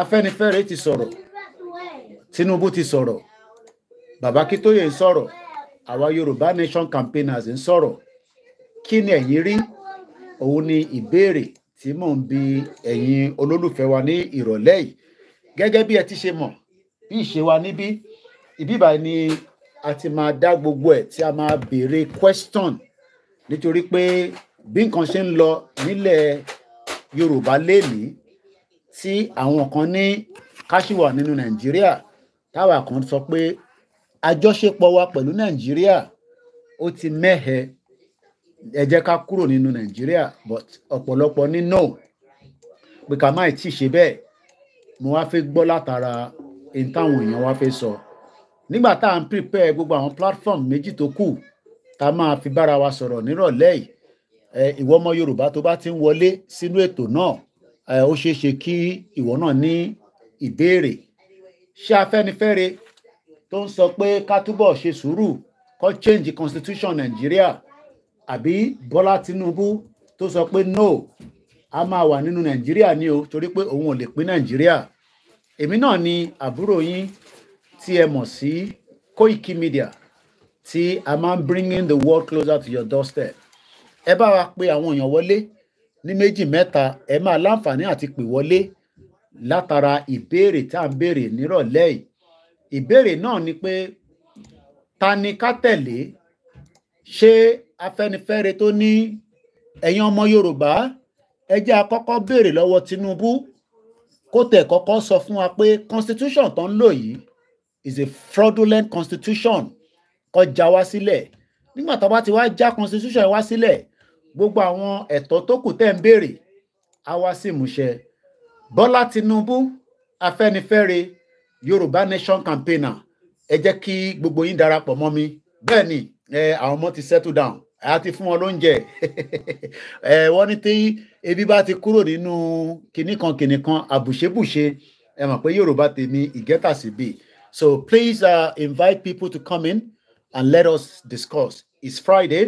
Afẹ́nifẹ́re ti sọ̀rọ̀ Tinubu ti sọ̀rọ̀ Bàbá Kítóyè ń sọ̀rọ̀ àwa Yorùbá Nation campaigners ń sọ̀rọ̀ kí ni ẹ̀yin rí òun ni ìbéèrè tí mò ń bi ẹ̀yin olólùfẹ́ wa ní ìrọ̀lẹ́ yìí gẹ́gẹ́ bí ẹ ti ṣe mọ̀ bí ìṣe wa níbí ìbíbà ni a ti máa dá gbogbo ẹ̀ tí a máa béèrè question nítorí pé bí nǹkan ṣe ń lọ nílẹ̀ Yorùbá lénìí tí àwọn kan ní káṣíwà nínú nàìjíríà táwa kan sọ pé àjọṣepọ̀ wa pẹ̀lú nàìjíríà ó ti mẹ́hẹ ẹ jẹ́ ká kúrò nínú nàìjíríà but ọ̀pọ̀lọpọ̀ ní no pé ká má tí ì ṣe bẹ́ẹ̀ mo wá fẹ́ gbọ́ látara ohun táwọn èèyàn wá fẹ́ sọ nígbà tá à ń prepare gbogbo àwọn platform méjì tó kù tá máa fi bára wa sọ̀rọ̀ nírọ̀lẹ́ yìí ìwọ yorùbá tó bá ti ń wọlé sínú ètò náà ó ṣeé ṣe kí ìwọ náà ní ìbéèrè ṣé afẹ́nifẹ́re tó ń sọ pé ká túbọ̀ ṣe sùúrù kó change constitution nàìjíríà àbí bọ́lá tinubu tó sọ pé no a máa wà nínú nàìjíríà ni o torí pé òun ò lè pín nàìjíríà èmi náà ni àbúrò yín tí ẹ mọ̀ sí Koiki Media tí a máa ń bring in the world closer to your doorstep ẹ bá wa pè àwọn èèyàn wọlé ní méjì mẹ́ta ẹ máa láǹfààní àti pè wọlé látara ìbéèrè tá à ń béèrè nírọ̀lẹ́ yìí ìbéèrè náà ni pé ta ni ká tẹ̀lé ṣé Afẹ́nifẹ́re tó ní ẹ̀yin ọmọ Yorùbá ẹ jẹ́ béèrè lọ́wọ́ Tinubu kó tẹ̀ kọ́kọ́ sọ fún wa pé constitution tó ń lò yìí is a fraudulent constitution kó já wá sílẹ̀ nígbà tó bá ti wá já constitution wá sílẹ̀ gbogbo àwọn ẹ̀tọ́ tó kù tẹ́ ń béèrè á wá sí ìmúṣẹ Bọ́lá Tinubu Afẹ́nifẹ́re Yorùbá Nation campaigner ẹ jẹ́ kí gbogbo yín darapọ̀ mọ́ mi bẹ́ẹ̀ ni àwọn ọmọ ti settle down àti fún wọn lóúnjẹ ẹ wọ́n ní tí ebi bá ti kúrò nínú kìnnìkan kìnnìkan àbùṣebùṣe ẹ mọ̀ pé Yorùbá tèmi ìgẹ́tà sí bíi so please uh, invite people to come in and let us discuss it's Friday.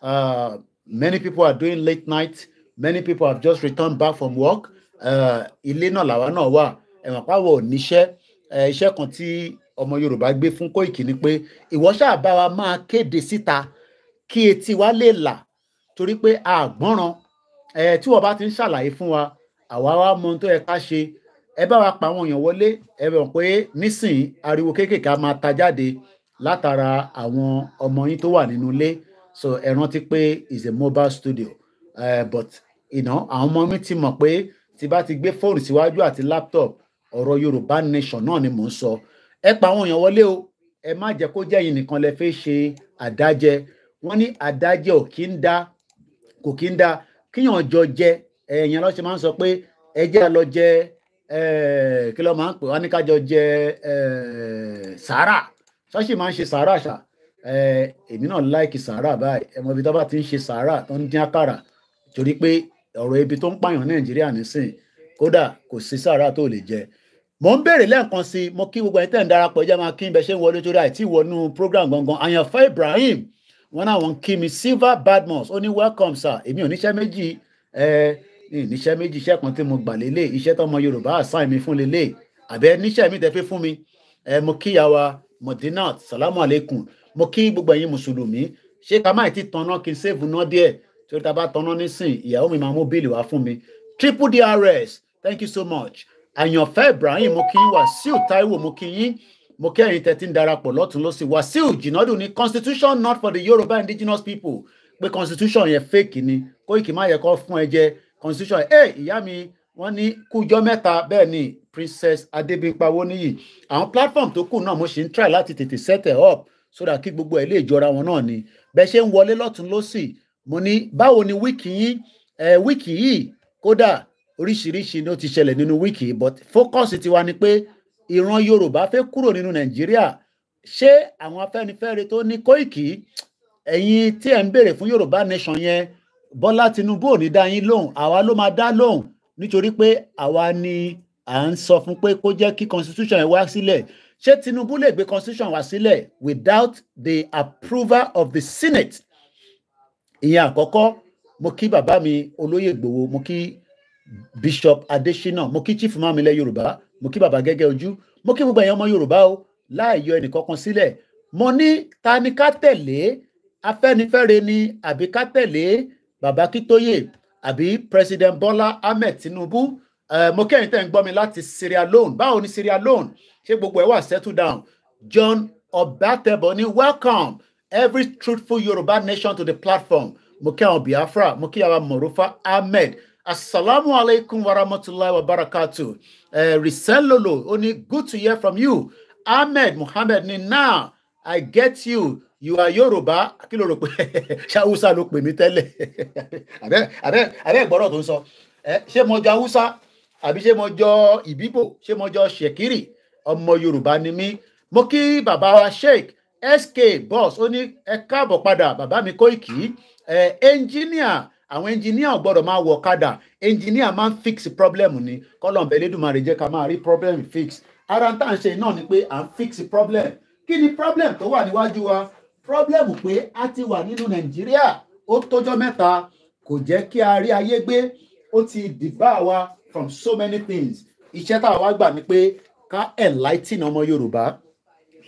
Uh, many people are doing late night many people have just returned back from work uh, ilé náà làwa náà wà ẹ̀wọ̀n pàwọ̀ níṣẹ́ iṣẹ́ kan tí ọmọ Yorùbá gbé fún Kóìkì ni pé ìwọ ṣáà wa máa kéde síta kí etí wa lè là torí pé a gbọ́ràn tí wọ́n bá ti ń ṣàlàyé fún wa àwa wa mọ ohun tó yẹ ká ṣe ẹ bá wa pa àwọn èèyàn wọlé ẹ bẹ̀ pé nísìnyí ariwo kéékèèké a máa ta jáde látara àwọn ọmọ yín tó wà nínú ilé so ẹ rántí pé is a mobile studio uh, but you know, àwọn ọmọ mi ti mọ̀ pé tí bá ti gbé fóònù síwájú àti laptop ọ̀rọ̀ Yorùbá nation náà ni mò ń sọ ẹ pa àwọn èèyàn wọlé o ẹ má jẹ́ kó jẹ́ yìí nìkan lẹ fẹ́ ṣe àdájẹ wọ́n ní àdájẹ ò kí ń dá kò kí ń dá kíyàn jọ jẹ ẹ̀yìn ló ṣe máa ń sọ pé ẹ jẹ́ lọ jẹ kí ló máa ń pè wá ní ká jọ jẹ sàárà ṣọ́ọ̀ṣì máa ń ṣe sàárà ṣáà èmi náà láìkì sàárà báyìí ẹ mọ ibi tó bá ti ń ṣe sàárà tó ń dín àkàrà torí pé ọ̀rọ̀ ibi tó ń pààyàn nàìjíríà nísìn kódà kò sí sàárà tó lè jẹ mo ń béèrè lẹ́ẹ̀kan sí mo kí gbogbo ẹni tẹ́ ń darapọ̀ ẹjẹ́ máa kí n ṣe ń wọlé torí àìtí wọnú program gangan àyànfẹ́ Ibrahim wọn náà wọn kí mi Silva Badmus ó ní welcome sir èmi ò níṣẹ́ méjì ẹ níṣẹ́ méjì iṣẹ́ kan tí mo gbà lélẹ̀ iṣẹ́ tọmọ Yorùbá àṣà mi fún lélẹ̀ àbẹ níṣẹ́ mi tẹ́ fẹ́ fún mi ẹ mo kíyàwá Modinat salamu alaikum mo kí gbogbo ẹ̀yin mùsùlùmí ṣé ká má ti tanná kí n ṣèbù ná díẹ̀ tí ó ta bá tanná nísìn ìyàwó mi máa mú bíìlì wá fún mi triple drs thank you so much àyànfẹ́ ibrahim mo kí yín wàsíù táíwò mo kí yín mo kí ẹ̀yin tẹ́tí ń darapọ̀ lọ́tún lọ́sìn wàsíù jìnàdù ní constitution not for the yorùbá indigenous people pé constitution yẹn fake ni kóyìkì má yẹ kó fún ẹ jẹ constitution ẹ ìyá mi wọn ní kújọ mẹ́ta bẹ́ẹ̀ ni princess adébímpawó níyì àwọn platform tó kù náà mo sì ń try láti tètè set it up sódà kí gbogbo ẹ̀ lè jọra wọn náà ni bẹ́ẹ̀ ṣe ń wọlé lọ́tún lọ́sì mo ní báwo ni wíìkì yín wíìkì yìí kódà oríṣiríṣi ni ó ti ṣẹlẹ̀ nínú wíìkì but focus tiwa ni pé ìran Yorùbá fẹ́ kúrò nínú Nàìjíríà ṣé àwọn Afẹ́nifẹ́re tó ní Kóìkì ẹ̀yin tí ẹ ń béèrè fún Yorùbá nation yẹn Bọ́lá Tinubu ò ní dá yín lóhùn àwa ló máa dá lóhùn nítorí pé àwa ni à ń sọ fún pé kó jẹ́ kí constitution ẹ̀ wá sílẹ̀ ṣé Tinubu lè gbé constitution wá sílẹ̀ without the approval of the Senate ìyẹn àkọ́kọ́ mo kí bàbá mi olóyè Ìgbòho mo kí Bishop Adesina mo kí chief imam ilẹ̀ Yorùbá mo kí bàbá gẹ́gẹ́ ojú mo kí gbogbo ẹ̀yàn ọmọ Yorùbá o láì yọ ẹnìkankan sílẹ̀ mo ní ta ni ká tẹ̀lé Afẹ́nifẹ́re ni àbí ká tẹ̀lé bàbá Kítóyè àbí President Bola Ahmed Tinubu uh, mo kẹ́yìn tẹ́ ń gbọ́ mi láti Sierra Leone báwo ni Sierra Leone ṣé gbogbo ẹ wà settle down John Ọbátẹbọ ní welcome every truthful Yoruba nation to the platform mo kí àwọn Biafra mo Morufa Ahmed assalamu alaikum warahmatullahi wabarakatuh uh, eh, riselolo only good to hear from you ahmed muhammed ni now i get you you are yoruba kí ló rò pé ṣé haúsá ló pè mí tẹ́lẹ̀ àbẹ́ ìgbọ́rọ̀ tó ń sọ eh, ṣé mo jọ haúsá àbí ṣé mo jọ ìbíbò ṣé mo jọ ṣèkírì ọmọ yorùbá ni mí mo kí bàbá wa sheik sk boss ó ní ẹ káàbọ̀ padà bàbá mi Koiki ẹ ẹnjíníà àwọn ẹnjíníà ò gbọ́dọ̀ máa wọ ọ̀kadà ẹnjíníà máa ń fix problem ni kọ́lọ̀mbẹ́ lẹ́dùnmarè jẹ́ ká máa rí problem fix ara tá à ń ṣe náà ni pé à ń fix problem kí ni problem tó wà níwájú wa problem pé a ti wà nínú nàìjíríà ó tójọ́ mẹ́ta kò jẹ́ kí a rí ayé gbé ó ti dìbà wa from so many things iṣẹ́ tá a wá gbà ni pé ká enlighten ọmọ yorùbá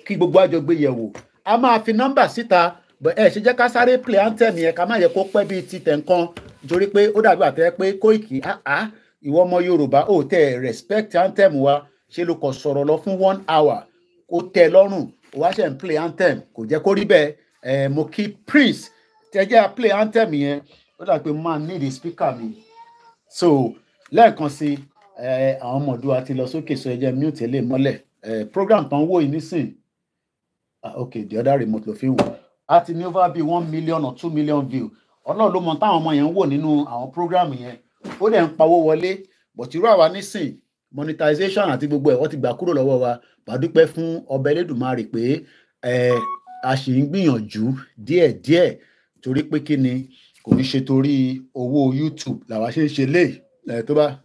kí gbogbo àjọ gbé yẹ̀wò a máa fi nọ́mbà síta ẹ ṣe jẹ́ ká sáré play anthem yẹn ká má yẹ kó pẹ́ bíi ti tẹ̀ǹkan torí pé ó dàbí àtẹ́ pé Kóìkì àá ah, ah, ìwọ ọmọ Yorùbá ò tẹ respect anthem wa ṣe ló kọ sọ̀rọ̀ lọ fún one hour kó tẹ lọ́rùn ó wá ṣe ń play anthem kò jẹ́ kó rí bẹ́ẹ̀ ẹ mo kí Prince tẹ́jẹ́ à play anthem yẹn ó dàbí pé mo máa need speaker mi so lẹ́ẹ̀kan sí i àwọn ọmọdúnwà ti lọ sókè sọ ẹjẹ mute ẹ lè mọ́lẹ̀ program kan wò yìí nísìn ok the other remote ló fi wò á ti ní over bíi one million or two million view ọlọ́run ló mọ táwọn ọmọ yẹn ń wò nínú àwọn program yẹn ó dẹ̀ ń pawó wọlé but irú àwa nísìn monetization àti gbogbo ẹ̀ wọ́n ti gbà kúrò lọ́wọ́ wa gbàdúpẹ́ fún ọba Elédùmarè pé a sì ń gbìyànjú díẹ̀díẹ̀ torí pé kí ni kò ní ṣe torí owó YouTube làwa ṣe ń ṣe léè tó bá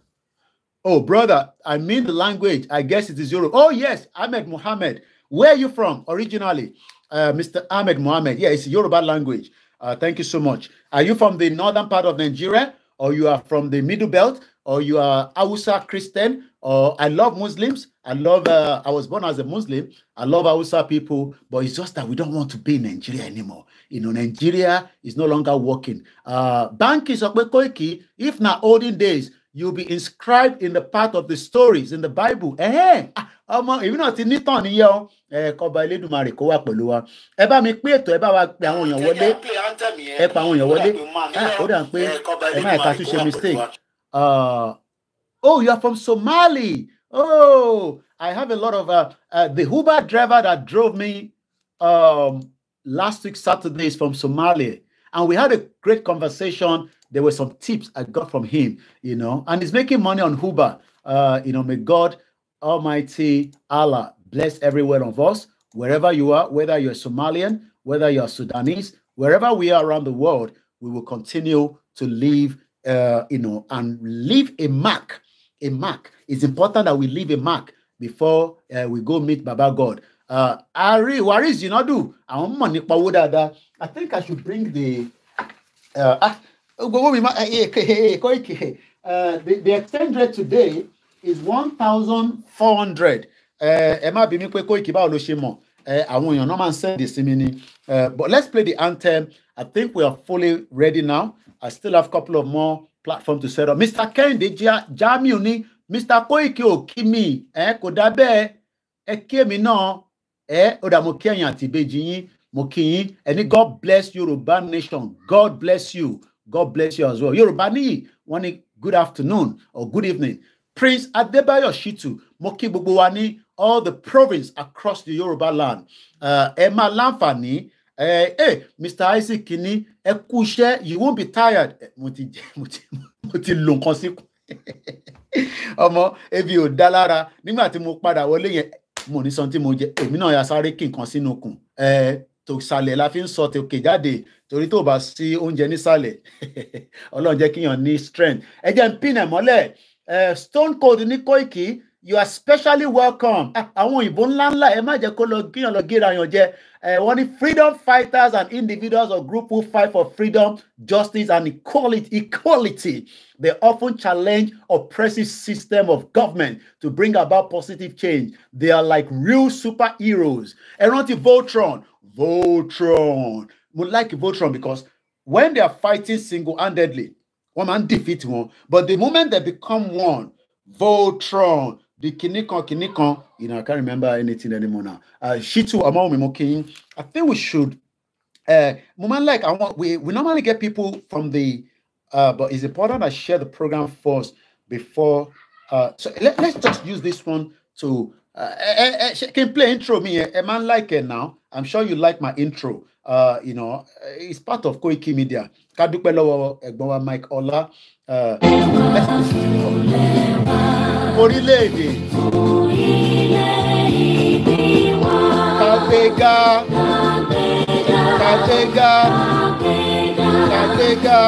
Oh, brother, I mean the language. I guess it is Europe. Oh, yes, Ahmed Mohammed. Where are you from originally? Uh, Mr. Ahmed Mohammed. Yeah, it's Yoruba language. Uh, thank you so much. Are you from the northern part of Nigeria, or you are from the middle belt, or you are Hausa Christian, or I love Muslims. I love. Uh, I was born as a Muslim. I love Hausa people, but it's just that we don't want to be in Nigeria anymore. You know, Nigeria is no longer working. Uh, bank is Koiki. If not olden days, you'll be inscribed in the part of the stories in the bible ah, ọmọ èmi náà ti nítàn níyẹn o kọba elédùnmarè kó wà pẹ̀lú wa ẹ bá mi pín ètò ẹ bá wa pe àwọn èèyàn wọlé ẹ pa àwọn èèyàn wọlé ah, ó dà ń pé ẹ má ẹ̀ka tún ṣe mistake uh, oh you are from somali oh i have a lot of uh, uh, the uber driver that drove me um, last week saturday is from somalia and we had a great conversation there were some tips I got from him, you know, and he's making money on Huba. Uh, you know, may God Almighty Allah bless every one of us, wherever you are, whether you're Somalian, whether you're Sudanese, wherever we are around the world, we will continue to live, uh, you know, and leave a mark. A mark. It's important that we leave a mark before uh, we go meet Baba God. Uh, Ari, what is you not do? I think I should bring the. Uh, ah, Uh, the, the exchange rate today is 1,400. thousand four hundred. Ẹ má bí mi pé Koiki báwo ló ṣe mọ̀ àwọn èèyàn náà máa ń send sí mi ni. But let's play the anthem. I think we are fully ready now. I still have a couple of more platforms to set up. Mr. Kehinde Jamiu ni Mr. Koiki ò kí mi ẹ kò dá bẹ́ẹ̀ ẹ kí èmi náà ẹ ó dà mo kí ẹ̀yin àti ìbejì yín mo kí yín ẹni God bless Yorùbá nation God bless you. God bless you as well. Yorùbá níyì wọ́n ní good afternoon or good evening. Prince Adébáyọ̀ Shitu mo kí gbogbo wa ní all the province across the Yoruba land. Eh, ẹ máa láǹfààní ẹ eh, eh, Mr Isaac ní ẹ kú iṣẹ́ you won't be tired. Mo ti jẹ mo ti mo ti lo nǹkan síkùn. Ọmọ ebi ò dá lára nígbà tí mo padà wọlé yẹn mo ní san tí mo jẹ èmi náà ya sáré kí nǹkan sínú kùn tòṣàlẹ̀ la fi ń sọ tòkè jáde torí tó bá sí oúnjẹ nísàlẹ̀ ọlọ́run jẹ́ kíyàn ní strength ẹ jẹ́ ń pin mọ́lẹ̀ stone cold ní Koiki you are specially welcome ah, àwọn òyìnbó ńláńlá ẹ má jẹ́ kó lọ kíyàn lọ gíra yàn jẹ wọ́n ní freedom fighters and individuals or group who fight for freedom justice and equality, equality. They often challenge oppressive system of government to bring about positive change. They are like real superheroes. Ẹ rántí Voltron Voltron. We like Voltron because when they are fighting single-handedly, one man defeat one. But the moment they become one, Voltron, the Kinikon, Kinikon, you know, I can't remember anything anymore now. Uh, Shitu Amomimokin. I think we should. Uh, moment like I want, we, we normally get people from the, uh, but it's important I share the program first before. Uh, so let, let's just use this one to ẹ ẹ can play intro Me, a ẹ máa ń like ẹ now i'm sure you like my intro uh, you know eh, it's part of Koiki Media ká dúpẹ́ lọ́wọ́ ẹ̀gbọ́n wa Mike Ọlá uh, orílẹ̀-èdè kàgbéga kàgbéga kàgbéga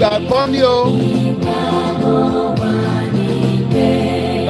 ìgbàgbọ́ ni o.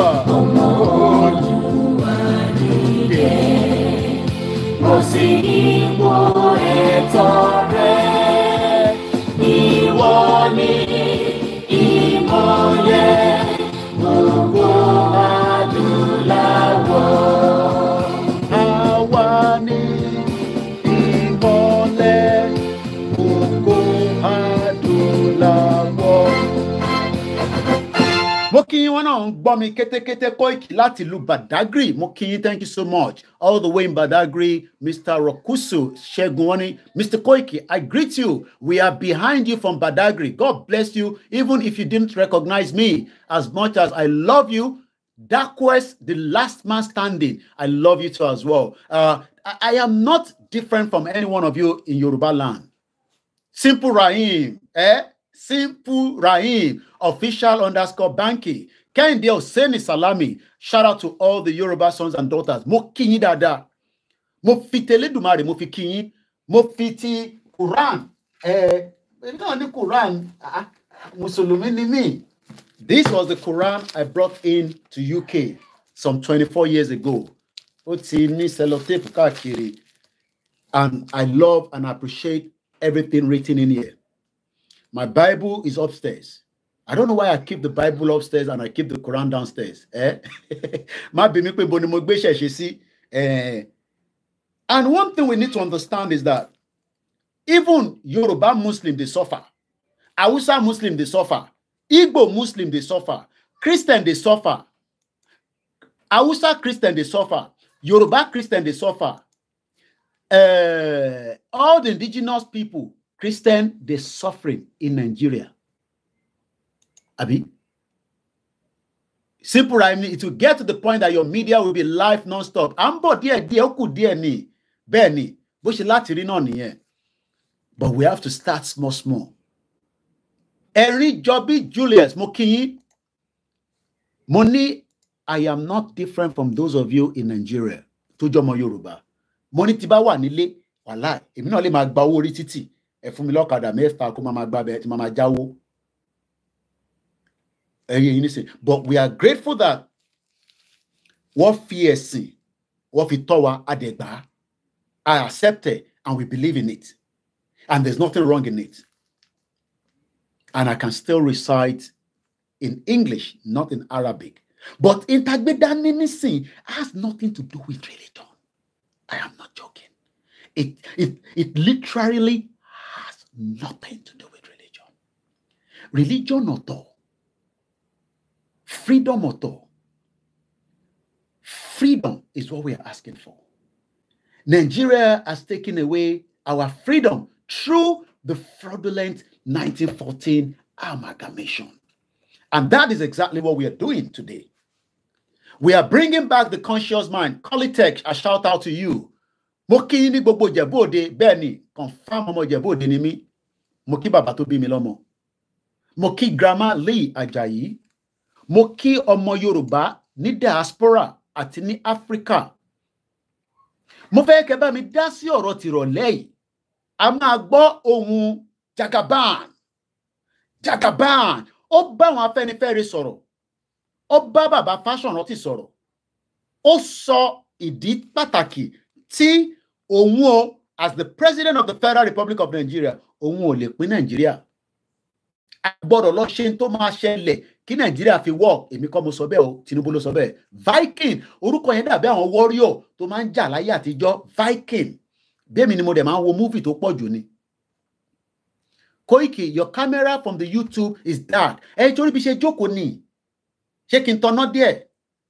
Oh Ọmọ Olúwa nìyẹn, mo sì wọn náà ń gbọ́ mi kétékété Koiki láti ìlú Badagry mo kí yín thank you so much all the way in Badagry Mr. Rokusu Ṣẹ́gun wọ́n ní Mr. Koiki I greet you we are behind you from Badagry God bless you even if you didn't recognize me as much as I love you Darkest, the last man standing. I love you too as well. Uh, I, I am not different from any one of you in Yoruba land. Simple Rahim, eh? Simple Rahim, official underscore Banky, Kehinde Hosseini Salami, shout out to all the Yoruba sons and daughters. Mo kí yín Mo fitele tẹlẹ́dùmarè, mo fi kí Mo fiti Quran. Eh, ní Quran. Ah, Mùsùlùmí ni mí. This was the Quran I brought in to UK some 24 years ago. And I love and appreciate everything written in here. My Bible is upstairs. I don't know why I keep the Bible upstairs and I keep the Quran downstairs. Eh? eh? and one thing we need to understand is that even Yoruba Muslim, they suffer. Awusa Muslim, they suffer. Igbo Muslim, they suffer. Christian, they suffer. Awusa Christian, they suffer. Yoruba Christian, they suffer. Uh, all the indigenous people, Christian, the suffering in Nigeria. Abi? Simple, I mean, it will get to the point that your media will be live non-stop. Ambo díẹ̀ díẹ̀, ó kù díẹ̀ ni, bẹ́ẹ̀ ni, bó ṣe láti rí náà nìyẹn. But we have to start small small. Ẹ̀rín Jobi Julius, mo kí I am not different from those of you in Nigeria Tojo jọmọ Yorùbá. Mo ní tí bá wà nílé, wàhálà, èmi náà lè gba owó orí títì. ẹ fún mi lọ́kadà mẹ́fà kó máa máa tí jáwó ẹ̀yìn nísìn but we are grateful that what fi what wọ́n fi tọ́ wa àdẹ̀gbá I accept it and we believe in it and there's nothing wrong in it and I can still recite in English not in Arabic but intagbedani nísìn has nothing to do with religion I am not joking. It, it, it literally nothing to do with religion. Religion or all, freedom or all. Freedom is what we are asking for. Nigeria has taken away our freedom through the fraudulent 1914 amalgamation. And that is exactly what we are doing today. We are bringing back the conscious mind. tech. a shout out to you. mo ní gbogbo jẹ̀bóde Benny. Confirm ọmọ jẹ̀bóde ni mí mo kí bàbá tó bí mi lọ́mọ mo kí grandma Lee Ajayi mo kí ọmọ Yorùbá ní diaspora àti ní Áfíríkà mo fẹ́ kẹ́ bá mi dá sí ọ̀rọ̀ tìrọ̀lẹ́ yìí a máa gbọ́ ohun jagaban jagaban ó bá àwọn Afẹ́nifẹ́re sọ̀rọ̀ ó bá bàbá Fáṣọ̀rántì sọ̀rọ̀ ó sọ ìdí pàtàkì tí òun o as the president of the Federal Republic of Nigeria òun ò lè pín nàìjíríà a gbọ́dọ̀ lọ ṣe tó máa ṣẹlẹ̀ kí nàìjíríà fi wọ èmi kọ́ mo sọ bẹ́ẹ̀ o tinubu ló sọ bẹ́ẹ̀ viking orúkọ yẹn dàbí àwọn warrior tó máa ń jà láyé àtijọ́ viking bẹ́ẹ̀ mi ni mo dẹ̀ máa ń wo múfì tó pọ̀ jù ni Koiki, your camera from the YouTube is dark. Ẹ torí bí ṣe jókòó ni. Ṣé kí n tanná díẹ̀?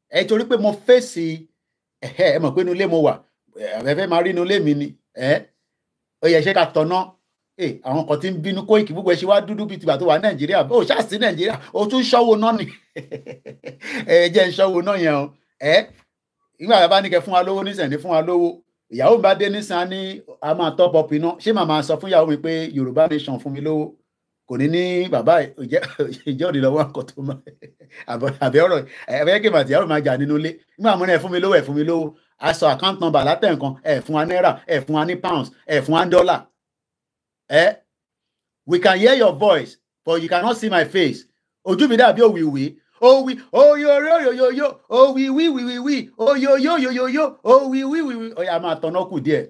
Ẹ torí pé mo fèsì ẹ mọ̀ pé inú ilé mo wà. Ẹ fẹ́ máa rí inú ilé mi ni. Ẹ ó yẹ ṣé ká tanná. Eh, àwọn kan ti ń bínú Koiki gbogbo ẹ ṣe wá dúdú bíi tìgbà tó wà nàìjíríà ó ṣáà sí nàìjíríà ó tún ṣọ́wó náà ni ẹ jẹ́ ń ṣọ́wó náà yẹn o ẹ nígbà tá a bá ní kẹ fún wa lówó nísìnyí fún wa lówó ìyàwó mi bá dé nísìnyí ní a máa top up iná ṣé màmá sọ fún ìyàwó mi pé yorùbá nation fún mi lówó kò ní ní bàbá ìjọ́ni lọ́wọ́ nǹkan tó máa àbẹ̀ ọ̀rọ̀ ẹ̀fẹ́ kí màtí ìyàwó máa jà nínú ilé nígbà mọ́ni ẹ̀ fún mi lówó ẹ̀ ẹ̀ fún wa náírà ẹ̀ fún wa ní pounds ẹ̀ fún wa ní dọ́là Eh? We can hear your voice, but you cannot see my face. Ojú mi dàbí òwìwí. Òwì òyòyòyòyò òwìwíwìwì òyòyòyòyò òwìwíwìwì. Ọ̀yà máa tọ̀nà kù díẹ̀.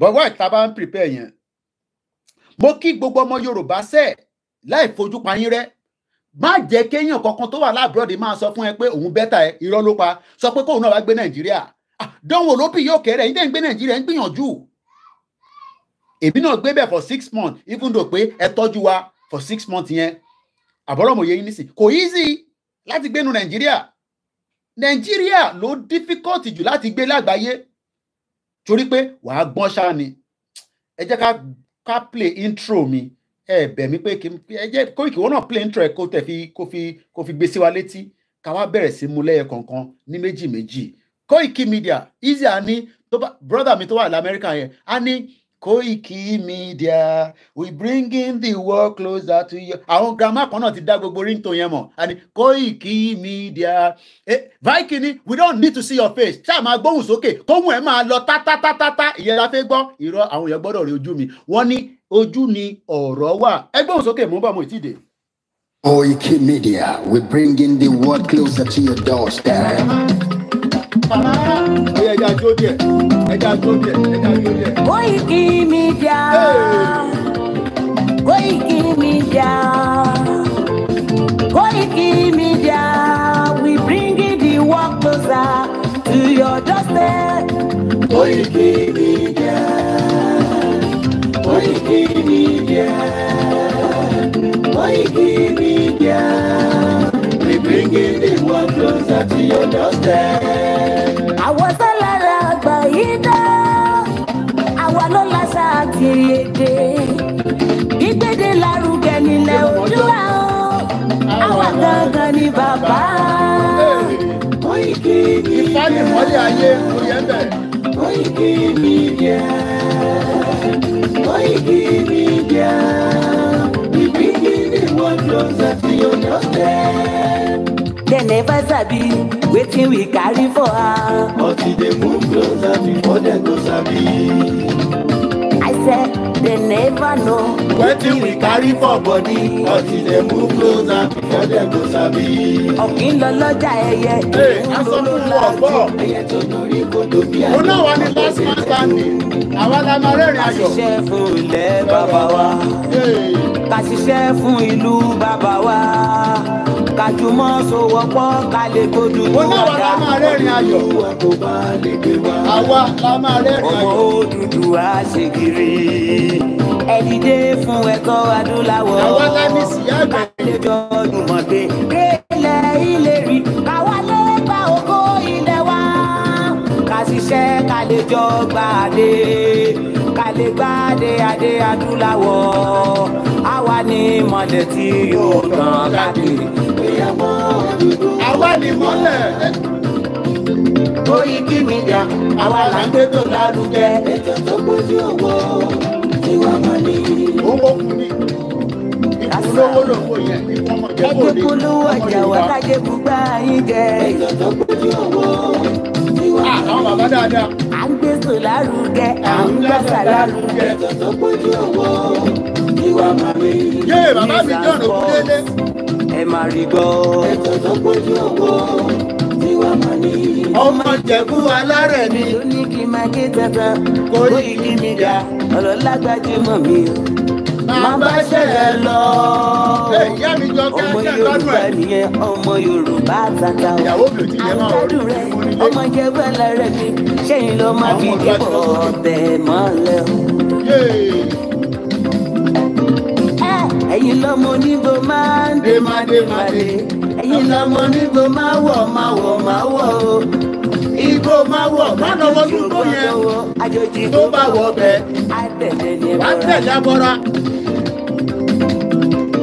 Bọ̀wá ìta bá ń prepare yẹn. Mo kí gbogbo ọmọ Yorùbá sẹ́ẹ̀ láì fojú pa yín rẹ́ má jẹ́ kéèyàn kankan tó wà láàbúrọ̀dì máa sọ fún ẹ pé òun bẹ́tà ẹ irọ́ ló pa sọ pé kóun náà wá gbé Nàìjíríà ah, dánwò ló bì yóò kéré ẹ̀yin tẹ́ ń gbé Nàìjíríà ń gbìyànjú èmi náà gbé bẹ́ẹ̀ for six months even though pé ẹ tọ́jú wa for six months yẹn àbọ̀rọ̀mọ̀ye yín nísìn kò easy láti gbé nu nàìjíríà nàìjíríà ló difficult jù láti gbé lágbàáyé torí pé wàá gbọ́n ṣáà ni ẹ jẹ́ ká ká play intro mi ẹ bẹ̀ mí pé ẹ jẹ́ kó ìkìwọ́ náà play intro ẹ kó tẹ̀ fi kó fi kó fi gbé sí wa létí ká wá bẹ̀rẹ̀ sí mu lẹ́yẹ kọ̀ọ̀kan ní méjì méjì Koiki Media easy a ní brother mi tó wà lamẹ́ríkà yẹn a ní Koiki Media we bring in the world closer to you. àwọn grandma kan náà ti dá gbogbo ringtone yẹn mọ̀ àní Koiki Media eh, vikini we don't need to see your face ṣáà máa gbóhùn sókè kóhùn ẹ̀ máa lọ tátátátá ìyẹn la fẹ́ gbọ́ irọ́ àwọn èèyàn gbọ́dọ̀ rí ojú mi wọ́n ní ojú ni ọ̀rọ̀ wà ẹ gbóhùn sókè mò ń bọ̀ mo ti dé. Koiki Media we bring in the world closer to your doorstep. Bàbá ó jó díẹ̀. ẹja sókè ẹja sókè. Koiki Media. Koiki Media. Koiki We bringing the work closer to your doorstep. Koiki Media. Koiki Media. Koiki Media. We bringing the work closer to your doorstep. gèrèdè gbígbédè lárugẹ nílẹ̀ Oòduà àwa gangan ni bàbá Koiki Media. ayé orí ẹ̀ bẹ̀. Koiki Media Koiki one closer to your doorstep. dem never sabi wetin we carry for her. but e dey move closer before dem go sabi set they never know wetin we carry for body until e dem move closer before dem go sabi. ọ̀gbìn lọ lọ́jà ẹyẹ. ee aṣọ fún wọn ọ̀pọ̀. ẹyẹ tó lórí kodo bí i. òun náà wà ní last man standing àwa la máa rẹ́rìn ayọ̀. ká ṣiṣẹ́ fún ilẹ̀ bàbá wa ká fún ìlú bàbá wa kájúmọ́ sowọ́pọ̀ ká lè gbójú tó wà dá Odùduwà tó bá lè gbé wá àwa la máa rẹ́rìn ayọ̀ ọmọ Odùduwà ṣègìrì ẹ dìde fún ẹ̀kọ́ adúláwọ̀ àwa la ní síyá àgbà ká lè jọ jùmọ̀ gbé délẹ̀ ilé rí káwa lè gba ògo ilẹ̀ wa ká ká lè jọ gbàdé kálẹ̀ gbáde adé adúláwọ̀ àwa ni mọ̀lẹ̀ tí yóò tàn káàkiri. ìyàwó dúdú àwa ni mọ̀lẹ̀. Koiki Media àwa là ń gbé tó lárugẹ. ètò tó gbójú owó tí wọ́n mọ̀ ní. owó kún mi ìpolówó lòwò yẹn ní wọ́n mọ̀ jẹ́ kó lè. ẹgbẹ́ polówó ọjà wà láyé gbúgbà yín jẹ. ètò tó gbójú owó tí wọ́n ah, mọ̀ ní. àwọn bàbá dáadáa ètò lárugẹ à ń gbàgbà lárugẹ. tòótọ́ pẹ̀lú owó ìwà màmí. yé bàbá mi jọ̀nà kú délé. ẹ máa rí gbọ́. ètò tó pẹ̀lú owó ìwà màmí. ọmọ jẹ̀bú alárẹ̀ mi. ló ní kí n máa gé tata. kó yí kí mi dá. ọ̀rọ̀ lágbájú mọ̀ mi o máa bá ṣẹlẹ̀ lọ. ọmọ yorùbá nìyẹn ọmọ yorùbá tata o. àgbàdùn rẹ ọmọ jẹgbẹ́ lẹ́rẹ̀ mi ṣẹ́yìn ló máa fi dìbò ọbẹ̀ mọ́lẹ̀ o. ẹ̀yin lọ́mọ onígbò máa ń dé máa dé máa dé. ẹ̀yin lọ́mọ onígbò máa wọ̀ máa wọ̀ máa wọ̀ o igbó máa wọ̀ báná wọ́n tún tó yẹn tó bá wọ̀ bẹ́ẹ̀ wá tẹ̀lé abọ́ra.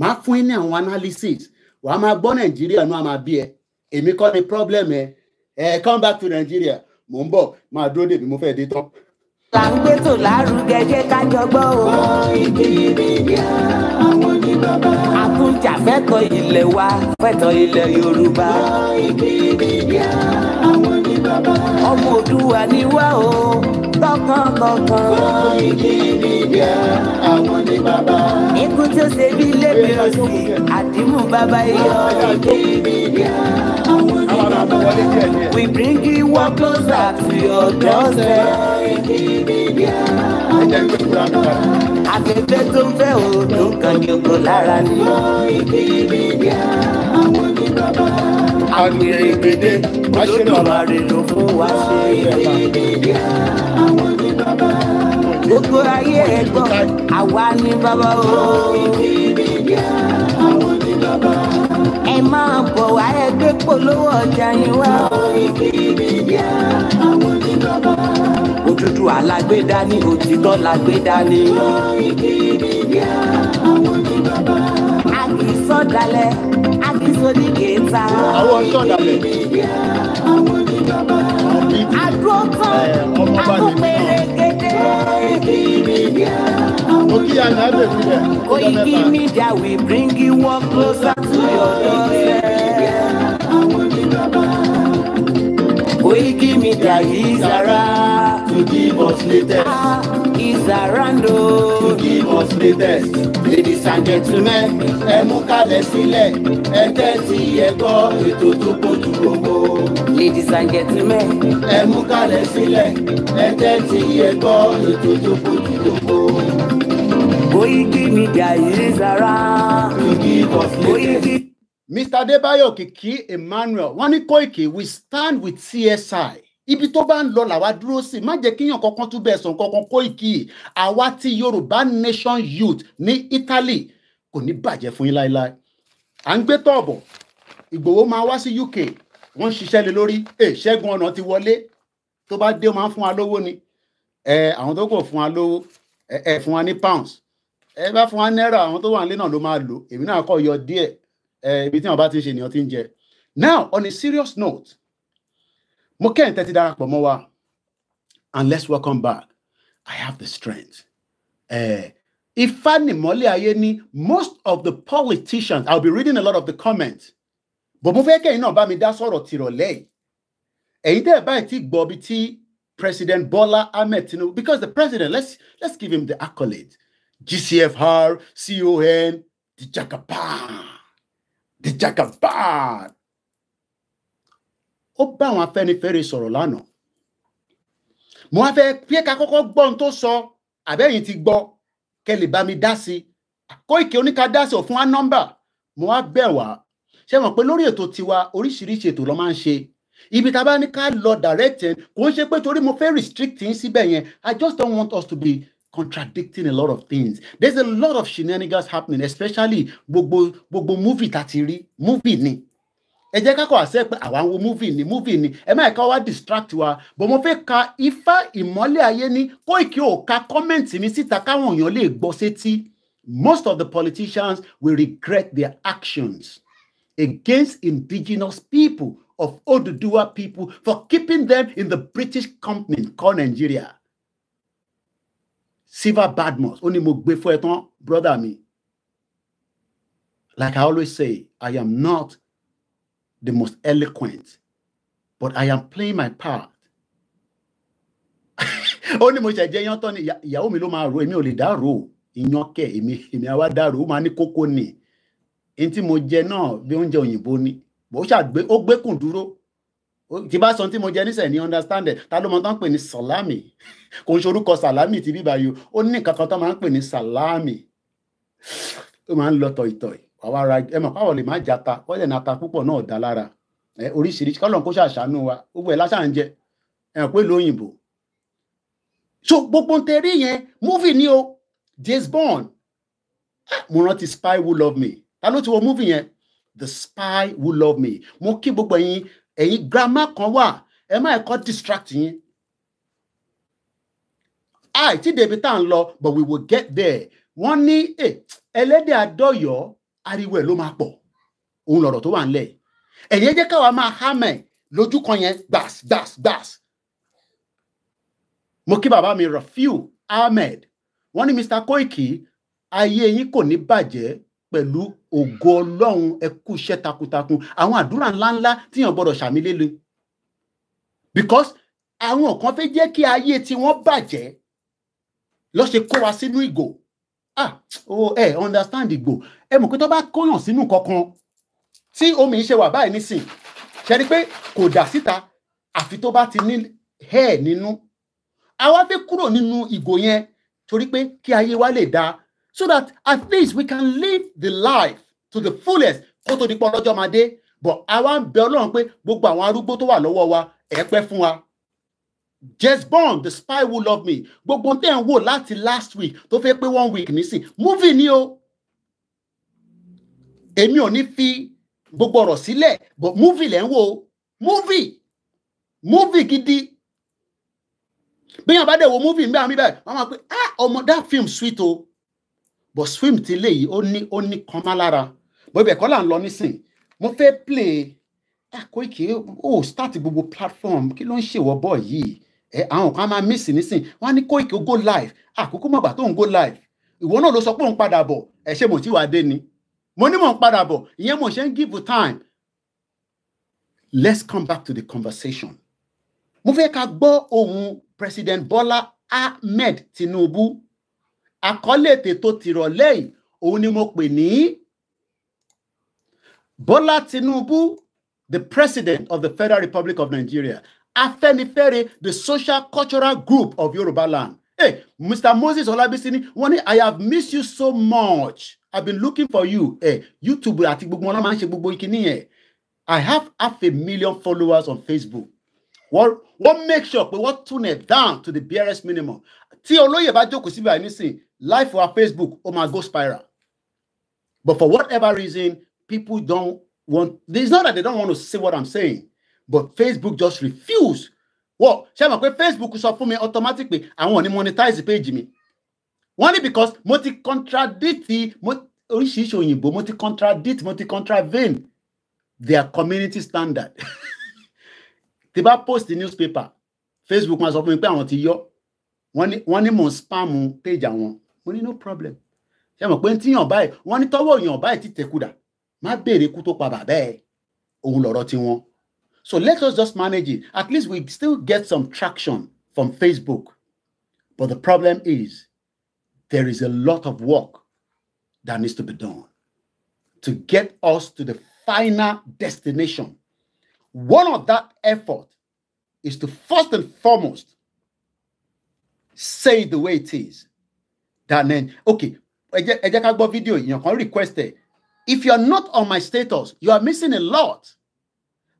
máa fún yín ní àwọn analysis wàá máa gbọ́ nàìjíríà náà máa bí ẹ èmi kọ́ ni problem ẹ ẹ come back to nàìjíríà mò ń bọ̀ máa dúró dèbí mo fẹ́ dé tán. là ń gbé tò lárugẹ ṣé ká jọgbọ́ o. Wikimedia àwọn ní bàbá. àkújà fẹ́tọ̀ ilẹ̀ wa fẹ́tọ̀ ilẹ̀ yorùbá. Wikimedia àwọn ní bàbá. ọmọ òdùwà ni wá o bọ̀kànbọ̀kàn. Wọ́n igi níbi àwọn ní bàbá. Ikú tó ṣe bí lébè òsì, àdìmú bàbá iyọ̀. Wọ́n igi níbi àwọn ní bàbá. We bring you one closer to your doorstep. Wọ́n igi níbi àwọn ní bàbá. Afẹ́fẹ́ tó ń fẹ́ òòdùn kan yòókù lára ni. Wọ́n igi níbi àwọn ní bàbá àgbèrè gbèdé wá ṣe lọ́la. olódùmarè ló fún wa ṣe ìgbèdé àwọn ní bàbá. gbogbo ayé ẹ gbọ́ àwa ní bàbá o. ìgbèdé àwọn ní bàbá. ẹ máa bọ̀ wá ẹ gbé polówó ọjà yín wá. ìgbèdé àwọn ní bàbá. òtútù alágbèdá ní òtítọ́ lágbèdá ní. ìgbèdé àwọn oníkèéta. àwọn ọjọ́ ọ̀dàlẹ̀. àwọn oníbàbà. àdótán àkópẹ̀rẹ̀ gẹ́gẹ́. òkè àná we bring you work closer to your doorstep. Koiki Media is Izara to give us latest. Ah, is around to give us latest. Ladies and gentlemen, ẹ mú kalẹ̀ sílẹ̀, ẹ tẹ́tí ẹ gbọ́ ètò tó kojú gbogbo. Ladies and gentlemen, ẹ mú kalẹ̀ sílẹ̀, ẹ tẹ́tí ẹ gbọ́ ètò tó kojú gbogbo. Koiki Media is Izara to give us latest. Mr. Debayo Kiki Emmanuel wọ́n ní Koiki we stand with CSI ibi tó bá ń lọ làwa dúró sí má jẹ́ kíyàn kankan tún bẹ̀ sàn kankan Koiki àwa ti Yorùbá Nation Youth ní Italy kò ní bàjẹ́ fún yín láéláé à ń gbé tọ̀bọ̀ Ìgbòho máa wá sí UK wọ́n ń ṣiṣẹ́ lé lórí Ṣẹ́gun ọ̀nà ti wọlé tó bá dé máa ń fún wa lówó ni àwọn tó kò fún wa lówó ẹ fún wa ní pounds ẹ bá fún wa náírà àwọn tó wà nílé náà ló máa lò èmi náà kọ́ yọ díẹ̀ Eh, ibi tí wọ́n bá ti ń ṣe ènìyàn ti ń jẹ now on a serious note mo kẹ́hìn tẹ́tí darapọ̀ mọ́ wa and let's welcome back I have the strength. Uh, eh, Ifanimole Ayeni, most of the politicians, I'll be reading a lot of the comments, but mo fẹ́ kẹ́yìn náà bá mi dá sọ̀rọ̀ tìrọ̀lẹ́ yìí. Ẹ̀yin tẹ́ ẹ̀ báyìí ti gbọ́ bí tí President Bola Ahmed Tinubu, because the president, let's, let's give him the accolade. GCFR, CON, the Jackapan the jack of bad ó bá àwọn afẹ́nifẹ́re sọ̀rọ̀ lánàá mo wá fẹ́ pé ká kọ́kọ́ gbọ́ ohun tó sọ àbẹ́yìn ti gbọ́ kẹ́ lè bá mi dá sí Kóìkì oníka dá sí òfun wa nọ́mbà mo wá bẹ̀ wá ṣé mọ̀ pé lórí ètò tiwa oríṣiríṣi ètò ló máa ń ṣe ibi tá a bá ní ká lọ direct yẹn kò ń ṣe pé torí mo fẹ́ restrict yín síbẹ̀ yẹn I just don't want us to be contradicting a lot of things there's a lot of shenanigans happening especially gbogbo gbogbo movie ta ti movie ni ẹ jẹ́ ká kọ́ àṣẹ pé àwa ń wo movie ni movie ni ẹ má ẹ̀ka wá distract wa bọ̀ mo fẹ́ ka ifá ìmọ́lẹ̀ ayé ní Koiki ò ka kọ́mẹ̀ntì mi síta káwọn èèyàn lè gbọ́ sétí most of the politicians will regret their actions against indigenous people of Oduduwa people for keeping them in the British company called Nigeria. Silver Badmus ó ní mo gbé fún ẹ tán brother mi like I always say I am not the most eloquent but I am playing my part ó ní mo ṣẹ̀jẹ̀ yan tán ni ìyàwó mi ló máa ro èmi ò lè dá ro ìyan kẹ èmi èmi àwa dá ro ó máa ní kókó ni n tí mo jẹ náà bí oúnjẹ òyìnbó ni bó ṣàgbé ó gbé kùn dúró tí bá sọ tí mo jẹ nísẹ̀ ní understand it ta ló mọ tán pè ní salami kò ń ṣorúkọ salami ti bíbá yìí ó ní nǹkan tán máa ń pè ní salami ó máa ń lọ tọ̀ìtọ̀ì àwa ara ẹ mọ̀ káwọ̀ lè má jata wọ́n lè nata púpọ̀ náà dá lára oríṣiríṣi kọ́lọ̀ kó ṣàṣàánú wa gbogbo ẹ̀ láṣà ń jẹ ẹ̀ pé lóyìnbó so gbogbo ń tẹ̀rí yẹn múfì ni o James Bond ah, mo rántí spy who love me ta ló ti wo múfì yẹn the spy who love me mo kí gbogbo ẹ̀yin ẹ̀yin grammar kan wà ẹ má ẹ̀kọ́ distract yín àì tí débi tá à lọ but we will get there wọ́n ní ẹlẹ́dẹ̀ adọ́yọ̀ ariwo ẹ̀ ló máa pọ̀ òun lọ̀rọ̀ tó wà ńlẹ̀ ẹ̀yin jẹ́ káwa máa hámẹ̀ lójú kan yẹn gbàs gbàs gbàs mo kí bàbá mi Rafiu Ahmed wọ́n ní Mr Koiki ayé yín kò ní bàjẹ́ pẹ̀lú ògo ọlọ́run ẹ iṣẹ́ takuntakun àwọn àdúrà ńláńlá tíyàn gbọ́dọ̀ ṣàmì because àwọn kan fẹ́ jẹ́ kí ayé tí wọ́n bàjẹ́ lọ́ ṣe kó wa sínú ìgò ah oh ẹ eh, understand ìgò ẹ mọ̀ pé tó bá kóyàn sínú kankan tí omi ṣe wà báyìí nísìn ṣe rí pé kò dà síta àfi tó bá ti ní hair nínú àwa fẹ́ kúrò nínú ìgò yẹn torí pé kí ayé wa lè dáa so that at least we can live the life to the fullest kó tó di pọ́ lọ́jọ́ máa dé but àwa ń bẹ ọlọ́run pé gbogbo àwọn arúgbó tó wà lọ́wọ́ wa ẹ pẹ́ fún wa James Bond the spy who loved me gbogbo tẹ́ ń wò láti last week tó fẹ́ pé one week nísìn movie ni o èmi ò ní fi gbogbo ọ̀rọ̀ sílẹ̀ but movie lẹ́ ń wò movie movie gidi bí yàn bá dẹ̀ wo movie ń bẹ́ àmì báyìí wọ́n máa pè ah ọmọ that film sweet o. Oh but swim ti léyìí ó ní ó ní kan má lára bó ibẹ̀ kọ́ là ń lọ nísìn mo fẹ́ play ẹ ah, Koiki ó start gbogbo platform kí ló ń ṣèwọ́ bọ̀ yìí ẹ eh, àwọn kan máa mísì nísìn wọn á ní Koiki ó go live àkókò ah, mọ̀gbà tó ń go live ìwọ náà ló sọ pé òun padà bọ̀ ẹ eh, ṣe mò tí wàá dé ni mo ní mò ń padà bọ̀ ìyẹn mo ṣe ń give time let's come back to the conversation mo fẹ́ ká gbọ́ ohun President Bola Ahmed Tinubu àkọlé tètò tìrọ̀lẹ́ yìí òun ni mo pè ní Bọ́lá Tinubu the president of the Federal Republic of Nigeria Afẹ́nifẹ́re the social cultural group of Yoruba land hey Mr. Moses Olabisi ni wọ́n ní I have missed you so much I've been looking for you hey, YouTube àti gbogbo wọn máa ń ṣe gbogbo ìkíní yẹn I have half a million followers on Facebook wọ́n wọ́n make sure pé wọ́n tune it down to the barest minimum tí olóyè bá jókòó síbi àìnísìn life for our Facebook, oh my go spiral. But for whatever reason, people don't want. It's not that they don't want to see what I'm saying, but Facebook just refuse. Well, ṣé mọ̀ pé Facebook will support me automatically pé want to monetize the page me. Wọ́n because multi ti multi oríṣiríṣi òyìnbó mo ti contradict multi ti contravene their community standard. Tí bá post the newspaper, Facebook must open fún mi pé àwọn ti yọ. Wọ́n ní mò spam page àwọn mo ní no problem ṣe mọ̀ pé tí yàn báyìí wọ́n ní tọ́wọ́ yàn báyìí ti tẹ̀kùdà má béèrè kú tó pa bàbá ẹ̀ òun lọ̀rọ̀ tiwọn so let us just manage it at least we still get some traction from Facebook but the problem is there is a lot of work that needs to be done to get us to the final destination one of that effort is to first and foremost say the way it is than end. Okay, ẹ jẹ́ video. You can request it. If you are not on my status, you are missing a lot.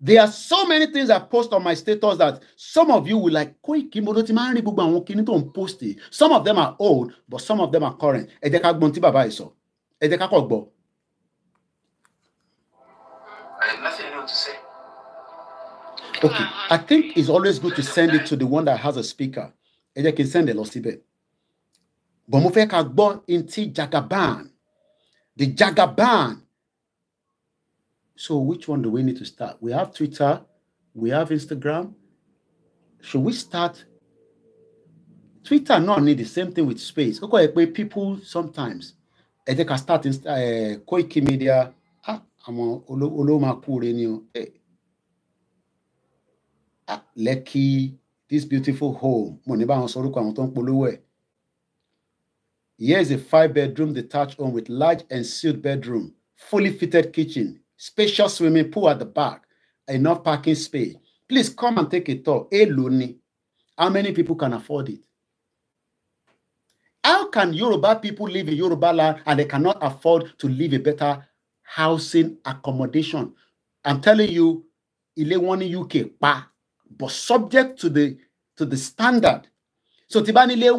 There are so many things I post on my status that some of you will like, Koiki mo ló ti máa ń rí gbogbo post yìí. Some of them are old, but some of them are current. Ẹ jẹ́ ká bàbá iso. sọ. Ẹ jẹ́ Okay, I think it's always good to send it to the one that has a speaker. Ẹ jẹ́ kí n send it lọ but mo fẹ́ ká gbọ́ n ti Jagaban the Jagaban so which one do we need to start we have Twitter we have Instagram should we start Twitter náà need the same thing with space ó kọ́ ẹ pé people sometimes ẹ jẹ́ ká start insta ẹ̀ eh, Koiki Media ah, àwọn olóòmàkúure ni o eh, ah, Lekki this beautiful home mo ní bá wọn sọ orúkọ àwọn tó ń polówó ẹ̀. Here's a five-bedroom detached home with large ensuite bedroom, fully fitted kitchen, spacious swimming pool at the back, enough parking space. Please come and take a tour. Hey, Loni, how many people can afford it? How can Yoruba people live in Yoruba land and they cannot afford to live a better housing accommodation? I'm telling you, ilé wọn UK pa, but subject to the to the standard. So tí bá nílé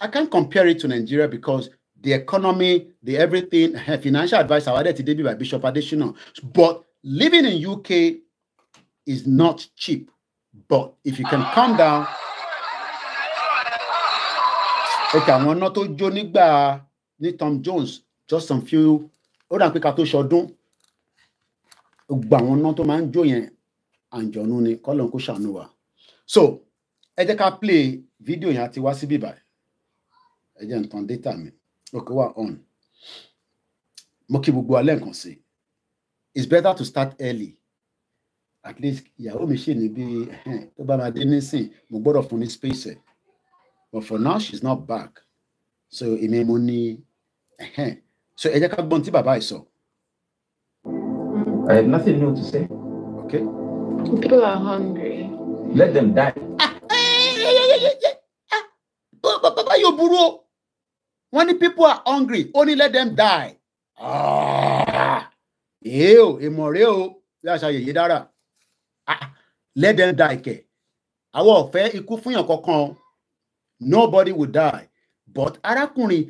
I can't compare it to Nigeria because the economy, the everything, eh, financial advice I awarded today by Bishop Additional. But living in UK is not cheap. But if you can calm down, okay, àwọn náà tó jó nígbà ní Tom Jones just some few ó dà pé ká tó ṣọdún gbogbo àwọn náà tó máa ń jó yẹn àǹjọ̀nú ni kọ́lọ̀ kó ṣàánú So ẹ jẹ́ play video yẹn àti wá síbí báyìí ẹ jẹ́ data mi okay wa on mo kí gbogbo alẹ́ nǹkan sí it's better to start early at least ìyàwó mi ṣì ní bí tó bá máa dé nísìn mo gbọ́dọ̀ fún ní space but for now she's not back so èmi mo ní so ẹ ká gbọ́n tí bàbá ẹ̀ sọ. I have nothing new to say. Okay. People are hungry. Let them die. Bàbá yóò burú o wọ́n ní people are hungry only let them die. èé ah, eh o èmọ̀ rẹ o bí àṣà yèyé dára ah, let them die kẹ̀ àwọn ọ̀fẹ́ ikú fúnyàn kankan nobody will die but arákùnrin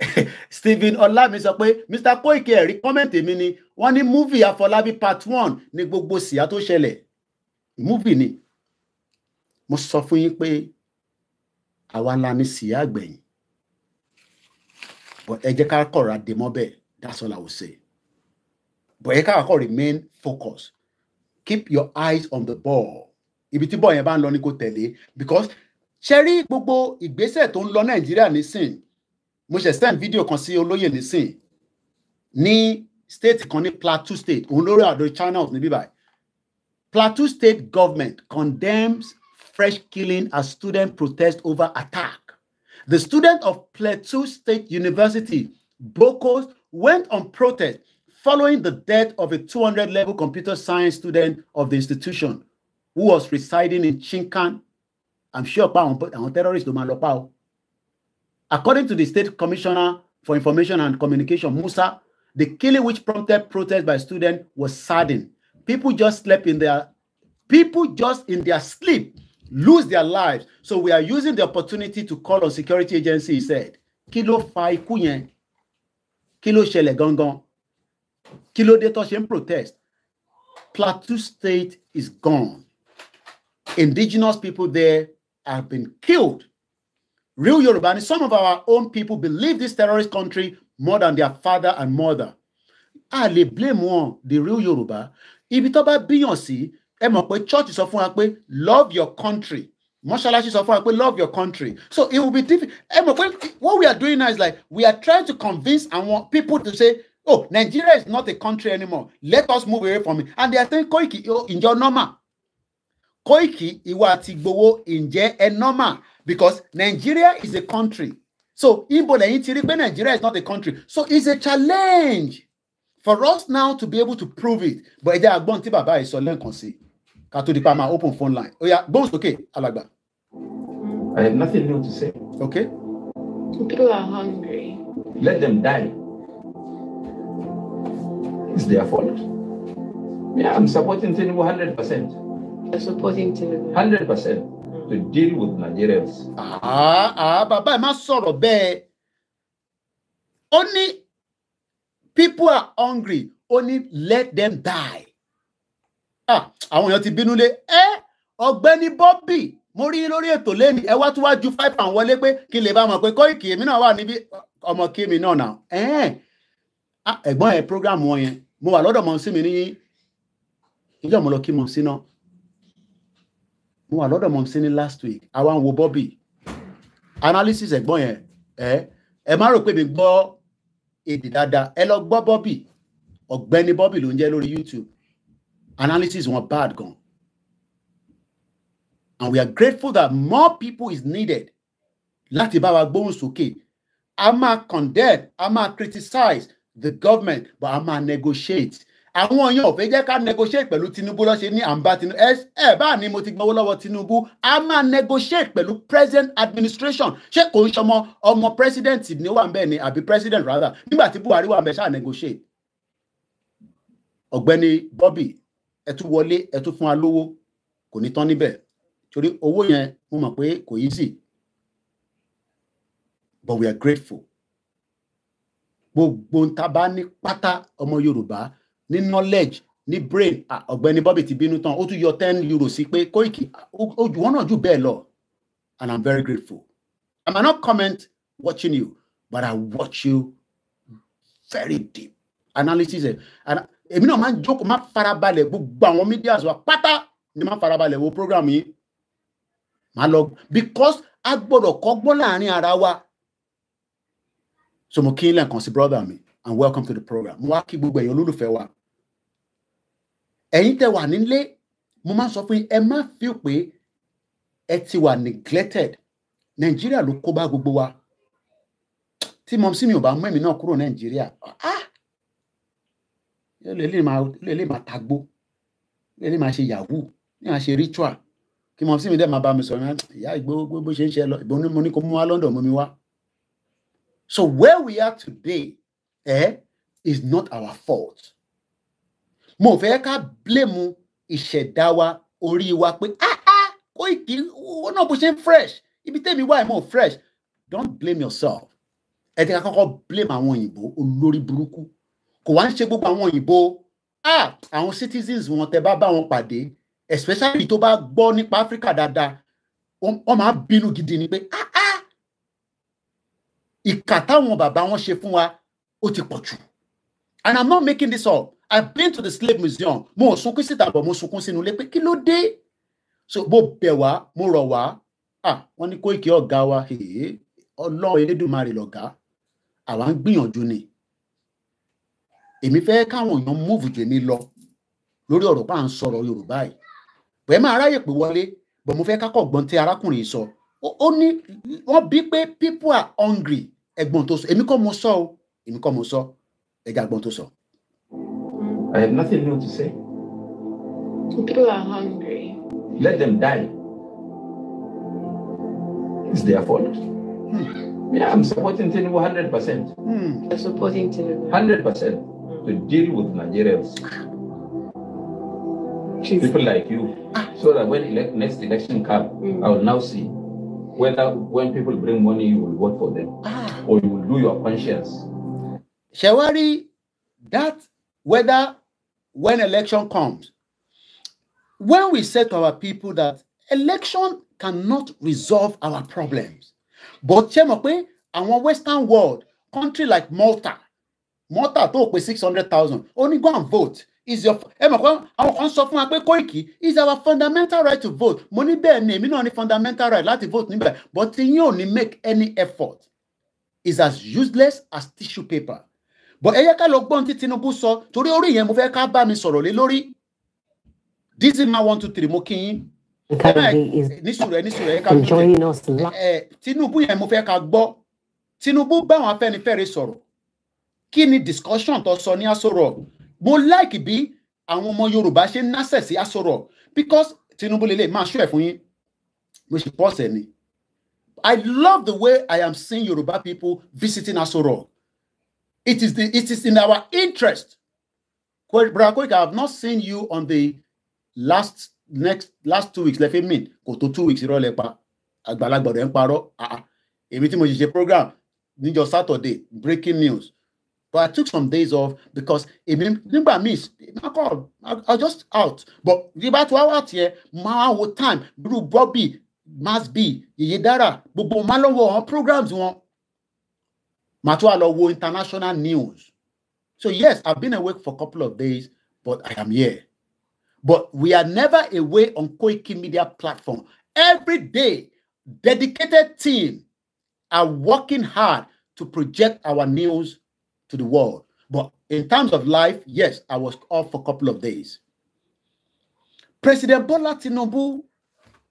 Stephen Ọlámi sọ pé Mr Koiki ẹ̀rí kọ́mẹ̀ntì mi ni wọ́n ní múvì Àfọlábí part one ni gbogbo síyá tó ṣẹlẹ̀ Movie ni mo sọ fún yín pé àwa la ní síyá gbẹ̀yìn but ẹ jẹ́ ká kọ̀ra dè mọ́ bẹ́ẹ̀ that's all i will say but ẹ ká kọ̀ remain focused keep your eyes on the ball ibi tí bọ́ọ̀ yẹn bá ń lọ ni kò tẹ̀lé because ṣe rí gbogbo ìgbésẹ̀ tó ń lọ nàìjíríà nísìn mo ṣe send video kan sí olóyè nísìn ní state kan ní plateau state òun lórí àdó channels níbí báyìí plateau state government condemns fresh killing as students protest over attack The student of Plateau State University, Bokos, went on protest following the death of a 200 level computer science student of the institution who was residing in Chinkan. I'm sure àwọn terrorists ló máa According to the State Commissioner for Information and Communication, Musa, the killing which prompted protest by students was sudden. People just slept in their people just in their sleep lose their lives. So we are using the opportunity to call on security agency, he said. kilo ló fa ikú yẹn? Kí ló ṣẹlẹ̀ gangan? Kí ló protest? Plateau State is gone. Indigenous people there have been killed. Real Yoruba and some of our own people believe this terrorist country more than their father and mother. I lè blame one the real Yoruba. If tó about bíyàn sí, ẹ mọ̀ pé church sọ fún wa pé love your country mọ́ṣáláṣí sọ fún wa pé love your country so it will be difficult ẹ mọ̀ pé what we are doing now is like we are trying to convince àwọn people to say oh Nigeria is not a country anymore let us move away from it and they are saying Koiki ǹjọ́ normal Koiki ìwà àti Igboho ǹjẹ́ ẹ normal because Nigeria is a country so ibo lẹ́yìn ti rí pé Nigeria is not a country so it's a challenge for us now to be able to prove it but ẹ jẹ́ àgbọ̀n tí bàbá yìí sọ lẹ́ẹ̀kan sí i. ká tó di pa máa open phone line ó yá gbóhùn sókè alàgbà. I have nothing new to say. Okay. People are hungry. Let them die. It's their fault. Yeah, I'm supporting Tinubu 100%. You're supporting Tinubu. 100% to deal with Nigerians. Ah, ah, bàbá ẹ̀ máa sọ̀rọ̀ bẹ́ẹ̀. Ó ní people are hungry. Only let them die. Ah, àwọn èèyàn ti bínú lé ẹ ọ̀gbẹ́ni Bobby mo rí lórí ètò lẹ́nu ẹ wá tún wá ju five pound wọlé pé kí lè bá mọ̀ pé Koiki èmi náà wà níbi ọmọ kémi náà nà ẹ̀gbọ́n ẹ̀ program wọn yẹn mo wà lọ́dọ̀ mọ̀ sí mi ní ìjọ mo lọ kí mọ̀ sí náà mo wà lọ́dọ̀ mọ̀ sí ní last week àwa ń wo Bobby analysis ẹ̀gbọ́n yẹn ẹ ẹ má rò pé mi gbọ́ èdè dáadáa ẹ lọ gbọ́ Bobby ọ̀gbẹ́ni Bobby ló ń jẹ́ lórí YouTube analysis wọn bad gone, and we are grateful that more people is needed láti bá wa gbóhùn sókè a máa condemn a máa criticize the government but a máa negotiate àwọn èèyàn ò fẹ́ jẹ́ ká negotiate pẹ̀lú Tinubu lọ́sẹ̀ ní àǹbá Tinubu ẹ bá ní mo ti gbọ́wọ́ lọ́wọ́ Tinubu a máa negotiate pẹ̀lú present administration ṣé kò ń ṣọmọ ọmọ president ni ó wà ń bẹ̀ ni àbí president rather nígbà tí Buhari wà ń bẹ̀ ṣáà negotiate ọ̀gbẹ́ni Bobby ẹ wọlé ẹ fún wa kò ní tán níbẹ̀ torí owó yẹn mo mọ̀ pé kò easy but we are grateful gbogbo ń ta bá ní pátá ọmọ Yorùbá ní knowledge ní brain ọ̀gbẹ́ni Bobby ti bínú tán ó tún yọ ten euros. sí pé Koiki ojú wọn náà jù bẹ́ẹ̀ lọ and I'm very grateful I may not comment watching you but I watch you very deep analysis and èmi náà máa ń jókòó má farabalẹ̀ gbogbo àwọn medias wa pátá ni má farabalẹ̀ wo program yìí má lọ because a gbọ́dọ̀ kọ́gbọ́n láàrin ara wa so mo kí n lẹ́ẹ̀kan sí brother mi and welcome to the program mo wá kí gbogbo ẹ̀yin olólùfẹ́ wa ẹ̀yin tẹ́ wà nílé mo máa sọ fún ẹ má feel pé ẹ ti wà neglected nàìjíríà ló kó bá gbogbo wa tí mọ̀mísí mi ò bá mú ẹ̀mí náà kúrò nàìjíríà ah lè lè máa tagbó lè máa ṣe yahoo lè máa ritual kí mọ̀ sí mi dẹ́ máa bá mi sọ̀rọ̀ ìyá ìgbó bó ṣe ń ṣe lọ ìbọn mo ní kó mú wá London mú mi wá. So where we are today eh, is not our fault. Mo fẹ́ ká blame ìṣẹ̀dá wa orí wa pé ah ah kó ìkí owó náà bó ṣe ń fresh ibi tẹ́mi wá ìmọ̀ fresh don't blame yourself ẹ ti ká kọ́kọ́ blame àwọn òyìnbó olórí burúkú kò wá ń ṣe gbogbo àwọn òyìnbó àwọn citizens wọn tẹ bá bá wọn pàdé especially tó bá gbọ́ nípa Africa dáadáa wọ́n máa bínú gidi ni pé ah, ah, ìkà táwọn bàbá wọn ṣe fún wa ó ti pọ̀ jù and i'm not making this up i've been to the slave museum mo ò sunkún síta bọ̀ mo sunkún sínú ilé pé kí ló dé so mo bẹ̀ wá mo rọ̀ wá ah wọ́n ní Koiki ọ̀gá wa ọlọ́run elédùnmarè lọ̀gá àwa ń gbìyànjú ni èmi fẹ́ káwọn èèyàn múùfù jèmi lọ lórí ọ̀rọ̀ bá ń sọ̀rọ̀ yorùbá yìí bẹ́ẹ̀ máa ráyè pé wọlé bọ̀ mo fẹ́ kákọ̀ gbọ́n tí arákùnrin sọ ó ní wọ́n bí pé people are hungry ẹ̀gbọ́n tó sọ èmi kọ́ mo sọ o èmi kọ́ mo sọ ẹ̀jẹ̀ àgbọ̀n tó sọ. I have nothing new to say. People are hungry. Let them die. It's their fault. Hmm. Yeah, I'm supporting Tinubu 100%. Hmm. You're supporting Tinubu. 100%. to deal with Nigerians, Jeez. people like you, ah. so that when ele next election comes, mm. I will now see whether when people bring money, you will vote for them ah. or you will do your conscience. Shawari, that whether when election comes, when we say to our people that election cannot resolve our problems, but Chemope, our Western world, country like Malta, mọ́tà tó pé six hundred thousand ó ní go and vote is your ẹ mọ̀ pé àwọn kan sọ fún wa pé Koiki is our fundamental right to vote mo ní bẹ́ẹ̀ ni èmi náà ní fundamental right láti vote níbẹ̀ but yín ò ní make any effort is as useless as tissue paper but ẹ yẹ ká lọ gbọ́n tí Tinubu sọ torí orí yẹn mo fẹ́ ká bá mi sọ̀rọ̀ lé lórí dizzy ma one two three mo kí yín nísùrù ẹ nísùrù ẹ ká Tinubu yẹn mo fẹ́ ká gbọ́ Tinubu bá àwọn Afẹ́nifẹ́re sọ̀rọ̀ kí ni discussion tó sọ ní Aso mo like bí àwọn ọmọ Yorùbá ṣe ń násẹ̀ sí Aso because Tinubu lè lè máa ṣọ́ ẹ̀ fún yín mo ṣe pọ́ọ̀sì ni I love the way I am seeing Yoruba people visiting Aso It is the it is in our interest. Brother Koika, I have not seen you on the last next last two weeks. Lẹ́fẹ̀ẹ́ mean kò tó two weeks irọ́ lẹ́pa àgbàlagbà ọ̀dọ̀ ẹ̀ ń parọ́. Ah, èmi tí mo ṣe ṣe program níjọ́ Saturday breaking news But I took some days off because remember me, my God, I was just out. But about two hours here, my whole time, Blue Bobby, Mass B, Yedara, Bobo Malongo on programs one. Matualo wo international news. So yes, I've been awake for a couple of days, but I am here. But we are never away on Koiki Media platform. Every day, dedicated team are working hard to project our news to the world. But in terms of life, yes, I was off for a couple of days. President Bola Tinubu,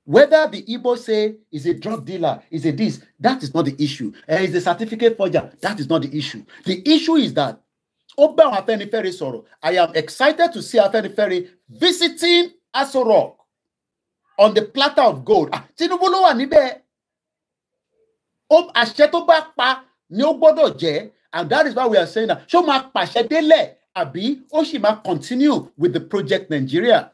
whether the Igbo say is a drug dealer, is a this, that is not the issue. Uh, is a certificate forger, that is not the issue. The issue is that Oba Ferry Soro, I am excited to see Afeni Ferry visiting Asoro on the platter of gold. Ah, Tinubu lo wà níbẹ̀. Àṣẹ tó pa ni ó gbọ́dọ̀ jẹ́ and that is why we are saying that ṣó máa pàṣẹ délẹ̀ àbí ó sì máa continue with the project Nigeria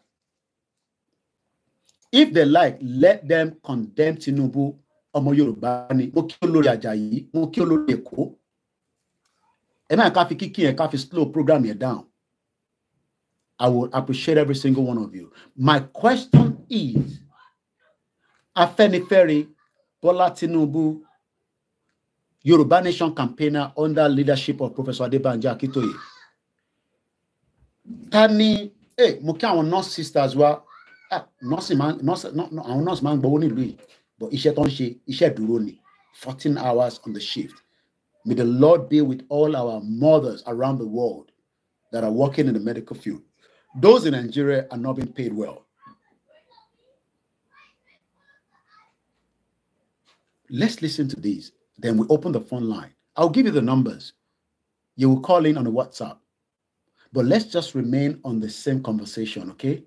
if they like let them condemn Tinubu ọmọ Yorùbá ni mo kí olórí Àjàyí mo kí olórí Èkó ẹ náà ká fi kíkí yẹn ká fi slow program yẹn down I will appreciate every single one of you my question is Afẹ́nifẹ́re Bọ́lá Tinubu Yoruba Nation campaigner under leadership of Professor Adebanjo Akitoye. Tani, ni, eh, mo kí nurse sisters wa, ah, nurse man, nurse àwọn nurse máa ń gbowó but iṣẹ́ tó ń ṣe iṣẹ́ dúró ni fourteen hours on the shift. May the Lord be with all our mothers around the world that are working in the medical field. Those in Nigeria are not being paid well. Let's listen to these. Then we open the phone line. I'll give you the numbers. You will call in on the WhatsApp. But let's just remain on the same conversation, okay?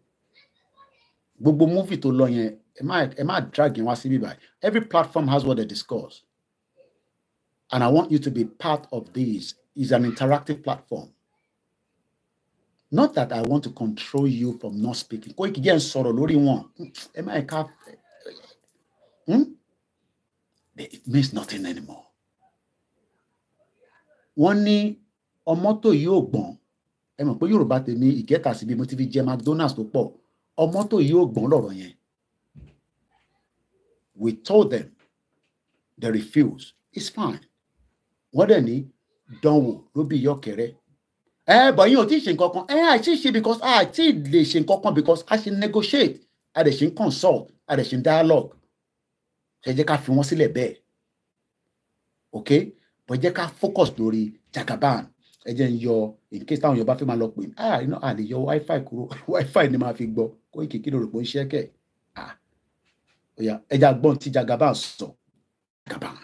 Gbogbo movie to lọ yẹn, ẹ má ẹ I dragging? yẹn wá síbí Every platform has what they discuss. And I want you to be part of this. It's an interactive platform. Not that I want to control you from not speaking. Kó ìkìjẹ́ ń sọ̀rọ̀ lórí wọn. Ẹ má ẹ ká it means nothing anymore. wọ́n ní ọmọ tó yìí ò gbọ́n ẹ mọ̀ pé yorùbá tèmi ìkẹta síbi mo ti fi jẹ mcdonald's tó pọ̀ ọmọ tó yìí ò gbọ́n lọ̀rọ̀ yẹn we told them they refuse. it's fine wọ́n dẹ̀ ní dánwò ló bí iyọ̀ kẹrẹ́ ẹ bọ̀ yín ò tí ì ṣe nǹkan kan ẹ àìsí ṣe because àìsí lè ṣe nǹkan kan because a ṣe negotiate a dẹ̀ ṣe consult a dẹ̀ ṣe dialogue ṣe jẹ́ ká fi wọ́n sílẹ̀ bẹ́ẹ̀ ok but jẹ́ ká focus lórí jagaban ẹ jẹ́ ń yọ in case táwọn Yorùbá fẹ́ máa lọ pè ní ah iná a lè yọ wifi kúrò wifi ni máa fi gbọ́ kó ìkíkí lórí pé ó ń ṣẹ́kẹ̀ ah oya ẹja gbọ́n tí jagaban sọ jagaban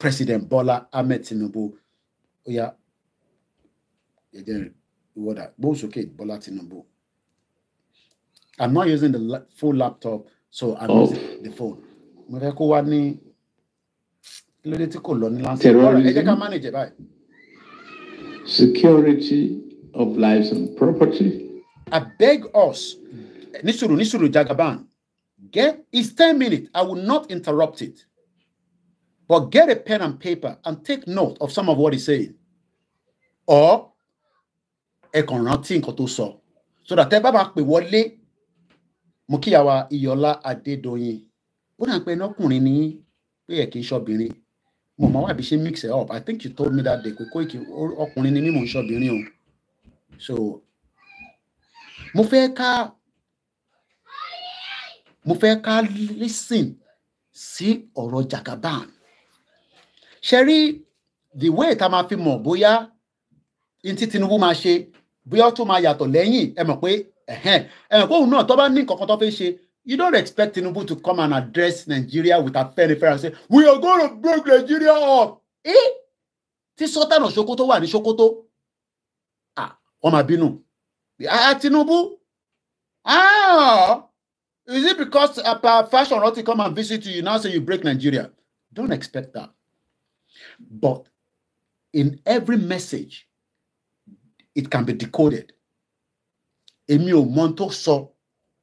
President Bola Ahmed Tinubu oya ẹ jẹ́ ìwọ́dà gbóhùnsókè Bola Tinubu. I'm not using the full laptop, so I'm oh. using the phone mo fẹ́ kó wá ní kí tí kò lọ ní láǹsì ẹ jẹ́ ká mánèjẹ báyìí. security of lives and property. I beg us nísùrù nísùrù Jagaban get it's ten minutes I will not interrupt it but get a pen and paper and take note of some of what he's saying or ẹ kàn rántí nǹkan tó sọ so that ẹ bá bá pè wọlé mo kíyàwó Iyọlá Adédoyin ó dà ń pẹ́ ẹnọkùnrin ní pé ẹ̀ kì í ṣọ́bìnrin mo mọ̀ wá bí ṣe mix it up I think you told me that day pé Koiki ọkùnrin ni mí mò ń ṣọ́bìnrin o so mo fẹ́ ká mo fẹ́ ká listen sí ọ̀rọ̀ Jagaban ṣe rí the way tá a máa fi mọ̀ bóyá ntí Tinubu máa ṣe bóyá ó tún máa yàtọ̀ lẹ́yìn ẹ mọ̀ pé ẹ̀hẹ́n ẹ mọ̀ pé òun náà tó bá ní nǹkan kan tó fẹ́ ṣe You don't expect Tinubu to come and address Nigeria with a pen and say, We are going to break Nigeria up. Eh? Tí Sọ́tànà Shokoto wà ní Shokoto. Ah, wọ́n binu. bínú. Ah, ah, Tinubu. Ah, is it because a fashion to come and visit you, you now say you break Nigeria? Don't expect that. But in every message, it can be decoded. Èmi ò mọ̀ tó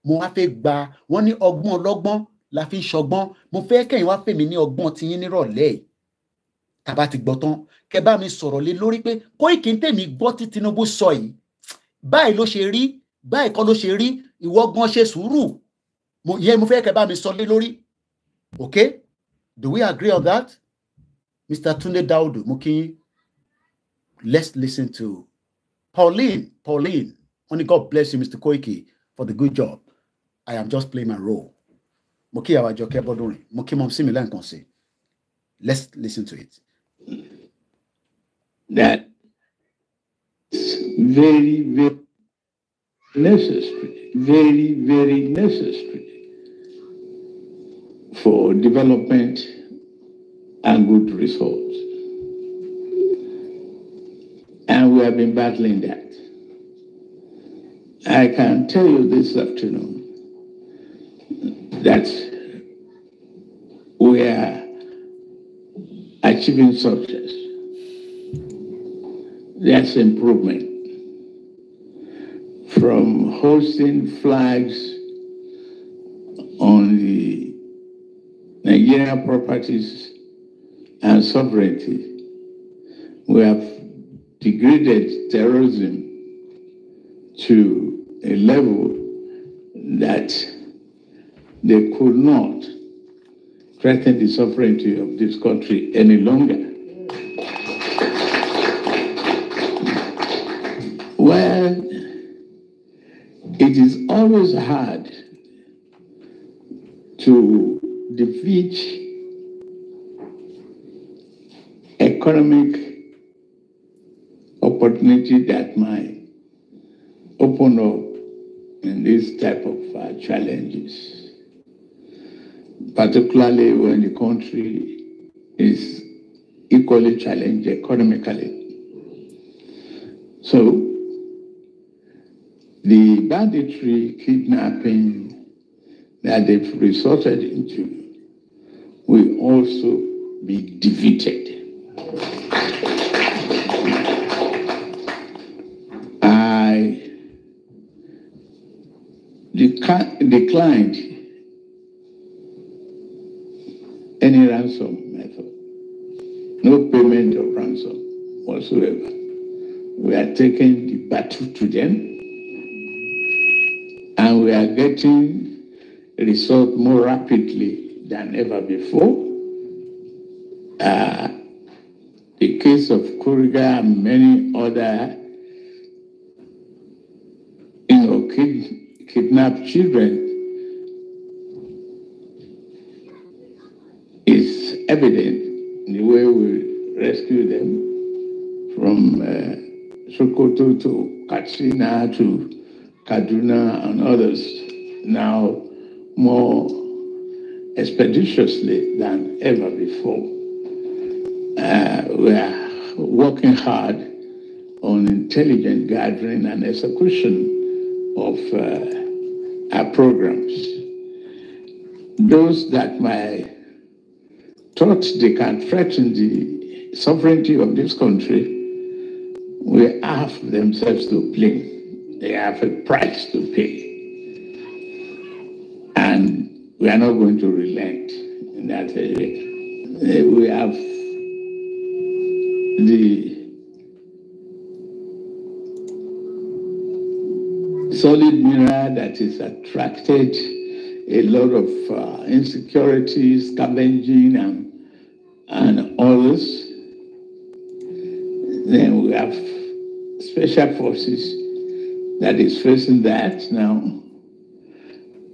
mo wá fẹ́ gba wọ́n ní ọgbọ́n ọlọ́gbọ́n la fi ń ṣọgbọ́n mo fẹ́ kẹ́yìn wá fèmí ní ọgbọ́n tiyín nírọ̀lẹ́ yìí tàbá ti gbọ́ tán kẹ bá mi sọ̀rọ̀ lé lórí pé Koiki ń tèmi gbọ́ tí Tinubu sọ yìí báyìí ló ṣe rí báyìí kọ́ ló ṣe rí ìwọ gan ṣe sùúrù yẹn mo fẹ́ kẹ bá mi sọ lé lórí okay do we agree on that Mr. Tunde Daudu mo kí yín let's listen to Pauline Pauline only God bless you Mr. Koiki for the good job. I am just playing my role. Mo kí àwọn àjọkẹ́ bọ́dúnrin, mo kí mọ̀ sí sí. Let's listen to it. That is very, very necessary, very, very necessary for development and good results. And we have been battling that. I can tell you this afternoon that we are achieving success. That's improvement. From hosting flags on the Nigerian properties and sovereignty, we have degraded terrorism to a level that they could not threaten the sovereignty of this country any longer. Well, it is always hard to defeat economic opportunity that might open up in these type of uh, challenges particularly when the country is equally challenged economically. So, the banditry kidnapping that they've resorted into will also be defeated. I declined ransom method. No payment of ransom whatsoever. We are taking the battle to them and we are getting result more rapidly than ever before. Uh, the case of Kuriga and many other you know, kid, kidnapped children evident in the way we rescue them from uh, Sokoto to Katsina to Kaduna and others now more expeditiously than ever before. Uh, we are working hard on intelligent gathering and execution of uh, our programs. Those that my thought they can threaten the sovereignty of this country we have themselves to blame. They have a price to pay. And we are not going to relent in that area. Eh, we have the solid mirror that is attracted a lot of uh, insecurity, scavenging, and, and others. Then we have special forces that is facing that now.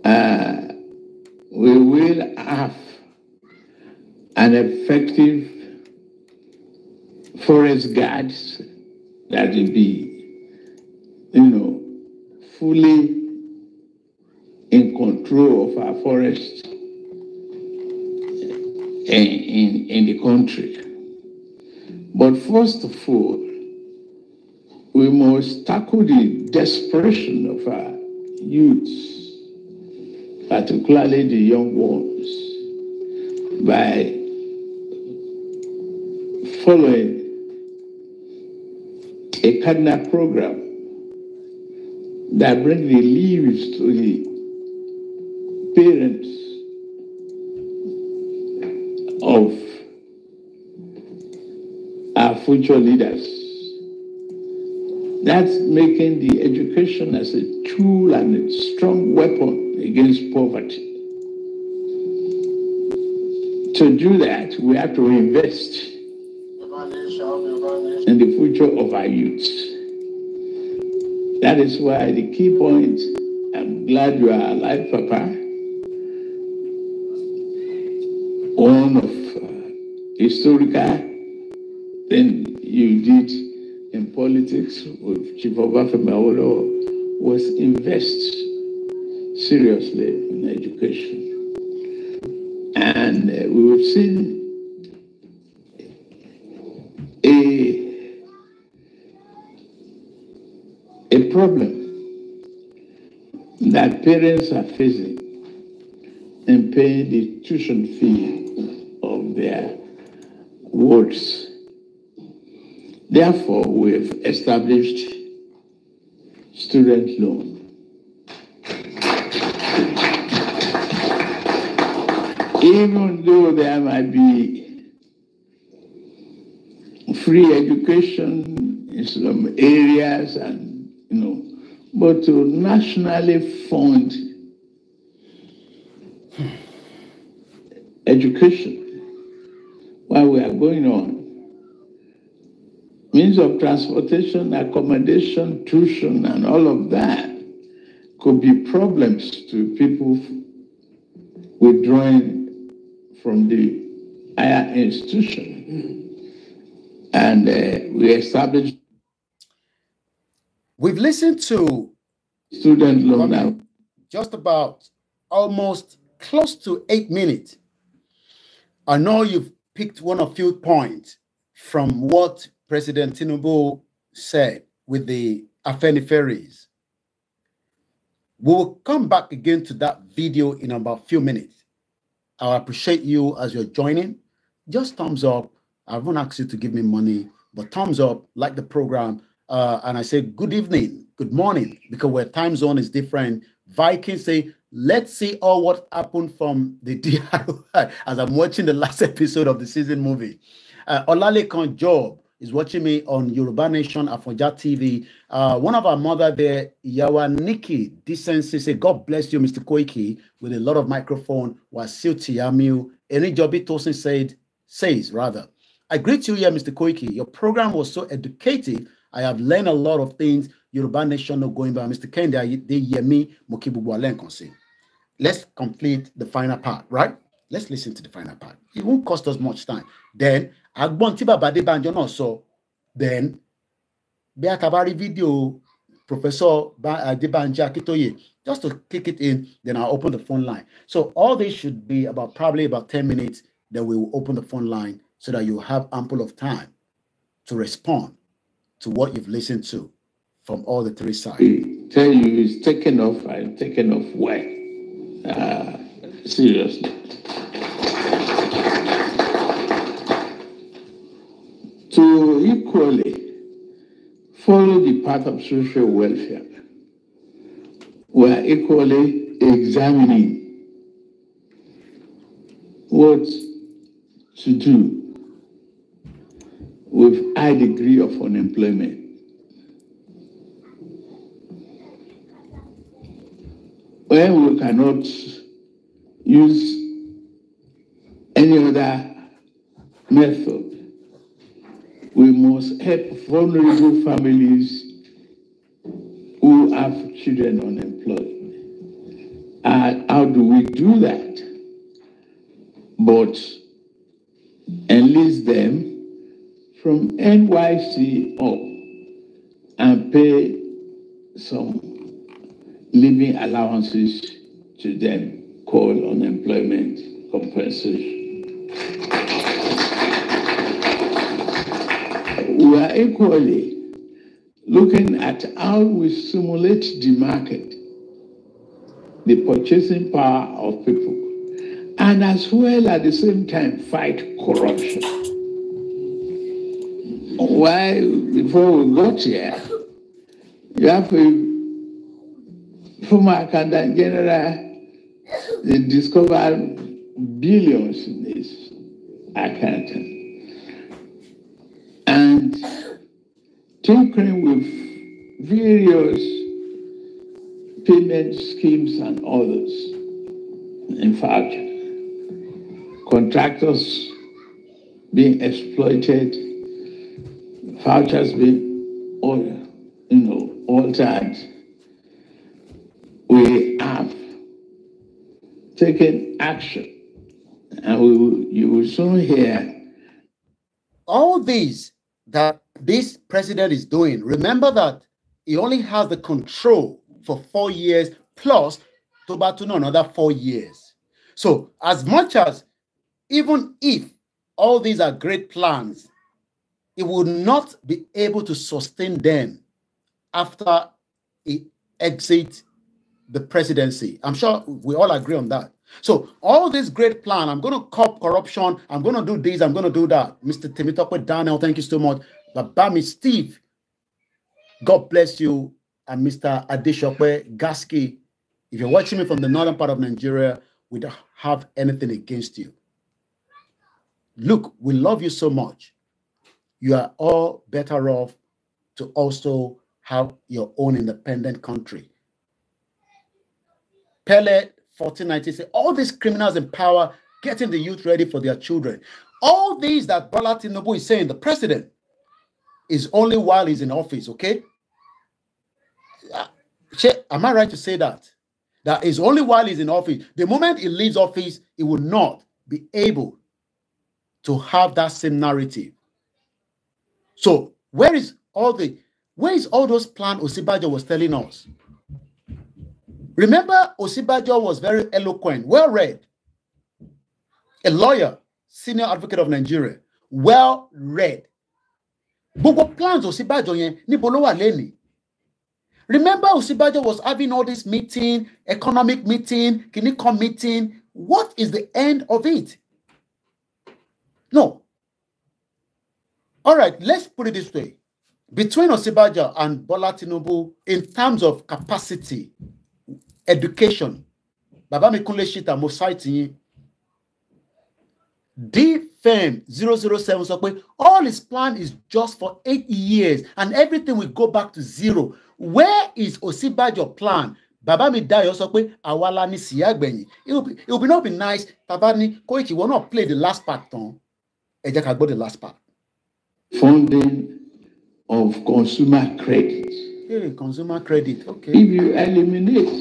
Uh, we will have an effective forest guards that will be, you know, fully control of our forests eh, in, in, in the country. But first of all, we must tackle the desperation of our youths, particularly the young ones, by following a cardinal program that brings the leaves to the future leaders. That's making the education as a tool and a strong weapon against poverty. To do that, we have to invest in the future of our youth. That is why the key point, I'm glad you are alive, Papa. One of uh, historical then you did in politics with Chief Obafemi Awolowo was invest seriously in education. And uh, we have seen a, a problem that parents are facing in paying the tuition fee of their wards Therefore, we've established student loan. Even though there might be free education in some areas and, you know, but to nationally fund education while we are going on means of transportation, accommodation, tuition, and all of that could be problems to people withdrawing from the higher institution. And uh, we established. We've listened to student loan now. Just about almost close to eight minutes. I know you've picked one or few points from what President Tinubu said with the Afeni Ferries. We will come back again to that video in about a few minutes. I appreciate you as you're joining. Just thumbs up. I won't ask you to give me money, but thumbs up, like the program. Uh, and I say good evening, good morning, because where time zone is different. Vikings say, let's see all what happened from the DRI as I'm watching the last episode of the season movie. Uh, Olalekan Job is watching me on Yoruba Nation Afonja TV. Uh, one of our mother there, Yawa Nikki Decency, say, God bless you, Mr. Koiki, with a lot of microphone. Wasil Tiamu. Enijobi Tosin said, says, rather, I greet you here, Mr. Koiki. Your program was so educative. I have learned a lot of things. Yoruba Nation not going by Mr. Kende, they hear me. Let's complete the final part, right? let's listen to the final part it won't cost us much time then agbon tí bàbá Adébánjọ náà sọ then be a video, bá rí fídíò Professor Adebanji Akitoye, just to kick it in, then I'll open the phone line. So all this should be about probably about 10 minutes, then we will open the phone line so that you have ample of time to respond to what you've listened to from all the three sides. tell you, it's taken off and taken off Where Uh, seriously. to equally follow the path of social welfare. We are equally examining what to do with high degree of unemployment. Where we cannot use any other method we must help vulnerable families who have children unemployed. And how do we do that? But enlist them from NYC up and pay some living allowances to them called unemployment compensation. we are equally looking at how we stimulate the market, the purchasing power of people, and as well at the same time fight corruption. Why, before we got here, you have a former accountant general, discovered billions in this accountant and tinkering with various payment schemes and others. In fact, contractors being exploited, vouchers being all, you know, altered. We have taken action, and we, you will soon hear all these that this president is doing. Remember that he only has the control for four years plus Tobatuno another four years. So as much as even if all these are great plans, he will not be able to sustain them after he exits the presidency. I'm sure we all agree on that. So all this great plan, I'm going to cop corruption, I'm going to do this, I'm going to do that. Mr. Timothy Daniel, thank you so much. But Babami Steve, God bless you. And Mr. Adeshokwe Gaski, if you're watching me from the northern part of Nigeria, we don't have anything against you. Look, we love you so much. You are all better off to also have your own independent country. Pele Say All these criminals in power getting the youth ready for their children. All these that Bola Tinubu is saying, the president, is only while he's in office, okay? Uh, am I right to say that? That is only while he's in office. The moment he leaves office, he will not be able to have that same narrative. So where is all the where is all those plan Osibajo was telling us? Remember, Osibajo was very eloquent, well read, a lawyer, senior advocate of Nigeria, well read. Gbogbo plans Osibajo yẹn níbo Remember Osibajo was having all this meeting, economic meeting, kinikom meeting. What is the end of it? No. All right, let's put it this way. Between Osibajo and Bola Tinubu, in terms of capacity, education bàbá mi kúnlé ṣìtà mo ṣáìtì yín dfem zero zero seven sọ pé all his plan is just for eight years and everything will go back to zero where is Ọ̀ṣínbàjò plan bàbá mi Dayọ̀ sọ pé àwa la ní síyá it would not be nice tàbá ni Koiki ìwọ not play the last part tán ẹ jẹ́ ká gbọ́ the last part. funding of consumer credit. Hey, consumer credit okay. if you eliminate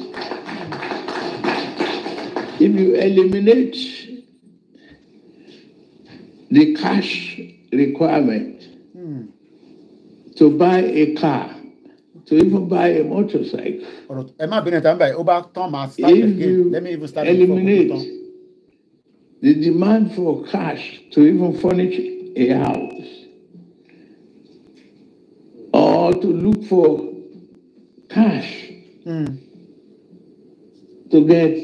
you eliminate the cash requirement mm. to buy a car, to even buy a motorcycle. am I being If Thomas? Let me even start eliminate the demand for cash to even furnish a house or to look for cash mm. to get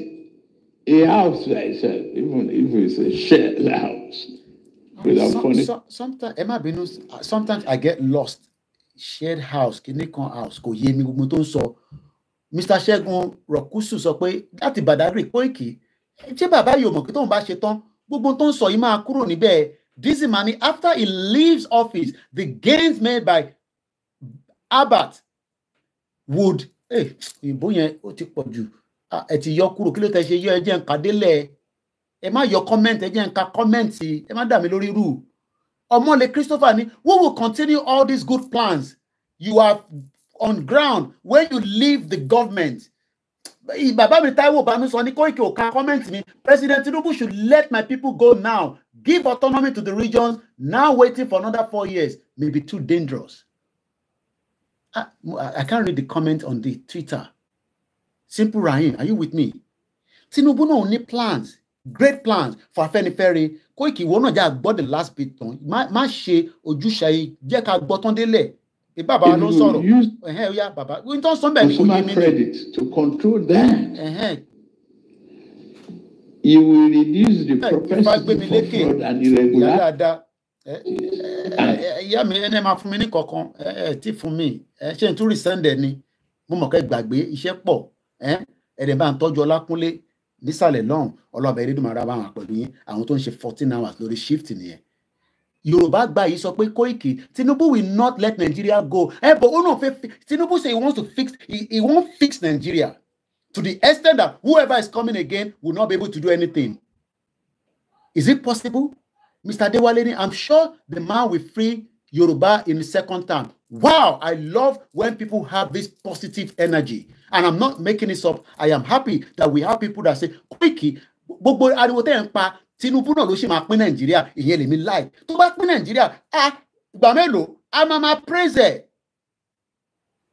a house by itself, even if it's a shared house. Some, some, sometimes, Emma sometimes I get lost. Shared house, kìíní kan house, kò ye mi gbogbo tó ń Mr. Ṣẹ́gun Rọ̀kúsù sọ pé láti Badagry Kóìkì, ṣé bàbá yóò mọ̀ kí tóun bá ṣe tán? Gbogbo tó so sọ yìí máa kúrò this Dizzy after he leaves office, the gains made by Abbott would. Eh, ìbò yẹn ó ti pọ̀ Ah, ẹ ti yọ kúrò kí ló tẹ ṣe yọ ẹ nǹkan délẹ̀ ẹ má yọ comment ẹ nǹkan comment ẹ má dà mí lórí rú ọmọlẹ Christopher ni we will continue all these good plans you are on ground when you leave the government bàbá mi Táíwò Bánúsọ ní Kóìkì ò ka comment mi President Tinubu should let my people go now give autonomy to the regions now waiting for another four years may be too dangerous ah, I, I can't read the comment on the Twitter Simple Ryan. are you with me? Tinubu náà ní plans great plans for Afẹ́nifẹ́re Koiki ìwọ náà jẹ́ àgbọ́ the last bit tán má ṣe ojúṣe jẹ́ ká gbọ́ tán délẹ̀ bí bàbá wa ló ń sọ̀rọ̀ ẹ̀hẹ́n ó yá bàbá wí tó ń sọ bẹ́ẹ̀ ni kò mi ni. You will reduce the propensity for fraud and irregular. Ìyá mi ẹni máa fún mi ní kankan ẹ ẹ tí fún mi ẹ ṣe ń tún rìsẹ́ǹdẹ̀ ni mo mọ̀ kẹ́ gbàgbé iṣẹ́ pọ̀ ẹ̀rẹ̀ bá ń tọ́jú ọlákúnlé nísàlẹ̀ lọ́hùn ọlọ́ọ̀bẹ erédùnmára bá wọn pẹ̀lú yín àwọn tó ń ṣe fourteen hours lórí shift nìyẹn yorùbá gba yìí sọ pé Koiki Tinubu will not let Nigeria go ẹ bọ ó náà fẹ́ Tinubu say he wants to fix he, he won't fix Nigeria to the extent that whoever is coming again will not be able to do anything is it possible Mr. Adewale I'm sure the man will free Yoruba in the second term. Wow, I love when people have this positive energy and i'm not making this up i am happy that we have people that say Koiki gbogbo ariwo tẹ́ ń pa Tinubu náà ló ṣe máa pín Nàìjíríà ìyẹn lèmi láì tó bá pín Nàìjíríà a gbà mélòó a máa máa praise ẹ̀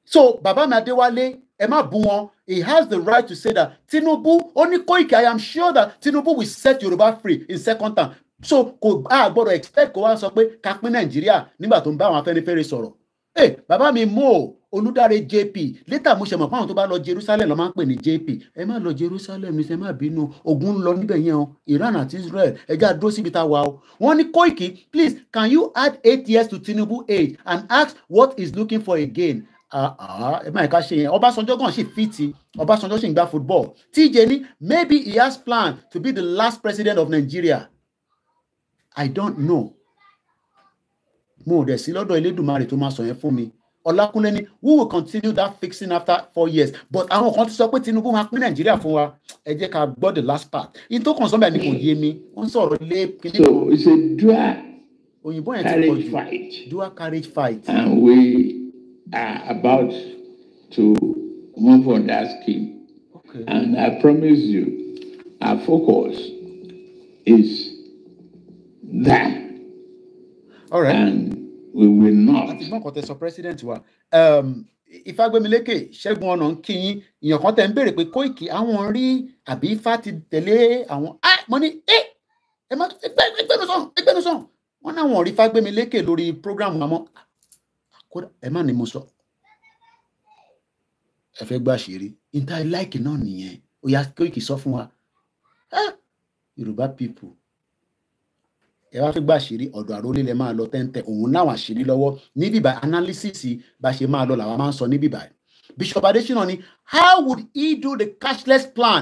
so bàbá mi Adéwálé ẹ má bú wọn he has the right to say that Tinubu ó ní Koiki i am sure that Tinubu will set Yorùbá free in second term so kò a gbọ́dọ̀ expect kó wá sọ pé ká pín Nàìjíríà nígbà tó ń bá àwọn Afẹ́nifẹ́re sọ̀rọ̀ ẹ hey, bàbá mi mú o olùdarí jp létà mo ṣe mọ̀ fáwọn tó bá lọ jerusalem lọ́ máa ń pè ní jp ẹ má lọ jerusalem ní sẹ má bínú ogun ń lọ níbẹ̀ yẹn o iran àti israel ẹjẹ́ àdúró síbi tá a wà o wọ́n ní Koiki please can you add eight years to Tinubu age and ask what is looking for again ah, ah, ẹ má ẹ̀ka ṣe yẹn Ọbásanjọ́ gan ṣì fìtì Ọbásanjọ́ ṣì ń gba football TJ ní maybe he has plan to be the last president of Nigeria I don't know mo ò dẹ̀ sí lọ́dọ̀ elédùnmarè tó máa sọ yẹn fún mi ọlákúnlé ni we will continue that fixing after four years but àwọn kan ti sọ pé tinubu máa pín nàìjíríà fún wa ẹ jẹ́ ká gbọ́ the last part in tó kàn sọ́nbà ni kò yé mi wọ́n sọ̀rọ̀ lé kíní. so it's a dual òyìnbó yẹn ti pọ̀ jù dual carriage fight. and we are about to move on that scheme okay. and i promise you our focus is that all right. and we will not. àti gbọ́n kan tẹ sọ president wa ìfagbémilékè um, ṣẹ́gun ọ̀nà ń kíyìn èèyàn kan tẹ̀ ń béèrè pé Kóìkì àwọn rí àbí ifá ti tẹ̀lé àwọn á mọ́ ní ẹ ẹ má ẹgbẹ́nu sàn ẹgbẹ́nu sàn wọ́n náà wọ́n rí fágbémilékè lórí program àmọ́ kódà ẹ má ní mo sọ ẹ fẹ́ gbà ṣeré níta láìkì náà nìyẹn ó yá Kóìkì sọ fún wa ah, Yorùbá people ẹ wá fẹ́ gbà ọ̀dọ̀ àrólé lẹ máa lọ tẹ́ńtẹ́ òun láwọn àṣírí lọ́wọ́ ní bíbá analysis bá ṣe máa lọ làwọn máa ń sọ ní bíbá Bishop Adesina ni how would he do the cashless plan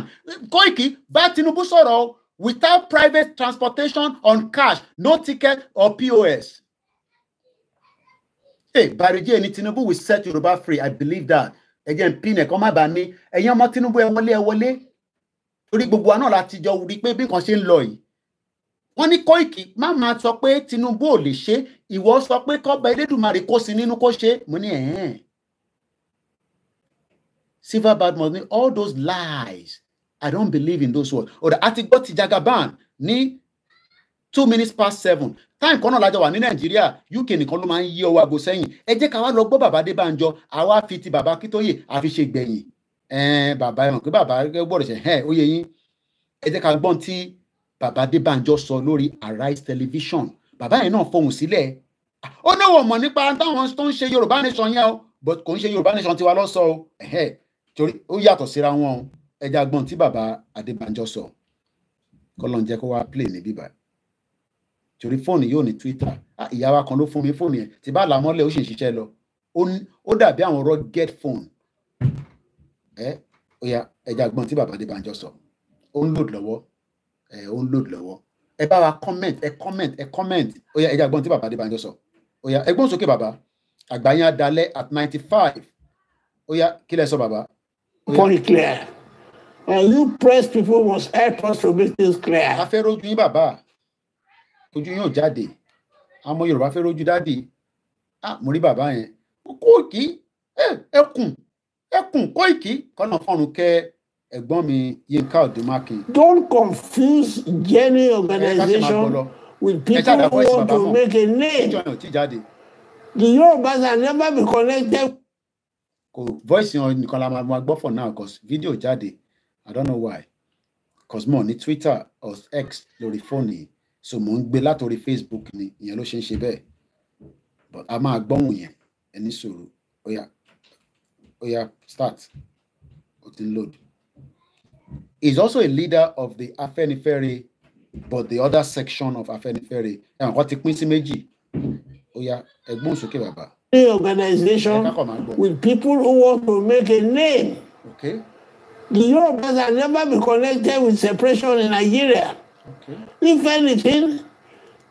Koiki bá Tinubu sọ̀rọ̀ without private transportation on cash no ticket or POS. Hey, Barije ni Tinubu will set Yoruba free I believe that ẹ̀jẹ̀ ń pín ẹ̀kọ́ má bàa ní ẹ̀yin ọmọ Tinubu ẹ wọlé ẹ wọlé torí gbogbo wa láti jọ rí pé bí nǹkan ṣe ń lọ yìí wọ́n ní Kóìkì má máa sọ pé Tinubu ò lè ṣe ìwọ sọ pé kọ́ba Elédùmarè kó sí nínú kó ṣe mo ní ẹ̀hẹ́n silver badmus ní all those lies I don't believe in those words ọ̀dà àti gbọ́ ti Jagaban ní two minutes past seven time kan náà lájọ wà ní nàìjíríà uk nìkan ló máa ń yí ọwọ́ aago sẹ́yìn ẹ jẹ́ ká wá lọ gbọ́ bàbá adébánjọ àwa fi ti bàbá akíntóyè àfi ṣe gbẹ̀yìn bàbá ẹ̀ràn pé bàbá gbọ́dọ̀ ṣe ẹ̀ ó yẹ yín ẹ jẹ́ ká gbọ́n tí bàbá Adébánjọ sọ lórí Arise television bàbá yẹn náà fohùn sílẹ̀ ó ní wọn mọ̀ nípa táwọn tó ń ṣe Yorùbá nation yẹn o but kò ń ṣe Yorùbá nation tiwa lọ́sọ̀ o torí ó yàtọ̀ síra wọn o ẹja gbọ́n tí bàbá Adébánjọ sọ kọ́lọ́n jẹ́ kó wá play ní bíbá torí fóònù yóò ní Twitter ah, ìyá wa kan ló fún mi fóònù yẹn tí bá làmọ́lẹ̀ ó sì ń ṣiṣẹ́ lọ ó dàbí àwọn rugged phone ẹ ó yá ẹja gbọ́n tí bàbá Adébánjọ sọ ó ń lòd lọ́wọ́ ẹ ó ń lòd lọ́wọ́ ẹ bá wa comment ẹ comment ẹ comment ó yá ẹ jẹ́ àgbọn tí bàbá Adébánjọ sọ ó yá ẹ gbóhùn sókè bàbá àgbáyé adalẹ at ninety five ó yá kí lẹ sọ bàbá. very clear and you press people must help us to make things clear. a fẹ́ rojú yín bàbá ojú yín ò jáde àmọ́ Yorùbá fẹ́ rojú dáàdì ah mo rí bàbá yẹn kó kí ẹkùn ẹkùn kó ìkí kọ́nà fọ́run kẹ́ẹ́ ẹ̀gbọ́n mi Yínká Odúmákin. don't confuse genuine organization with people who want to make a name. the Yorubas are never be connected. kò voice yan nìkan la máa gbọ́ for now because video jáde i don't know why cause mo ní Twitter or X lórí fóònù yìí so mò ń gbé látòrí Facebook ni ìyẹn ló ṣe ń ṣe bẹ́ẹ̀ but a máa gbọ́hùn yẹn ẹni sọ̀rọ̀ oya yá start ó ti ń load. He's also a leader of the Afenifere, but the other section of Afenifere. And what it means oh yeah, yá, ẹ̀gbọ́n sókè bàbá. The organization with people who want to make a name. Okay. The Europeans have never been connected with separation in Nigeria. Okay. If anything,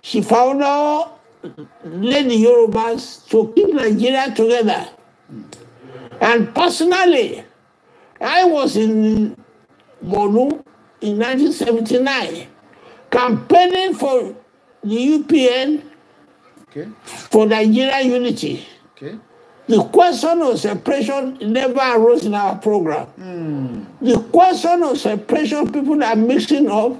she found out led the Europeans to keep Nigeria together. Mm. And personally, I was in Bonu in 1979, campaigning for the UPN okay. for Nigeria unity. Okay. The question of separation never arose in our program. Mm. The question of separation, people are mixing up,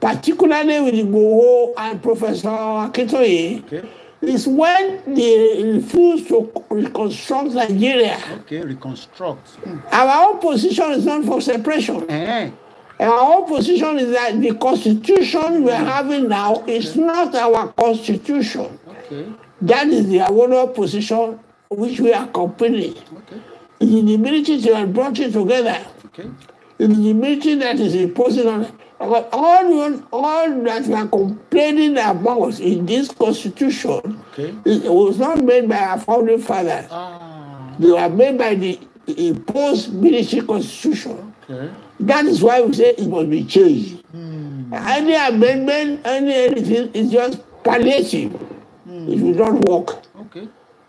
particularly with Igboho and Professor Akintoye. Okay. is when they refuse to reconstruct Nigeria. Okay, reconstruct. Our own position is not for separation. Eh. Our own position is that the constitution we are having now is okay. not our constitution. Okay. That is the Awono position which we are complaining. Okay. It is the military that brought it together. Okay. It is the military that is imposing on all, you, all that we are complaining about in this constitution okay. it was not made by our founding fathers. Ah. They were made by the imposed military constitution. Okay. That is why we say it must be changed. Hmm. Any amendment, any anything is just palliative. Hmm. It will not work.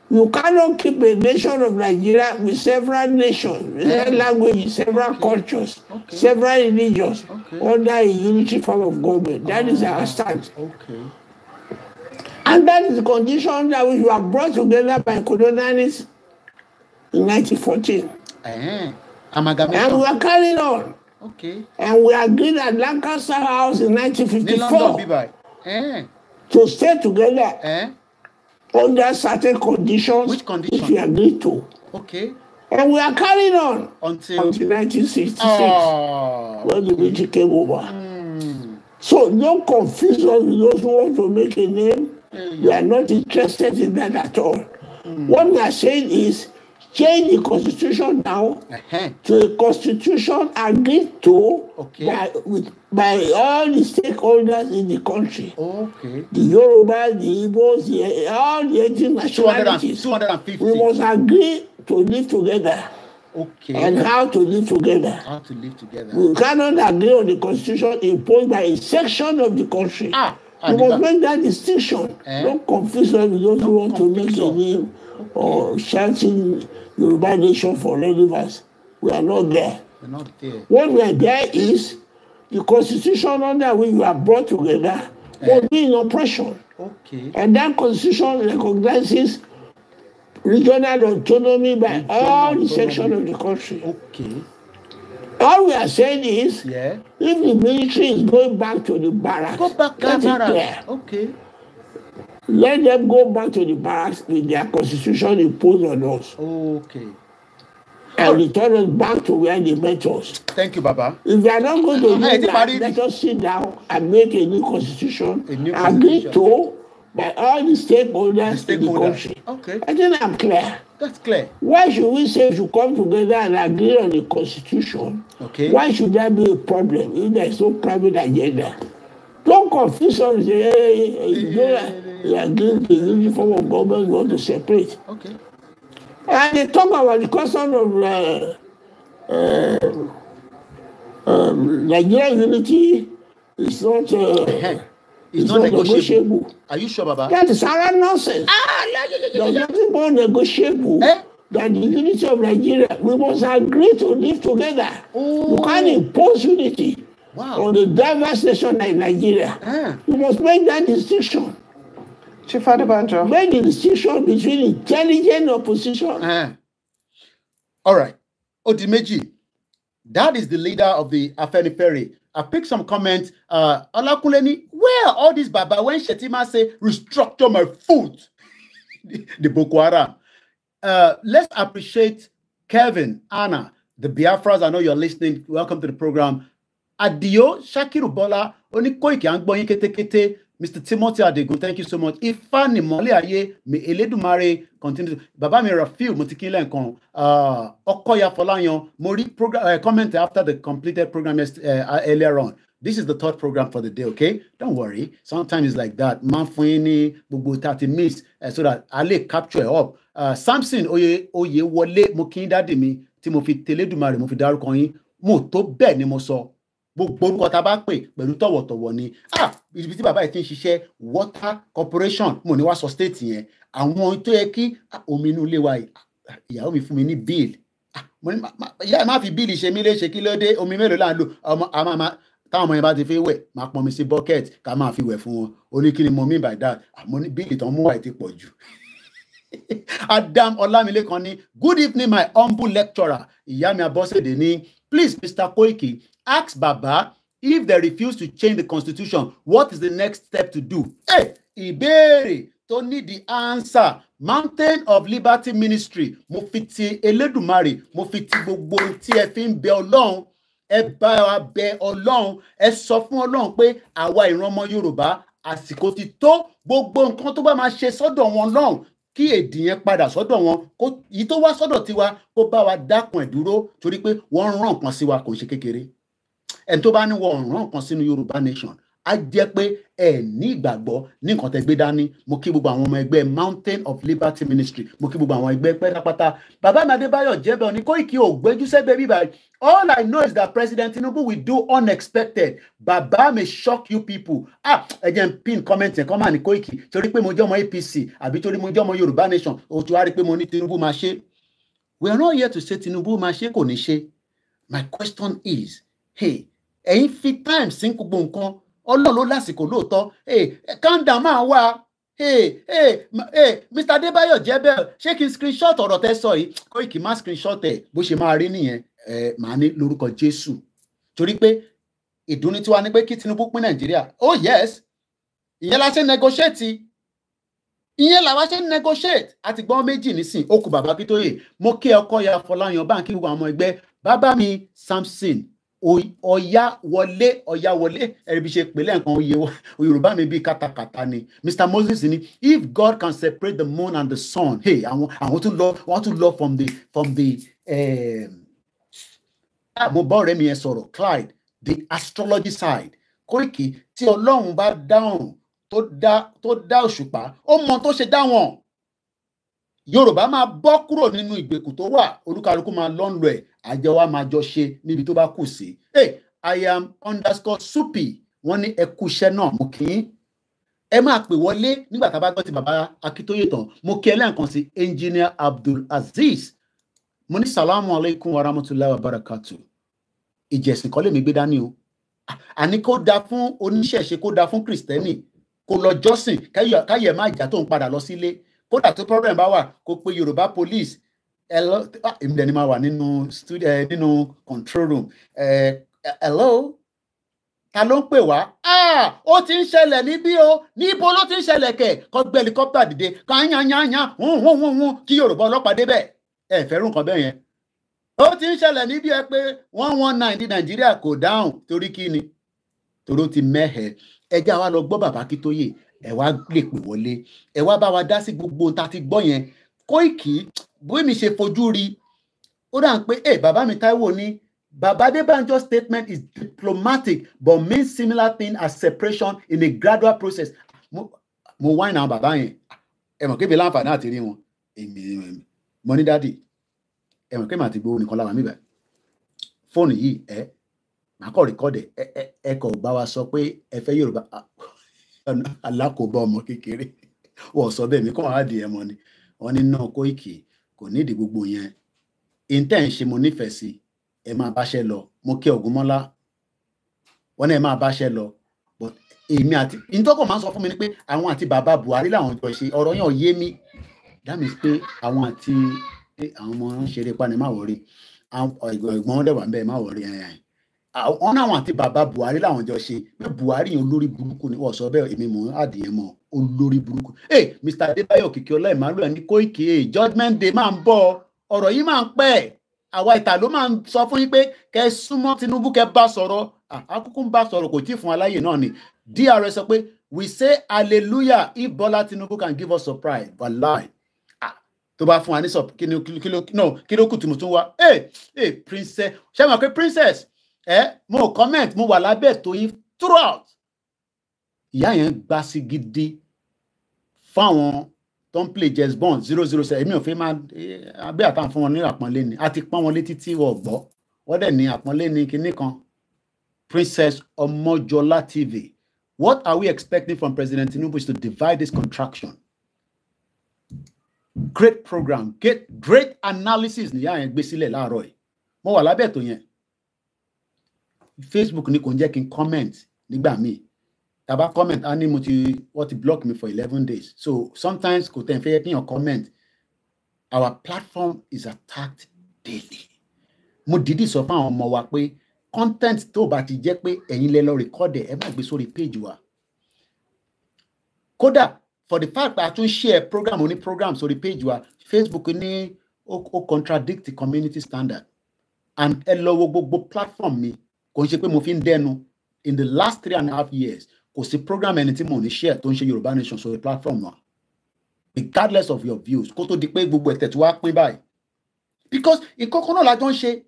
You cannot keep a nation of Nigeria with several nations, with several languages, several cultures, okay. several religions okay. under a unity form of government. That is ah, our stance. Okay. And that is the condition that we were brought together by colonialists in 1914. Uh-huh. Eh, And we are carrying on. Okay. And we agreed at Lancaster House in 1954 London, uh-huh. to stay together. Uh-huh under certain conditions, Which condition? which we agreed to. Okay. And we are carrying on until, until 1966 oh. when the BT came over. Mm. So no confusion with those who want to make a name. Mm. They are not interested in that at all. Mm. What we are saying is change the constitution now uh-huh. to a constitution agreed to okay. by, with, by all the stakeholders in the country. Okay. The Yorubas, the Igbos, the, all the 18 nationalities. 250. We must agree to live together. Okay. And how to live together. How to live together. We cannot agree on the constitution imposed by a section of the country. Ah, we must that. make that distinction. Eh? Don't confuse us with those Don't who want to make the name or chanting. Yoruba nation for Lagos. We are not there. We're not there. What we are there is the constitution under which we are brought together was uh, eh. being oppression. Okay. And that constitution recognizes regional autonomy by regional all the sections of the country. Okay. All we are saying is, yeah. if the military is going back to the barracks, go back to the barracks. Okay. Let them go back to the barracks with their constitution imposed on us. Okay. And return us back to where they met us. Thank you, Baba. If they are not going to ah, do that, let us sit down and make a new constitution. A new constitution agreed to by all the stakeholders, the stakeholders in the country. Okay. I think I'm clear. That's clear. Why should we say we should come together and agree on the constitution? Okay. Why should there be a problem if there is no private agenda? No confusion is there. Like this, the new form of government want to separate. Okay. And they talk about the question of uh, uh, um, Nigerian unity is not. Uh, It's, it's not, not negotiable. negotiable. Are you sure, Baba? That is our nonsense. Ah, yeah, yeah, yeah, yeah. There's nothing more negotiable eh? than the unity of Nigeria. We must agree to live together. Ooh. You can't impose unity wow. on the diverse nation like Nigeria. Ah. You must make that distinction. Chief Adebanjo. Make the distinction between intelligent opposition. Ah. All right. Odimeji, that is the leader of the Afeni Ferry. I picked some comments. Uh, Olakuleni, where are all these Baba when Shetima say, restructure my foot? the Boko Haram. Uh, let's appreciate Kevin, Anna, the Biafras. I know you're listening. Welcome to the program àdìyó sakiru bọ́lá oníkóìkì à ń gbọ́ yín kétékété mr timothy adegun thank you so much ifá nìmọ́lẹ̀ ayé mi elédùnmáre continue Baba mi rafiu mo ti kí lẹ́ nǹkan ah, ọkọ̀yà fọláyan mo rí eh, comment after the completed program eh, earlier on this is the third program for the day okay don't worry sometimes it's like that máa ń fún yín ní gbogbo thirty minutes uh, eh, so that a lè capture up uh, samson oye oye wọlé mo kí n dáàdì mi tí mo fi tẹlẹdùmarè mo fi dárúkọ yín mo tó bẹ́ẹ̀ ni mo sọ gbogbo orúkọ tá a bá pè pẹ̀lú tọ̀wọ̀tọ̀wọ̀ ni ah ibi tí bàbá yìí ti ń ṣiṣẹ́ water corporation mo ní wá sọ state yẹn àwọn tó yẹ kí omi inú ilé wa ìyàwó mi fún mi ní bill ìyá ẹ má fi bíìlì ṣe mí léṣe kí ló dé omi mélòó là ń lò ọmọ àmọ́ àmọ́ táwọn ọmọ yẹn bá ti fi wẹ̀ máa pọnmi sí bucket ká máa fi wẹ̀ fún wọn ó ní kí ni mo mean by that àmọ́ bíìlì tán mú wáyé ti pọ̀ jù. Adam Ọlámilékan ní good evening my humble lecturer ìyá mi Abọ́sẹ̀dé ní please Mr Koiki Ask Baba if they refuse to change the constitution, what is the next step to do? Hey, ìbéèrè tó ní the answer mountain of liberty ministry mo fi ti Elédùmarè mo fi ti gbogbo tí ẹ fi ń bẹ Ọlọ́run ẹ bá wa bẹ Ọlọ́run ẹ sọ fún Ọlọ́run pé àwa ìran ọmọ Yorùbá àsìkò ti tó gbogbo nǹkan tó bá máa ṣe sọ́dọ̀ wọn lọ́hùn kí èdè yẹn padà sọ́dọ̀ wọn kó èyí tó wá sọ́dọ̀ tiwa kó bá wa dákun ẹ̀ dúró torí pé wọ́n ń ràn kan sí wa kò ṣe kékeré ẹni tó bá ní wọ ọ̀ràn kan sínú Yorùbá nation á jẹ́ pé ẹ ní ìgbàgbọ́ ní nǹkan tẹ́ gbé dání mo kí gbogbo àwọn ọmọ ẹgbẹ́ Mountain of Liberty Ministry mo kí gbogbo àwọn ẹgbẹ́ pátápátá bàbá mi Adébáyọ̀ jẹ́bẹ̀ òní Kóìkì ògbéjú sẹ́gbẹ́ bíbá all I know is that President Tinubu will do unexpected bàbá mi shock you people ah ẹ jẹ́ n pin comment yẹn kọ́ máa ní Kóìkì torí pé mo jẹ́ ọmọ APC àbí torí mo jẹ́ ọmọ Yorùbá nation o ti wá rí pé mo ní Tinubu máa ṣe we are not here to say Tinubu máa ṣe kò ní ṣe my question is ẹ̀yin fi time sí gbogbo nǹkan ọlọ́run ló lásìkò lóòótọ́ countdown máa wá Mr. Adébáyọ̀ jẹ́ bẹ́ẹ̀ ṣé kí n screenshot ọ̀rọ̀ tẹ́ sọ yìí kó kì í má screenshot ẹ̀ bó ṣe máa rí nìyẹn màá ní lórúkọ Jésù torí pé ìdúnni tí wàá ní pé kí Tinubu pín Nàìjíríà oh yes ìyẹn la ṣe negotiate ìyẹn làwa ṣe negotiate àti gbọ́n méjì nísìn ó kù bàbá Akíntóyè mo kí ọkọ ya Fọláyan báńkì wà ọmọ ẹgbẹ́ bàbá mi Samson ọ̀yá wọlé ọ̀yá wọlé ẹ̀rí bí ṣe pèlè nǹkan oyè yorùbá mi bíi kátàkátà ni mr moses ni if god can separate the moon and the sun hey àwọn àwọn tún lọ wọn tún lọ from the from the eh, ah, mo bá ọ̀rẹ́ mi yẹn sọ̀rọ̀ clyde the astrology side Koiki tí ọlọ́run bá dáhùn tó dá tó dá òṣùpá ó mọ tó ṣe dá wọn yorùbá máa bọ́ kúrò nínú ìgbèkùn tó wà olúkálùkù máa lọ́nlọ́ ẹ̀ àjọ wa máa jọ ṣe níbi tó bá kù sí hey i am underscore supi wọ́n ní ẹkú iṣẹ́ náà mo kì í ẹ máa pè wọlé nígbà tá a bá gbọ́ ti bàbá akitoye tán mo kí ẹ lẹ́ẹ̀kan sí engineer abdul Aziz. mo ní salamu alaykum wa rahmatulahi wa barakatu ìjẹ̀sìn kọ́ lèmi gbé dání o àní kó da fún oníṣẹ̀ṣe kó da fún kristẹni kó lọ jọ́sìn káyẹ̀ má ìjà tó ń padà lọ sílé kódà tó problem bá wà kó pe yorùbá police hello ah, èmi dẹ̀ ni máa wà nínú studio eh, nínú control room eh, hello ta ló ń pè wá ah, ó ti ń ṣẹlẹ̀ níbí o níbo ló ti ń ṣẹlẹ̀ kẹ̀ kọ́ gbé helicopter dìde ká yányányán wọ́n wọ́n wọ́n wọ́n kí yorùbá ọlọ́pàá débẹ̀ ẹ fẹ́rù nǹkan bẹ́ẹ̀ yẹn ó ti ń ṣẹlẹ̀ níbí ẹ pé one one nine ní nàìjíríà kò dáhùn torí kí ni toró ti mẹ́hẹ̀ ẹjẹ́ àwa lọ gbọ́ bàbá Akíntóyè ẹ wá lè pè wọlé ẹ wá bá wa dá sí gbogbo ta ti gbọ́ yẹn Kóìkì bó mi ṣe fojú rí ó dà ń pé ẹ eh, bàbá mi Táíwò ní Baba Adebanjo's statement is diplomatic but means similar thing as separation in a gradual process mo wá ìnáwó bàbá yẹn ẹ mọ̀ kébi láǹfààní àti rí wọn èmi mo ní dádì ẹ mọ̀ kébi àti gbowó nìkan láwọn mi bẹ̀ fóònù yìí ẹ màá kọ́ rìkọ́dẹ̀ ẹ kò bá wa sọ pé ẹ fẹ́ Yorùbá alákòóbá ọmọ kékeré wọ́n sọ bẹ́ẹ̀ mi kọ́ àádìí mọ́ ni wọ́n ní náà Kóìkì kò nídìí gbogbo yẹn ìntẹ́ ń ṣe mo nífẹ̀ẹ́ sí ẹ máa báṣẹ́ lọ mo kí Ògúnmọ́lá wọn náà ẹ máa báṣẹ́ lọ but èmi àti ìtọ́kọ̀ máa ń sọ fún mi ni pé àwọn àti bàbá Buhari làwọn jọ ṣe ọ̀rọ̀ yẹn ò yé mi that pé àwọn àti àwọn ọmọ ń ṣeré pani má wọrí ẹ̀gbọ́n dẹ̀ wà ń bẹ́ẹ̀ má wọrí ẹ̀yìn wọn náà àti bàbá buhari làwọn jọ ṣe pé buhari yẹn olórí burúkú ni wọn sọ bẹ́ẹ̀ èmi mò ń adìyẹ mọ olórí burúkú ẹ mr adébáyọ̀ kìkì ọlá emmanuel ní kóìkì ẹ judgement day máa ń bọ̀ ọ̀rọ̀ yìí máa ń pẹ́ àwa ìta ló máa ń sọ fún yín pé kẹ́ súnmọ́ tinubu kẹ́ bá sọ̀rọ̀ àkókò ah, ń bá sọ̀rọ̀ kò tí ì fún aláyè náà ni dr sọ pé we say hallelujah if bola tinubu can give us surprise wallahi ah, tó bá fún wa ní sọ kí ló kù tí mo tún wá ẹ ẹ princess ṣé wọn pé princess ẹ mo comment mo wà lábẹ́ tó yín throughout ìyá yẹn gba sí gidi fáwọn tó ń play jazz bond zero zero seven èmi ò fẹ́ máa eh, abẹ́ àtàwọn fún wọn ní àpọ́nlé ni a ti pọ́n wọn létí tí wọ́n gbọ́ wọ́n dẹ̀ ní àpọ́nlé ni kinní kan Princess Omojola TV what are we expecting from President Tinubu is to divide this contraction great program great, great analysis nìyá yẹn gbé sílẹ̀ láàárọ̀ yìí mo wà lábẹ́ tó yẹn facebook ni kò ń jẹ́ kí n comment nígbà míì tàbá comment á ní mo ti wọ́n ti block me for eleven days so sometimes kò tẹ̀ ń fẹ́ yẹ kí yàn comment our platform is attacked daily mo dìídì sọ fún àwọn ọmọ wa pé content tó bá ti jẹ́ pé ẹ̀yin lẹ lọ record ẹ̀ ẹ má gbé sórí page wa kódà for the fact that a tún share program oní program sórí page wa facebook ní o contradict the community standard and ẹ lọ wo gbogbo platform mi kò ń ṣe pé mo fi ń dẹnu in the last three and a half years kò sí program ẹni tí mo ní share tó ń ṣe Yorùbá Nation sórí platform náà regardless of your views kó tó di pé gbogbo ẹ̀tẹ̀ tí wàá pín báyìí because nǹkan kan náà la jọ ń ṣe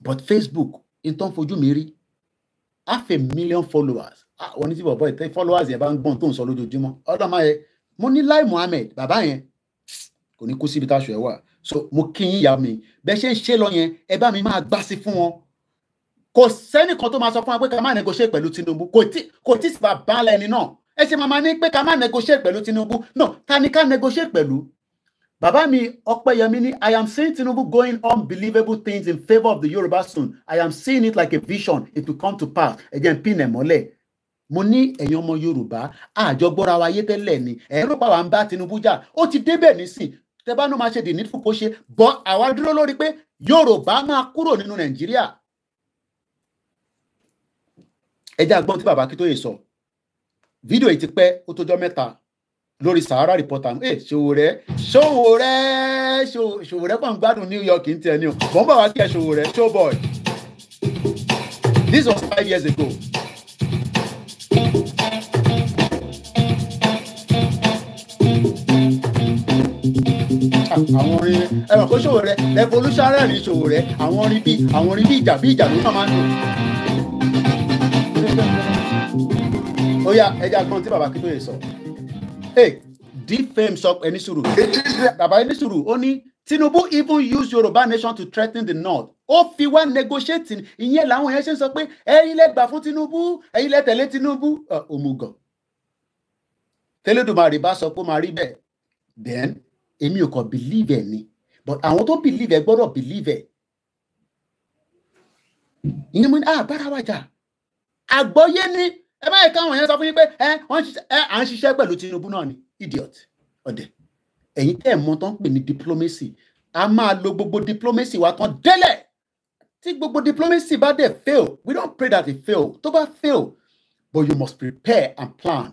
but Facebook n tó ń fojú mi rí half a million followers àwọn ah, oní tí bọ̀bọ̀ ìtẹ́ followers yẹn bá ń gbọ́n tó ń sọ lójoojúmọ́ ọ̀dọ̀ máa mo ní Lai Muhammed bàbá yẹn kò ní kú síbi táṣọ ẹ̀ wà so mo kí yín ìyá mi bẹ́ẹ̀ ṣe ń ṣe lọ yẹn ẹ bá mi máa gbá sí fún wọn kò sẹ́nìkan tó máa sọ fún wa pé ká má negotiate pẹ̀lú Tinubu kò tí kò tí sì bá bàálà ẹni náà ẹ ṣe máa ní pé ká má negotiate pẹ̀lú Tinubu no ta ni ká negotiate pẹ̀lú. bàbá mi Ọpẹ́yẹmí ni I am seeing Tinubu going unbelievable things in favour of the Yoruba soon I am seeing it like a vision it will come to pass ẹ̀jẹ̀ ń pin ẹ̀ mọ́lẹ̀ mo ní ẹ̀yin ọmọ Yorùbá àjọgbọ́ra wa yé tẹ́lẹ̀ ni ẹ̀rọ pa wà ń bá Tinubu jà ó ti débẹ̀ nísìn tẹ́bánú máa ṣe the nífù kó ṣe bọ́ àwa dúró lórí pé Yorùbá máa kúrò nínú Nàìjíríà ẹjẹ́ àgbọ̀n tí bàbá Akíntóyè sọ fídíò yìí ti pẹ́ ó tójọ́ mẹ́ta lórí Sahara Reporter ẹ ṣòwò rẹ ṣòwò rẹ ṣòwò rẹ kàn gbádùn New York ní tiẹ̀ ni o mò ń bọ̀ wá kí ẹ ṣòwò rẹ show boy this was five years ago. àwọn orin ẹ mọ̀ kó ṣòwò rẹ revolutionary ṣòwò rẹ àwọn orin bíi àwọn orin bíi ìjà bíi ìjà ló máa ń lò. ó yá ẹja kan tí bàbá Akíntóyè sọ DFM sọ ẹni sùúrù bàbá ẹni sùúrù ó ní Tinubu even used Yoruba nation to threaten the north ó fi wá negotiating ìyẹn làwọn yẹn ṣe ń sọ pé ẹ̀yin lẹ gbà fún Tinubu ẹ̀yin lẹ tẹ̀lé Tinubu òmùgọ̀ tẹlẹdùmarè bá sọ pé ó máa rí bẹ́ẹ̀ then èmi ò kàn believe ẹ ni but àwọn tó believe ẹ gbọ́dọ̀ believe ẹ ìyẹn mo ní àbára ah, wájà àgbọ́yé ni ẹ báyìí káwọn yẹn sọ fún yín pé ẹ à ń ṣiṣẹ́ pẹ̀lú Tinubu náà ni idiot ọ̀dẹ̀ ẹ̀yin tẹ́ ẹ̀ mọ̀ tán pè ní diplomacy a máa lo gbogbo diplomacy wa tán délẹ̀ tí gbogbo diplomacy bá dẹ̀ fail we don't pray that it fail tó bá fail but you must prepare and plan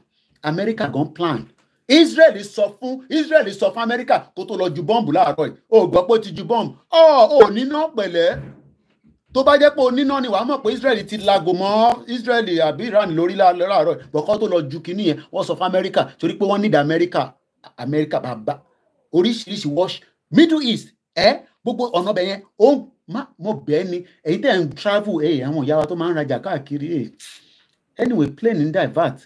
America gan plan Israel sọ fún Israel sọ fún America kó tó lọ ju bọ́ǹbù láàárọ̀ yìí o gbọ́ pé ó ti ju bọ́ǹbù ọ̀ ò níná pẹ̀lẹ́ tó bá jẹ́ pé oníná ni wàá mọ̀ pé Israel ti lago mọ́ Israel àbí Iran lórí láàárọ̀ bọ̀kọ́ tó lọ ju kínní yẹn wọ́n sọ fún Amẹ́ríkà torí pé wọ́n nídà Amẹ́ríkà Amẹ́ríkà bàbá oríṣiríṣi wash Middle East ẹ gbogbo ọ̀nà ọbẹ̀ yẹn ó mọ̀ bẹ́ẹ̀ ni èyí tẹ̀ ń travel ẹ̀ àwọn ìyá wa tó máa ń rajà káàkiri ẹ̀ anyway plane ń divert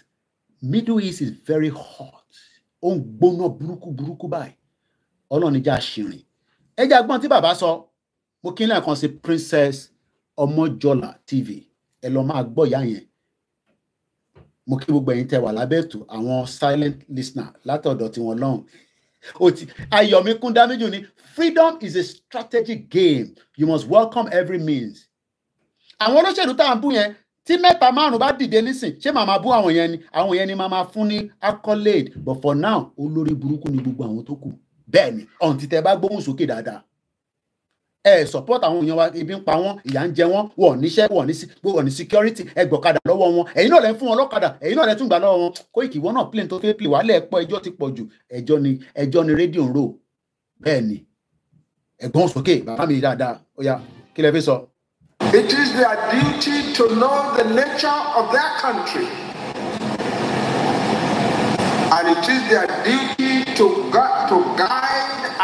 Middle East is very hot ó ń gbóná burúkú burúkú báyìí ọlọ́run níjà ṣìrìn ẹ̀jẹ̀ agbọ́n tí bàbá sọ mo kí ní ẹ̀kan sí Princess ọmọjọlá tv ẹ lọ máa gbọ́ ìyá yẹn mo kí gbogbo ẹ̀yin tẹ́ wà lábẹ́ ètò àwọn silent listener látọ̀dọ̀ tiwọn lọ́hùn Oti Ayọ̀míkún Dámíjù ni freedom is a strategic game you must welcome every means. Àwọn olóṣèlú tá à ń bú yẹn tí mẹ́ta márùn-ún bá dìde nísìn ṣé màmá bú àwọn yẹn ni àwọn yẹn ni màmá fún ní accolade but for now olórí burúkú ni gbogbo àwọn tó kù bẹ́ẹ̀ ni ọ̀ǹtí tẹ́ bá gbóhùn sókè dáadáa ẹ support àwọn èèyàn wa ibi ń pa wọn ìyà ń jẹ wọn wọn níṣẹ́ wọn ní wọn ní security ẹ gbọ̀kadà lọ́wọ́ wọn ẹ̀yin náà lẹ fún wọn lọ́kadà ẹ̀yin náà lẹ tún gbà lọ́wọ́ wọn Koiki ìwọ náà plane tó fẹ́ play wàhálà ẹ̀pọ̀ ẹjọ́ ti pọ̀ jù ẹjọ́ ni ẹjọ́ ni rédíò ń rò bẹ́ẹ̀ ni ẹ̀gbọ́n sókè bàbá mi dáadáa ó yá kí lẹ fi sọ. It is their duty to know the nature of their country. And it is their duty to guide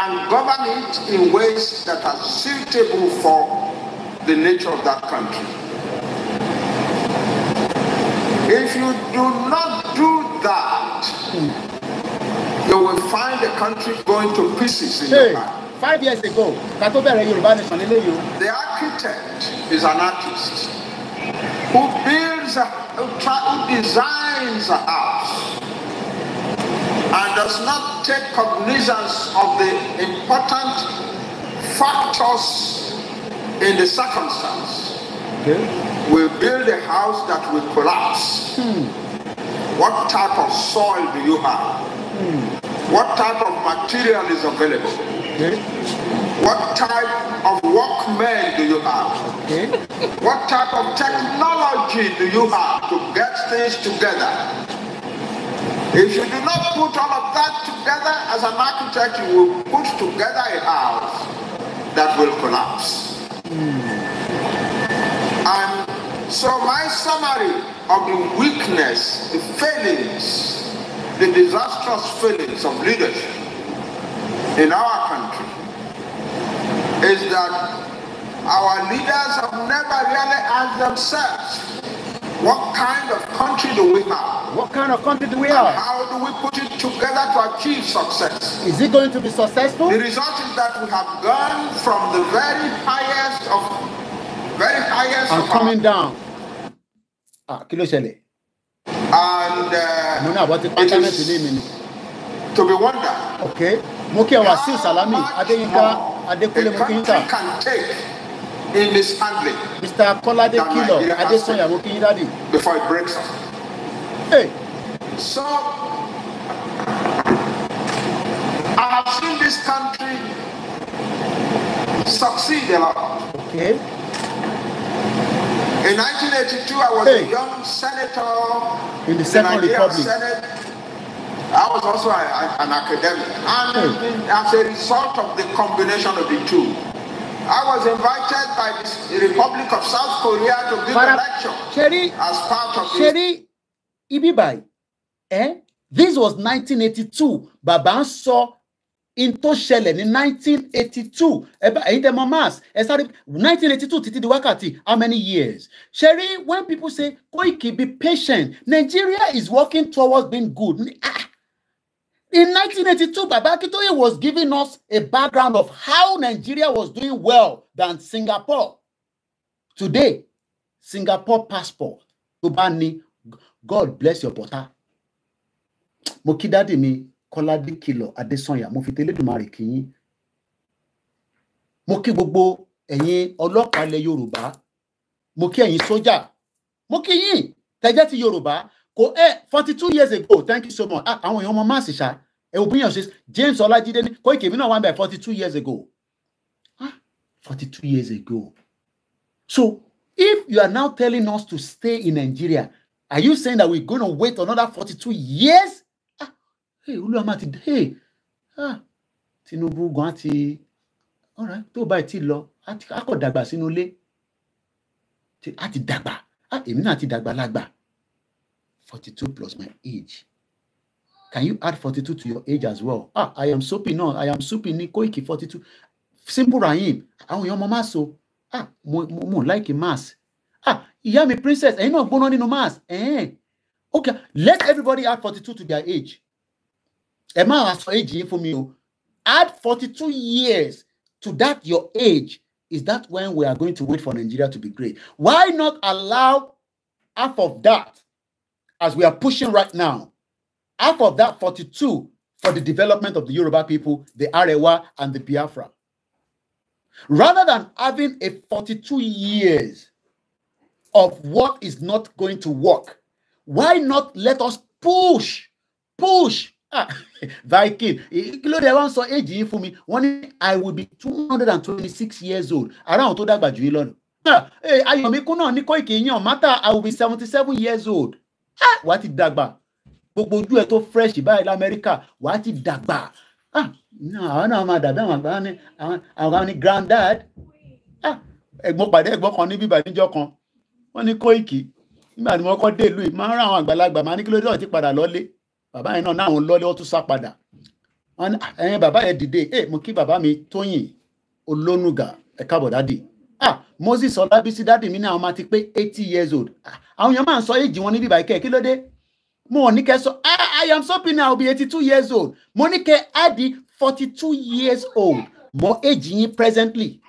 and govern it in ways that are suitable for the nature of that country. If you do not do that, you will find the country going to pieces in hey, Five years ago, the architect is an artist who builds, who, who designs a house and does not take cognizance of the important factors in the circumstance, okay. will build a house that will collapse. Hmm. What type of soil do you have? Hmm. What type of material is available? Okay. What type of workmen do you have? Okay. What type of technology do you have to get things together? If you do not put all of that together as an architect, you will put together a house that will collapse. Mm. And so my summary of the weakness, the failings, the disastrous failings of leadership in our country is that our leaders have never really asked themselves What kind of country do we have? What kind of country do we have? And how do we put it together to achieve success? Is it going to be successful? The result is that we have gone from the very highest of very highest and of coming our, down. Ah, kí ló And uh, no, ní àbọ̀ ti pátámẹ́tì ní mi To be wondered. Okay. Mo kí ẹ wá sí Sàlámì Adéyínká can take. in mishandling. Mr. Kolade Kilo I Adesoya mo kí yín dáàdì. Before it breaks. Hey. So I have seen this country succeed a lot. Okay. In 1982, I was hey. a young senator in the Second the Republic. I was also a, a, an academic. And hey. as a result of the combination of the two, I was invited by the Republic of South Korea to give Para, a lecture Sherry, as part of Sherry, Ibibai, eh? This was 1982. Baban saw into sọ in 1982. Eba mass. Ẹ 1982 títí di wákàtí. How many years? Sherry, when people say Koiki be patient, Nigeria is working towards being good. Ah, In 1982, Baba Akintoye was giving us a background of how Nigeria was doing well than Singapore. Today, Singapore passport tó bá God bless your butter. Mo mi Kọ́ládé kilo Adésànyà, mo fi tẹ́lẹ̀dùmarè kí yín. Mo kí gbogbo ẹ̀yin ọlọ́pàá ilẹ̀ Soja. Mo kí ẹ̀yin sójà. Ko kí 42 eh, years ago, thank you so much. Ah, àwọn èèyàn ọmọ máàsì ṣáá ẹ wò bíyàn ṣe James Ọlájídé ní Koiki èmi náà wà bẹ̀ forty two years ago ah forty two years ago so if you are now telling us to stay in Nigeria are you saying that we're going to wait another forty two years ah hey olúwa máa ti hey ah Tinubu gan ti ọ̀rẹ́ tó bá ti lọ a kò dàgbà sínú ilé a ti dàgbà èmi náà ti dàgbà lágbà forty two plus my age Can you add 42 to your age as well? Ah, I am soapy No, I am soapy ní Koiki 42. Simple Rahim, àwọn èèyàn ọmọ máa so. Ah, mo mo mo like mass. Ah, ìyá mi princess, ẹ̀yin náà in nínú mass. Eh. Okay, let everybody add 42 to their age. A man has age yìí fún mi o. Add 42 years to that your age. Is that when we are going to wait for Nigeria to be great? Why not allow half of that as we are pushing right now Half of that 42 for the development of the Yoruba people, the Arewa, and the Biafra. Rather than having a 42 years of what is not going to work, why not let us push, push. Ah, Viking, kilo de wọn sọ éjì yìí fún mi, wọ́n ní I will be two hundred and twenty-six years old, Around to that jù yín lọ́nà. Ah, eh, Ayọ̀míkún náà ní I will be seventy-seven years old. Ah, Wàá ti dàgbà gbogbo ojú ẹ tó fresh báyìí lamẹ́ríkà wà á ti dàgbà ah àwọn náà máa dàbí àwọn àgbà ní àwọn ní granddad ah ẹ̀gbọ́n pàdé ẹ̀gbọ́n kan ní bíbá níjọ́ kan wọ́n ní Kóìkì nígbà tí wọ́n kọ́ dé ìlú yìí máa ń rán àwọn àgbàlagbà máa ní kí ló dé ọ̀tí padà lọ́lé bàbá yẹn náà náà ń lọ́lé ó tún sá padà ah, ẹ̀yin bàbá yẹn dìde ẹ̀ eh, mo kí bàbá mi Tóyìn Olónùgà ẹ̀ káàbọ̀ dádì ah Moses Ọlábísí dádì mi náà máa ti pé eighty years old ah, àwọn èèyàn máa ń sọ èjì wọn ní bíbá ikẹ́ kí ló dé mo ní kẹ́ sọ ah, I am something I will be 82 years old mo Adi, 42 years old mọ aging presently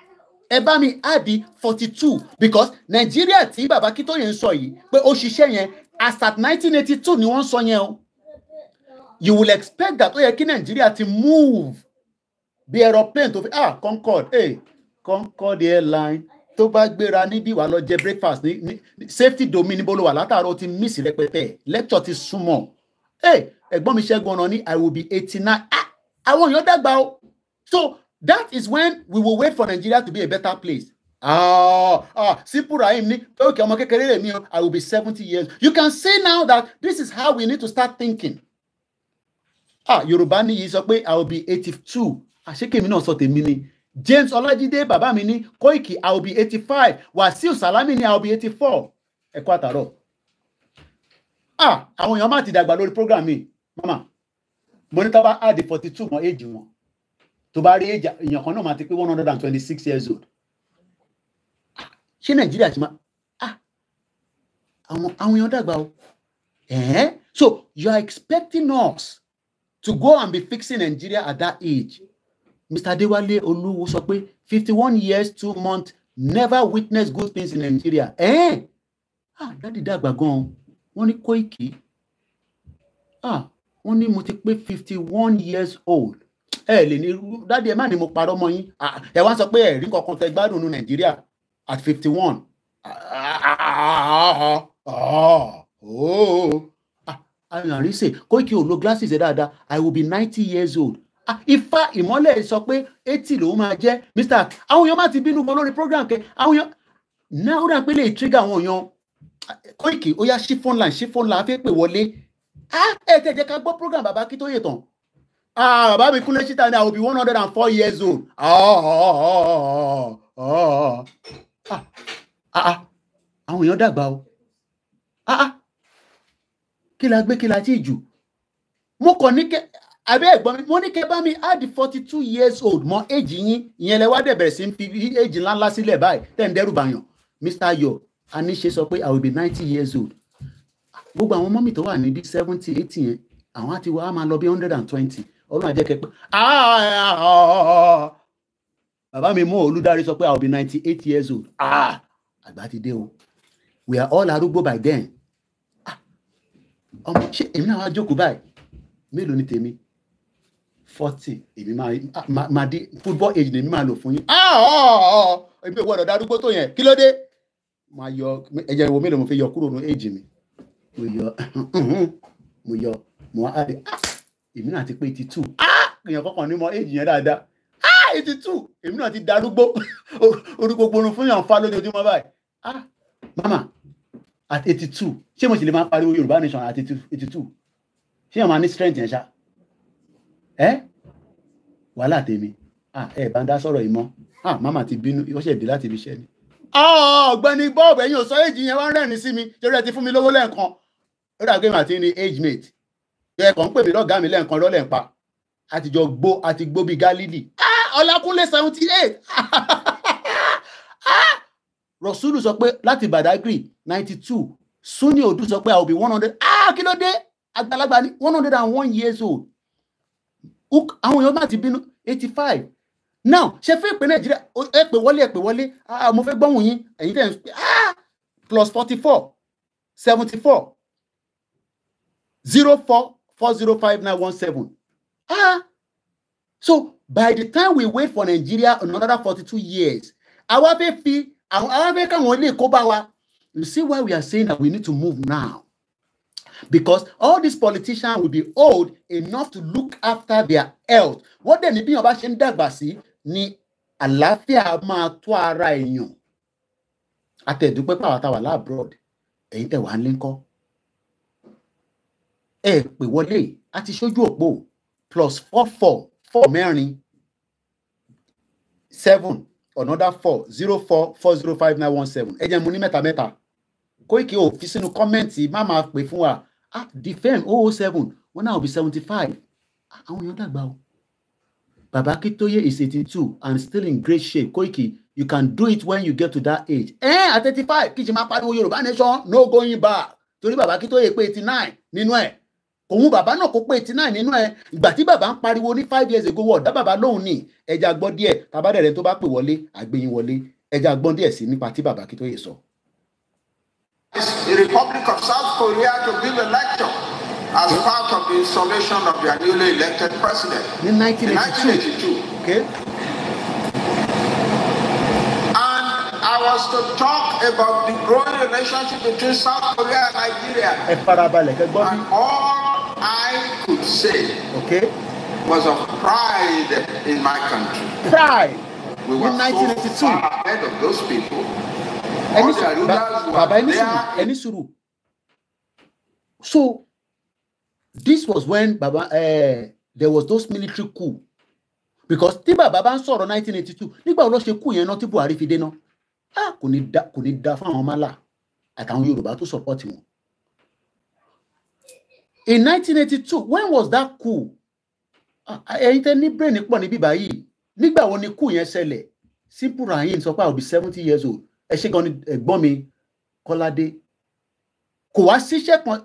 Ebami, Adi, 42. because Nigeria, tí bàbá Akíntóyè ń sọ yìí pé ó ṣiṣẹ́ yẹn as at 1982, eighty two ni wọ́n sọ yẹn o you will expect that ó yẹ kí Nàìjíríà ti move bí aeroplane to ah Concorde hey, Concorde airline tó bá gbéra níbí wà lọ jẹ breakfast ní safety domain níbo ló wà látàárọ̀ ó ti miss rẹpẹtẹ lecture ti súnmọ́ ẹ̀gbọ́n mi ṣẹ́gun ọ̀nà ni i will be eighty nine ah, àwọn èèyàn dàgbà o so that is when we will wait for Nigeria to be a better place Ah, ah, Sipu Rahim ni pé òkè ọmọ kékeré rẹ̀ mi o, I will be seventy years. You can say now that this is how we need to start thinking. Ah, Yorùbá níyì sọ pé I will be eighty-two. Àṣé kèmí náà sọ tèmi ni. James Ọlájídé bàbá mi ní Koiki I will be eighty five Wàsíù Sàlámì ní I will be eighty four ẹ kú àtàrọ̀ ah àwọn èèyàn má ti dàgbà lórí program mi mama mo ní tábà add forty two mọ éèjì wọn tó bá rí èèjà èèyàn kan náà máa ti pé one hundred and twenty six years old ṣé Nàìjíríà ti máa ah àwọn àwọn èèyàn dàgbà o eh? so you are expecting us to go and be fixing Nigeria at that age Mr. Adewale Oluwo sọ pé fifty one years two months never witnessed good things in Nigeria. Eh? Ah, dáàdi dàgbà gan-an wọ́n ní Koiki ah wọ́n ní mo ti pé fifty one years old Eh, lè ní dáàdi ẹ má ní mo parọ́ mọ́ yín ẹ wá sọ pé ẹ̀rí kankan tẹ gbádùn ní Nigeria at fifty one Ah, ah, ah, ah, ah, Ah, àyànrísè Koiki ò lo glasses ẹ dáadáa I will be ninety years old ifá ìmọ́lẹ̀ sọ pé eighty lòún máa jẹ́ mr àwọn èèyàn má ti bínú gan lórí program kẹ àwọn èèyàn náà rà pé lè trigger àwọn èèyàn Koiki ó yá sí phone line sí phone line afẹ́ pè wọlé ẹ tẹ̀ jẹ́ ká gbọ́ program bàbá kí tó yè tán bàbá mi kúnlé síta ni i will be one hundred and four years old àwọn èèyàn dàgbà o kí la gbé kí la tí ì jù mo kàn ní kẹ àbí ẹ̀gbọ́n mi mo ní kẹ́ bá mi add forty two years old mọ èjì yín ìyẹn lẹ wá dẹ̀ bẹ̀rẹ̀ sí ń fi èjì ńláńlá sílẹ̀ báyìí tẹ̀ ń dẹ́rù bàyàn Mr. Yo aníṣe sọ pé I will be ninety years old gbogbo àwọn mọ́mì tó wà ní bí seventy eighty yẹn àwọn àti wàá máa lọ bí hundred and twenty ọlọ́run àjẹkẹ́ pé ah, ah, ah, bàbá mi mú olùdarí sọ pé I will be ninety eight years old àgbà ti dé o we are all arúgbó by then ọmọ ṣé èmi náà wá jókòó báyìí mélòó ni tèmi forty èmi máa máa dé football age ni èmi máa lò fún yín ah, ah, ah, èmi ò gbọ́dọ̀ darúgbó tó yẹn kí ló dé máa yọ ẹ̀jẹ̀ wo mélòó mo fi yọ kúrò ní age mi mo yọ mo yọ mo á rí èmi náà ti pé eighty two èèyàn kọkàn ní mọ age yẹn dáadáa eighty two èmi náà ti darúgbó orí gbogbo orun fún yàn fa lójoojúmọ́ báyìí mama at eighty two ṣé mo sì lè máa pariwo Yorùbá nation at eighty two ṣé yàn máa ní strength yẹn ṣáá ẹ wàhálà tèmi ẹ bá ń dá sọ̀rọ̀ yìí mọ́ màmá ti bínú ó ṣe dé láti ibi iṣẹ́ ni. ọ̀gbẹ́ni bọ́ọ̀bù ẹ̀yin ò sọ èjì yẹn wá rẹ́rìn sí mi torí ẹ ti fún mi lówó lẹ́ẹ̀kan ó dàgbé màtí ni age mate ẹ kàn ń pè mí lọ́gàá mi lẹ́ẹ̀kan lọ́lẹ̀ ń pa àti jọ gbó àti gbó bíi Gálílì Ọlákúnlé seventy eight Rọ̀ṣúlù sọ pé láti Badagry ninety two Sunny Odu sọ pé I will be one hundred kí ló dé àgbàlagbà ni one hundred and one years old àwọn èèyàn náà ti bínú eighty five now ṣe fẹ́ pé nàìjíríà ẹ pè wọlé ẹ pè wọlé ah, mo fẹ́ gbọ́hùn yín ẹ̀yin tẹ̀ ń pè ah, plus forty four seventy four zero four four zero five nine one seven ah so by the time we wait for Nigeria another forty two years àwa fẹ́ fi àwọn àwa fẹ́ káwọn ilé ìkó bá wa you see why we are saying that we need to move now because all these politicians will be old enough to look after their health wọ́n dẹ̀ ní bí wọ́n bá ṣe ń dàgbà sí ni àlàáfíà máa tó ara èèyàn àtẹ̀dúpẹ́ pàwọn táwa láàbùrọ̀d ẹ̀yin tẹ̀ wá ń lé ńkọ́ ẹ pè wọlé àti ṣojú òpó plus four four four mẹ́rin seven another four zero four four zero five nine one seven ẹ jẹ́ mu ní mẹ́ta mẹ́ta. Koiki ò oh, fi sínú kọ́mẹ́ǹtì má máa pè fún wa ah defend oh oh seven wọn náà be seventy five ah, àwọn èèyàn dàgbà o baba Akintoye is eighty two and still in great shape Koiki you can do it when you get to that age ẹ eh, at thirty five kìí ṣe máa pariwo Yorùbá nation no going back torí baba Akintoye pé eighty nine nínú ẹ òun bàbá náà kó pé eighty nine nínú ẹ ìgbà tí bàbá ń pariwo ní five years ago wọ̀ ọ̀dá bàbá lóhùn ní ẹja gbọ́ díẹ̀ tabadẹ̀rẹ̀ tó bá pè wọlé àgbẹ̀yìn wọlé ẹja gbọ́ díẹ̀ sí nípa tí baba Akintoye sọ. So. the Republic of South Korea to give a lecture as part of the installation of their newly elected president in 1982. Okay. And I was to talk about the growing relationship between South Korea and Nigeria. And all I could say okay. was of pride in my country. Pride. We were in 1982. so far ahead of those people. ẹni sùúrù bàbá ẹni sùúrù ẹni sùúrù so this was when baba uh, there was those military coup because tí bàbá bá ń sọ̀rọ̀ 1982 nígbà wo ló ṣe kú yẹn náà tí Buhari fi dé náà ah kò ní da kò ní da fún àwọn mọ́là àtàwọn Yorùbá tó support wọn. in 1982 when was that coup ẹ̀yin tẹ́ ní brain pọ̀ níbí báyìí nígbà wo ni coup yẹn ṣẹlẹ̀ Simple Rahim sọ pé I will be seventy years old ẹ ṣe gan ni ẹ̀gbọ́n mi Kọ́ládé kò wá síṣẹ́ kan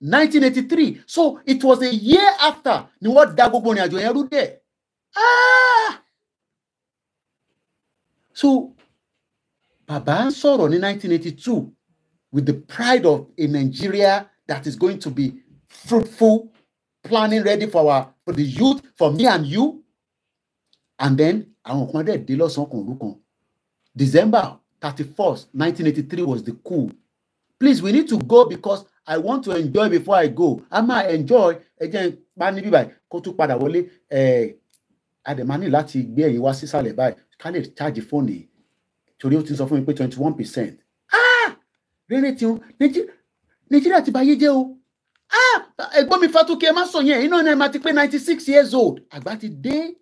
1983 so it was a year after ni wọ́n da gbogbo ìrìn àjò yẹn rú dẹ̀ ah! so bàbá ń sọ̀rọ̀ ní 1982 with the pride of a Nigeria that is going to be fruitful planning ready for our for the youth for me and you and then àwọn kan dẹ̀ dé lọ́sàn-án kan òru December 31st, 1983 was the coup. Please, we need to go because I want to enjoy before I go. I might enjoy again. Mani níbí báyìí kó tún padà Eh, àdèmánì láti gbé ẹ̀yìn wá sísàlẹ̀ báyìí ká lè ṣáàjì fóònù yìí torí ó ti sọ fún mi pé twenty one percent. Ah! Rere ti Nàìjíríà ti bà ayé jẹ́ o. Ah! Ẹ̀gbọ́n mi Fatuke ẹ má sọ yẹn iná náà máa ti pé ninety six years old. Àgbà ti dé.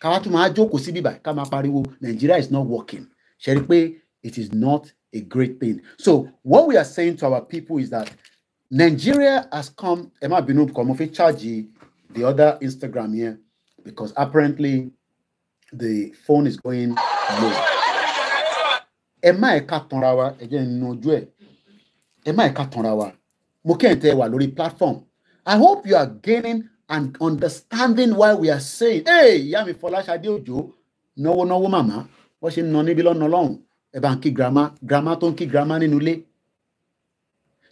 Káwá tún máa jókòó sí bíbà ká máa pariwo Nigeria is not working ṣe rí it is not a great thing so what we are saying to our people is that Nigeria has come Emma má bínú kọ mo fi charge the other Instagram here because apparently the phone is going low ẹ má ẹ ká tanra wa ẹ jẹ́ nínú ojú ẹ ẹ tanra wa mo kẹ́ ẹ̀ tẹ́ wà lórí platform I hope you are gaining and understanding why we are saying hey ìyá mi no Òjó no náwó màmá wọ́n ṣe ń nà níbi lọ́nà ọlọ́run ẹ bá ń kí grandma grandma tó ń kí grandma nínú ilé.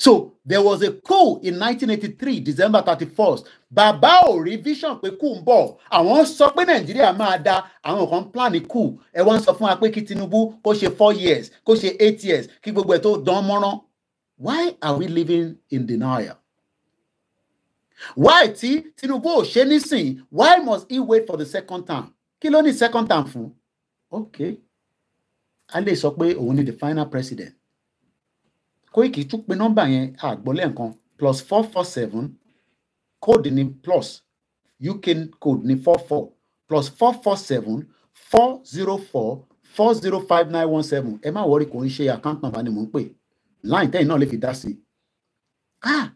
so there was a coup in 1983 December 31st bàbá ò rí vision pé coup ń bọ̀ àwọn sọ pé nàìjíríà máa da àwọn kan plan coup ẹ wá ń sọ fún wa pé kí Tinubu kó ṣe four years kó ṣe eight years kí gbogbo ẹ̀ tó dán mọ́rán why are we living in denial? why tí Tinubu ò ṣe nísìn why must he wait for the second time? kí ló ní second time fún? okay a lè sọ pé òun ni the final president Koiki tún pe nọ́mbà yẹn àgbọ́lẹ̀ nǹkan plus four four seven code ni plus UK code ni four four plus four four seven four zero four four zero five nine one seven ẹ má wọrí kò ń ṣe account number ni mò ń pè line tẹ́yìn náà lè fi dá sí i ah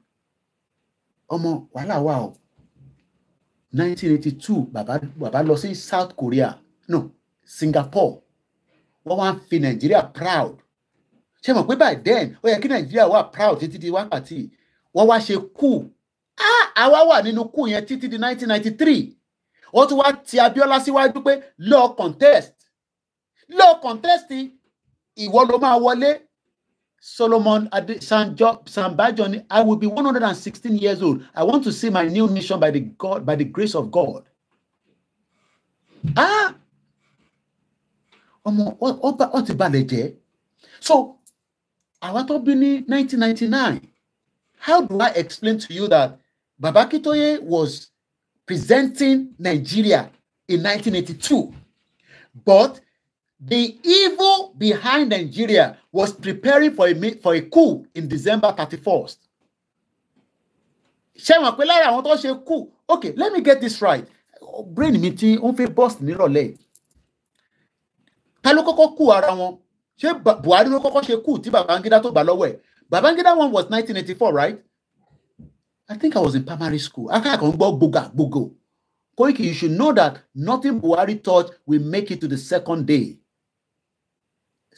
ọmọ wàhálà wà o nineteen eighty two bàbá bàbá lọ sí South Korea no Singapore wọ́n wá ń fi Nàìjíríà proud ṣé mọ̀ pé by then ó yẹ kí Nàìjíríà wà proud títí di wákàtí wọ́n wá ṣe kú àwa wà nínú kú yẹn títí di 1993 wọ́n tún wá ti Abiola síwájú pé lọ́ọ́ contest lọ́ọ́ contest ìwọ ló máa wọlé Solomon Sanjo, Sanbajo ni I will be 116 years old. I want to see my new mission by the God by the grace of God. Ah, ọmọ ọ ti balẹ̀ jẹ́ so àwa tó bí ní 1999 how do I explain to you that Baba Akintoye was presenting Nigeria in 1982 but The evil behind Nigeria was preparing for a, for a coup in December 31st. Ṣé wọn pé lára àwọn tó ṣe kú? Okay, let me get this right. Brain mi ti ń fẹ́ burst nírọ̀lẹ́ ta ló kọ́kọ́ kú ara wọn ṣé Buhari ló kọ́kọ́ ṣe kú tí Babangida tó gbà lọ́wọ́ ẹ̀ Babangida one was nineteen eighty four right I think I was in primary school akẹ́kọ̀ọ́ ń gbọ́ gbogbo gbogbo Koiki you should know that nothing Buhari touch will make it to the second day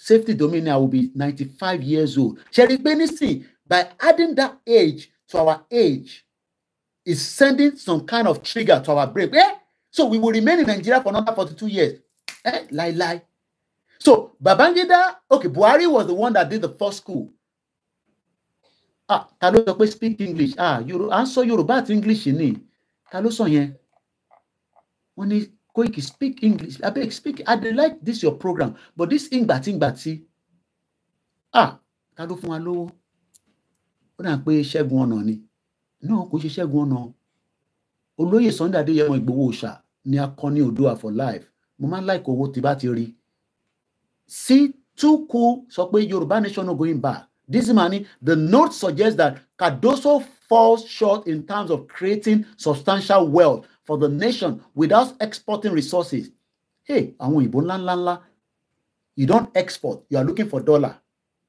safety dominion will be ninety-five years old ṣe rí pé nísìn by adding that age to our age is sending some kind of trigger to our brain eh? so we will remain in Nigeria for another forty-two years eh? lie. Like, So Babangida, okay, Buhari was the one that did the first school. Ah, ta ló speak English. Ah, you answer ń sọ English ni. Ta ló sọ yẹn? Wọ́n ní Koiki speak English. I beg speak. I like this your program, but this ingbatingbati. Ah, ta ló fún wa lówó? Ó dà pé Ṣẹ́gun ọ̀nà ni. Náà kò ṣe Ṣẹ́gun ọ̀nà. Olóyè Sunday Adéyẹmọ Ìgbòho Òòṣà ni akọni Oòduà for life. Mo like ń láìkò owó tí Cituku sọ pé Yorùbá nation no going back. This money, the note suggests that Cardoso falls short in terms of creating substantial wealth for the nation without exporting resources. Hey, àwọn òyìnbó ńláńlá ńlá, you don't export, you are looking for dollar.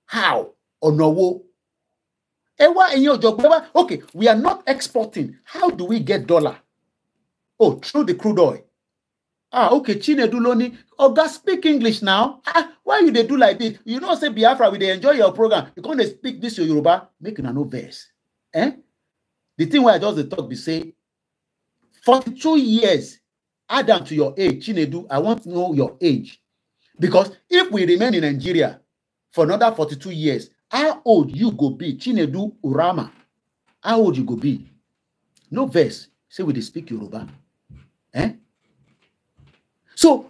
How? Ọ̀nà wo? Ẹ wá ẹ̀yin ọ̀jọ̀gbọ́n wá, okay, we are not exporting. How do we get dollar? Oh, through the crude oil ah okay chinedu Loni, oga speak english now ah why you dey do like this you know say biafra we dey enjoy your program you come dey speak this your yoruba make una no vex eh the thing wey i just dey talk be say forty-two years add am to your age chinedu i want know your age because if we remain in nigeria for another forty-two years how old you go be chinedu urama how old you go be no vex say we dey speak yoruba eh So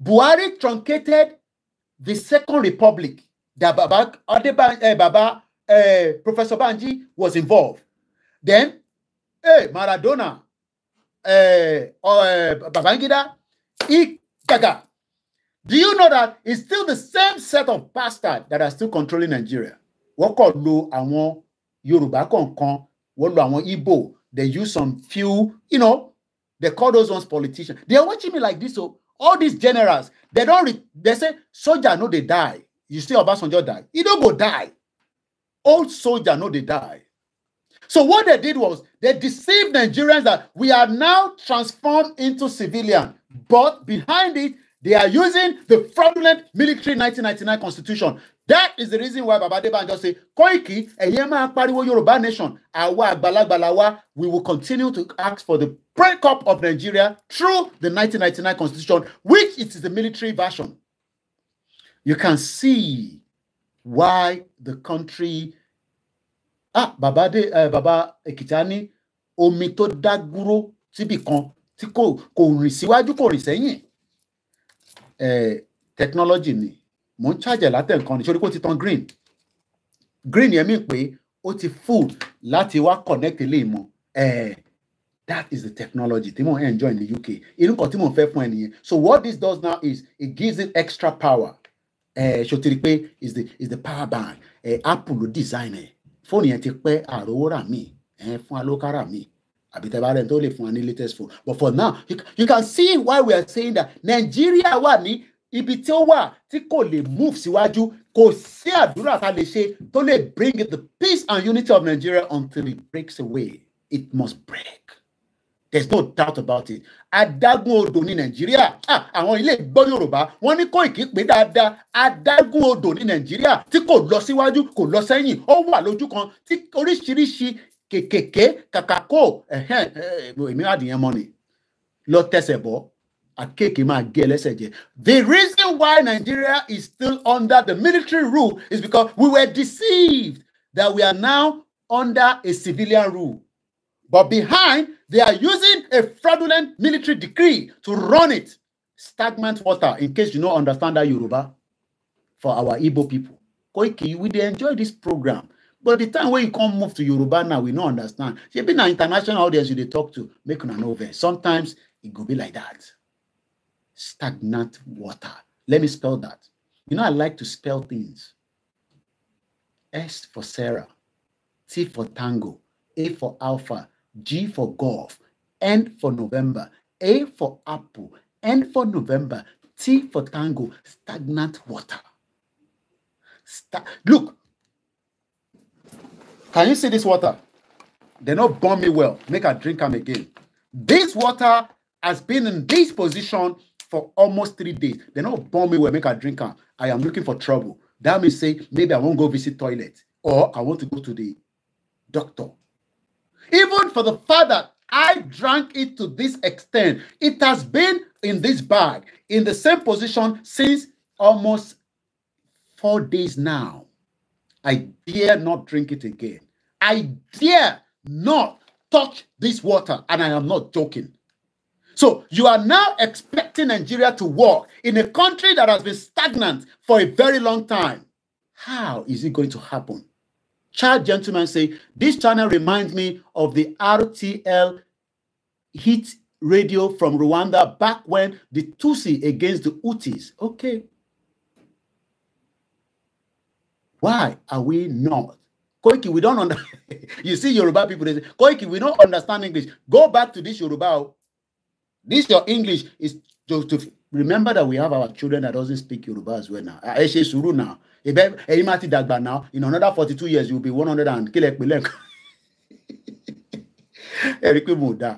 Buhari truncated the Second Republic that Baba, Adeban, uh, Baba uh, Professor Banji was involved. Then, hey, eh, Maradona, uh, uh, Babangida, Ikaga. Do you know that it's still the same set of bastards that are still controlling Nigeria? Wọ́n kàn lo àwọn Yorùbá kọ̀ọ̀kan, wọ́n lo àwọn Ibo. they use some few, you know, they call those ones politicians. They are watching me like this, so oh all these generals they don't. re they say soldier no they die you say obasanjo die e don't go die old soldier no they die so what they did was they deceived nigerians that we are now transformed into civilian but behind it they are using the fraudulent military 1999 constitution that is the reason why baba just say Koiki ẹ̀yin máa pariwo Yorùbá nation àwa àgbàlagbàlà wa we will continue to ask for the breakup of Nigeria through the 1999 constitution which it is the military version you can see why the country ah baba de uh, eh, baba Èkìtì ní omi tó dágúró síbì kan tí kò kò rìn síwájú kò rìn sẹ́yìn eh, technology ni mò ń charge ẹ̀ látẹ̀ǹkan ní sórí kó ti tan green green yẹn mi pé ó ti full láti wá connect ilé ìmọ̀ eh, that is the technology tí mò ń enjoy ní UK inú kan tí mò ń fẹ́ fún ẹ nìyẹn so what this does now is it gives it extra power ṣòtìrì uh, eh, pé is the is the power bank eh, Apple ló design ẹ fóònù yẹn ti pẹ́ àròwó rà míì fún alókàrà míì àbí tẹ́ bá rẹ̀ tó lè fún wa ní latest phone but for now you, you can see why we are saying that Nigeria wà ní ibi tí ó wà tí kò lè move síwájú kò sí àdúrà tá a lè ṣe tó lè bring the peace and unity of Nigeria until it breaks away it must break there's no doubt about it adágún odò ní Nàìjíríà àwọn ilé gbọ́ Yorùbá wọ́n ní Kóìkì pé dáadáa adágún odò ní Nàìjíríà tí kò lọ síwájú kò lọ sẹ́yìn ó wà lójú kan tí oríṣiríṣi kèkèké kàkàkó èmi adìyẹn mọ́ ni lọ tẹsẹ̀ bọ́ àkéèké máa gé ẹlẹ́sẹ̀ jẹ. The reason why Nigeria is still under the military rule is because we were deceived that we are now under a civilian rule. But behind, they are using a fraudulent military decree to run it. Stagnant water, in case you don't understand that Yoruba, for our Igbo people. Koiki, we dey enjoy this program. But the time when you come move to Yoruba now, we no understand. Shebi na international audience you dey talk to, make una no vex. Sometimes it go be like that. stagnant water. Let me spell that. You know, I like to spell things. S for Sarah, T for Tango, A for Alpha, G for Golf, N for November, A for Apple, N for November, T for Tango, stagnant water. Look, can you see this water? They not bomb me well. Make her drink them again. This water has been in this position for almost three days. They not bomb me where make a drink. I am looking for trouble. That means say maybe I won't go visit toilet or I want to go to the doctor. Even for the father, I drank it to this extent. It has been in this bag, in the same position since almost four days now. I dare not drink it again. I dare not touch this water, and I am not joking. So you are now expecting Nigeria to walk in a country that has been stagnant for a very long time. How is it going to happen? Child gentlemen say, this channel reminds me of the RTL hit radio from Rwanda back when the Tutsi against the Houthis. Okay. Why are we not? Koiki, we don't understand. you see Yoruba people, they say, Koiki, we don't understand English. Go back to this Yoruba oh. This your English is to, to remember that we have our children that doesn't speak Yoruba as well now. I say Suru now. Ebe ẹ̀yin máa ti dàgbà now. In another forty two years you will be one hundred and kílẹ̀ pínlẹ̀ kan. Ẹ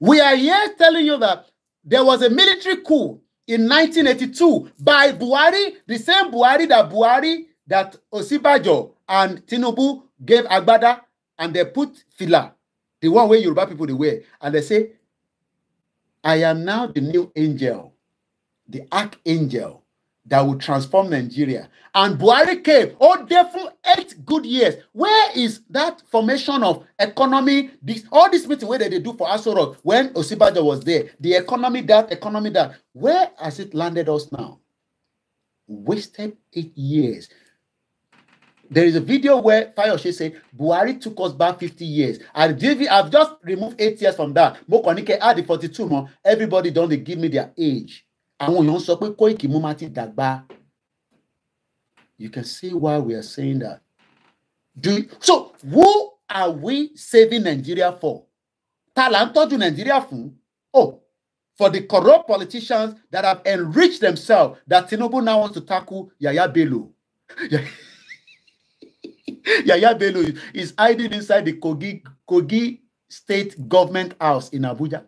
We are here telling you that there was a military coup in 1982 by Buhari, the same Buhari that Buhari that Osibajo and Tinubu gave Agbada and they put fila, the one way Yoruba people they wear, and they say I am now the new angel, the archangel that will transform Nigeria. And Buhari came, oh, there for eight good years. Where is that formation of economy? This, all this meeting where they do for Asorok when Osibajo was there, the economy that, economy that. Where has it landed us now? Wasted eight years. There is a video where Fayoshe said, Buhari took us back 50 years. I've, I've just removed eight years from that. Mokonike add the 42 more. Everybody don't they give me their age. Àwọn èèyàn sọ pé Koiki mumati ti dàgbà. You can see why we are saying that. Do so who are we saving Nigeria for? Ta là Nigeria for? Oh, for the corrupt politicians that have enriched themselves that Tinubu now wants to tackle Yaya Bello. Yaya Bello is hiding inside the Kogi, Kogi State Government House in Abuja.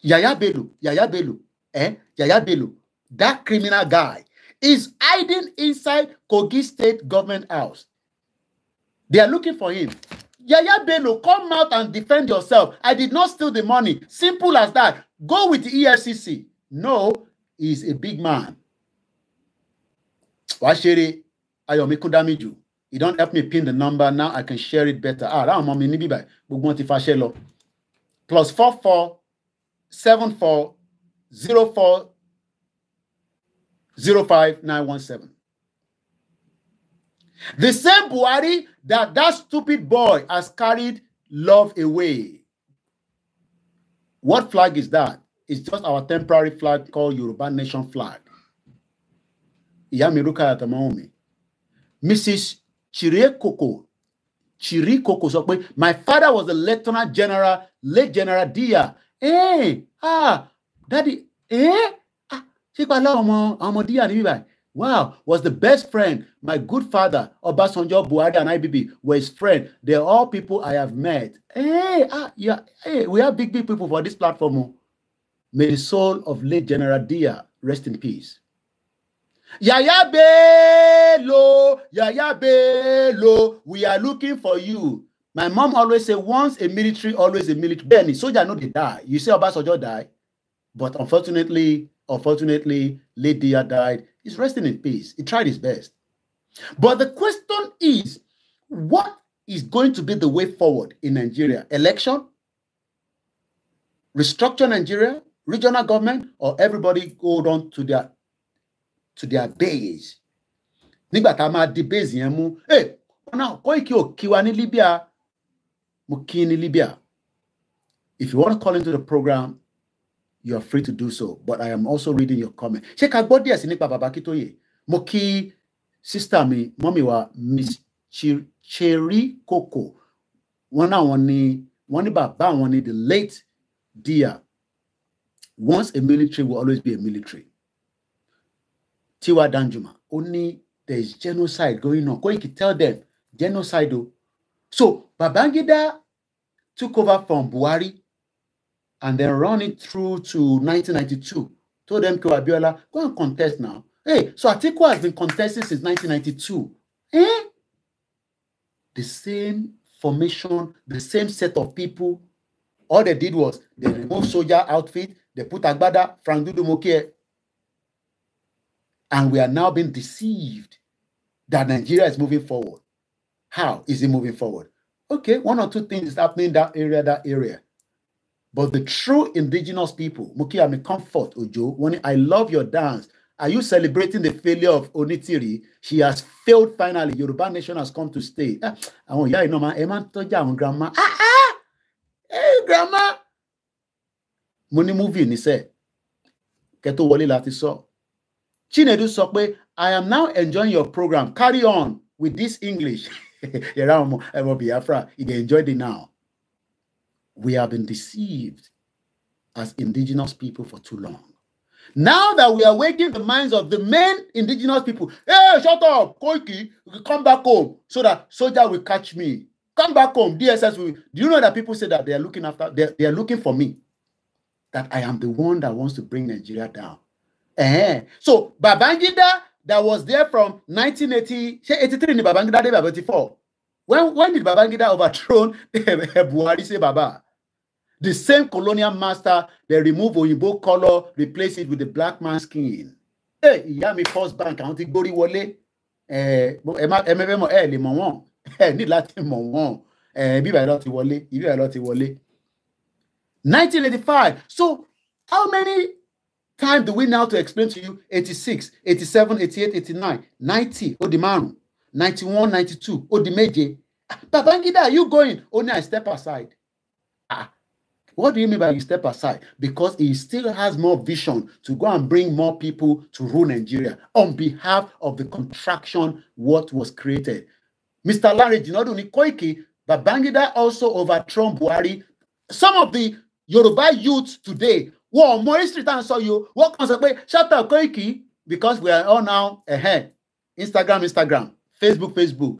Yaya Bello, Yaya Bello, eh? Yaya Bello, that criminal guy is hiding inside Kogi State Government House. They are looking for him. Yaya Bello, come out and defend yourself. I did not steal the money. Simple as that. Go with the EFCC. No, he's a big man. Washiri, ayọ̀mí kúdámìjù You don help me pin the number now i can share it better Ah, that ọmọ mi níbí báyìí gbogbo wọn ti faṣẹ lọ plus four four seven four zero four zero five nine one seven. The same Buhari that that stupid boy has carried love away. What flag is that? It's just our temporary flag called Yoruba Nation flag. Ìyá mi Rúkà àtàmọ́ mi mrs chirekoko chirikoko sọ pé my father was the lieutenant general late general dia eh, ah, daddy eh? ah, sípa lọ ọmọ ọmọ dia níbí báyìí wow was the best friend my good father Obasanjo, Buhari and IBB were his friend they are all people I have met Hey, eh, ah, yeah, Hey, we have big big people for this platform o oh. may the soul of late general dia rest in peace. Yaya Bello, Yaya Bello, we are looking for you. My mom always say, once a military, always a military. Benny, soldier know they die. You say soldier die, but unfortunately, unfortunately, Lady died. He's resting in peace. He tried his best. But the question is, what is going to be the way forward in Nigeria? Election? Restructure Nigeria? Regional government? Or everybody go on to their to their base nígbà tá a máa di base yẹn mú ẹ wọn náà Koiki ò wa ní Libya mo kí ní Libya if you wan call into the program you are free to do so but I am also reading your comment ṣé ká gbọ́ díẹ̀ sí nípa bàbá Akíntóyè mo kí sísítà mi mọ́mì wa Miss Cherry Coco. wọn náà wọn ni wọn ní bàbá wọn ni the late dear. once a military will always be a military Tiwa Danjuma ó ní there is genocide going on Koiki tell them genocide o so Babangida took over from Buhari and then run it through to 1992 told MK Abiola go and contest now hey so Atiku has been contesting since 1992 eh the same formation the same set of people all they did was they remove soldier outfit they put agbada Frank Dudu Mokie And we are now being deceived that Nigeria is moving forward. How is it moving forward? Okay, one or two things happening in that area, that area. But the true indigenous people, Muki Ami Comfort Ojo, when I love your dance, are you celebrating the failure of Onitiri? She has failed finally. Yoruba nation has come to stay. Ah, àwọn ìyá iná máa ẹ máa ń tọ́jà àwọn grandma. Ah ah! Hey grandma! Money ní He níṣẹ́. Kẹ́ tó wọlé la ti Chinedu sọ pé I am now enjoying your program carry on with this English yẹra ọmọ ẹmọ Biafra you dey enjoy it now we have been deceived as indigenous people for too long now that we are waking the minds of the main indigenous people hey shut up Koiki come back home so that soldier will catch me come back home DSS will do you know that people say that they are looking after they, they are looking for me that I am the one that wants to bring Nigeria down ẹ̀hẹ́n so Babangida that was there from 1980 83 ni Babangida dé bàbá 84 when when did Babangida overthrown? Buhari say Baba. the same colonial master they remove oyinbo color, replace it with the black man's skin ẹ ìyá mi first bank àwọn ti gbórí wọlé eh, ẹ ẹ mẹfẹ mọ ẹ lè mọ wọn ẹ ní láti mọ wọn ẹ eh, bí bàbá lọ ti wọlé ibi bàbá lọ ti 1985 so how many time do we now to explain to you 86 87 88 89 90 ó di márùn 91 92 ó di méje Babangida are you going only I step aside ah, what do you mean by you step aside because he still has more vision to go and bring more people to rule Nigeria on behalf of the contraction what was created Mr. Larry Jinodun Koiki Babangida also overthrown Buhari some of the Yoruba youths today wọn ò mọ history tá à ń sọ yìí o wọ́n kàn sọ pé shut up Koiki because we are all now ahead Instagram Instagram Facebook Facebook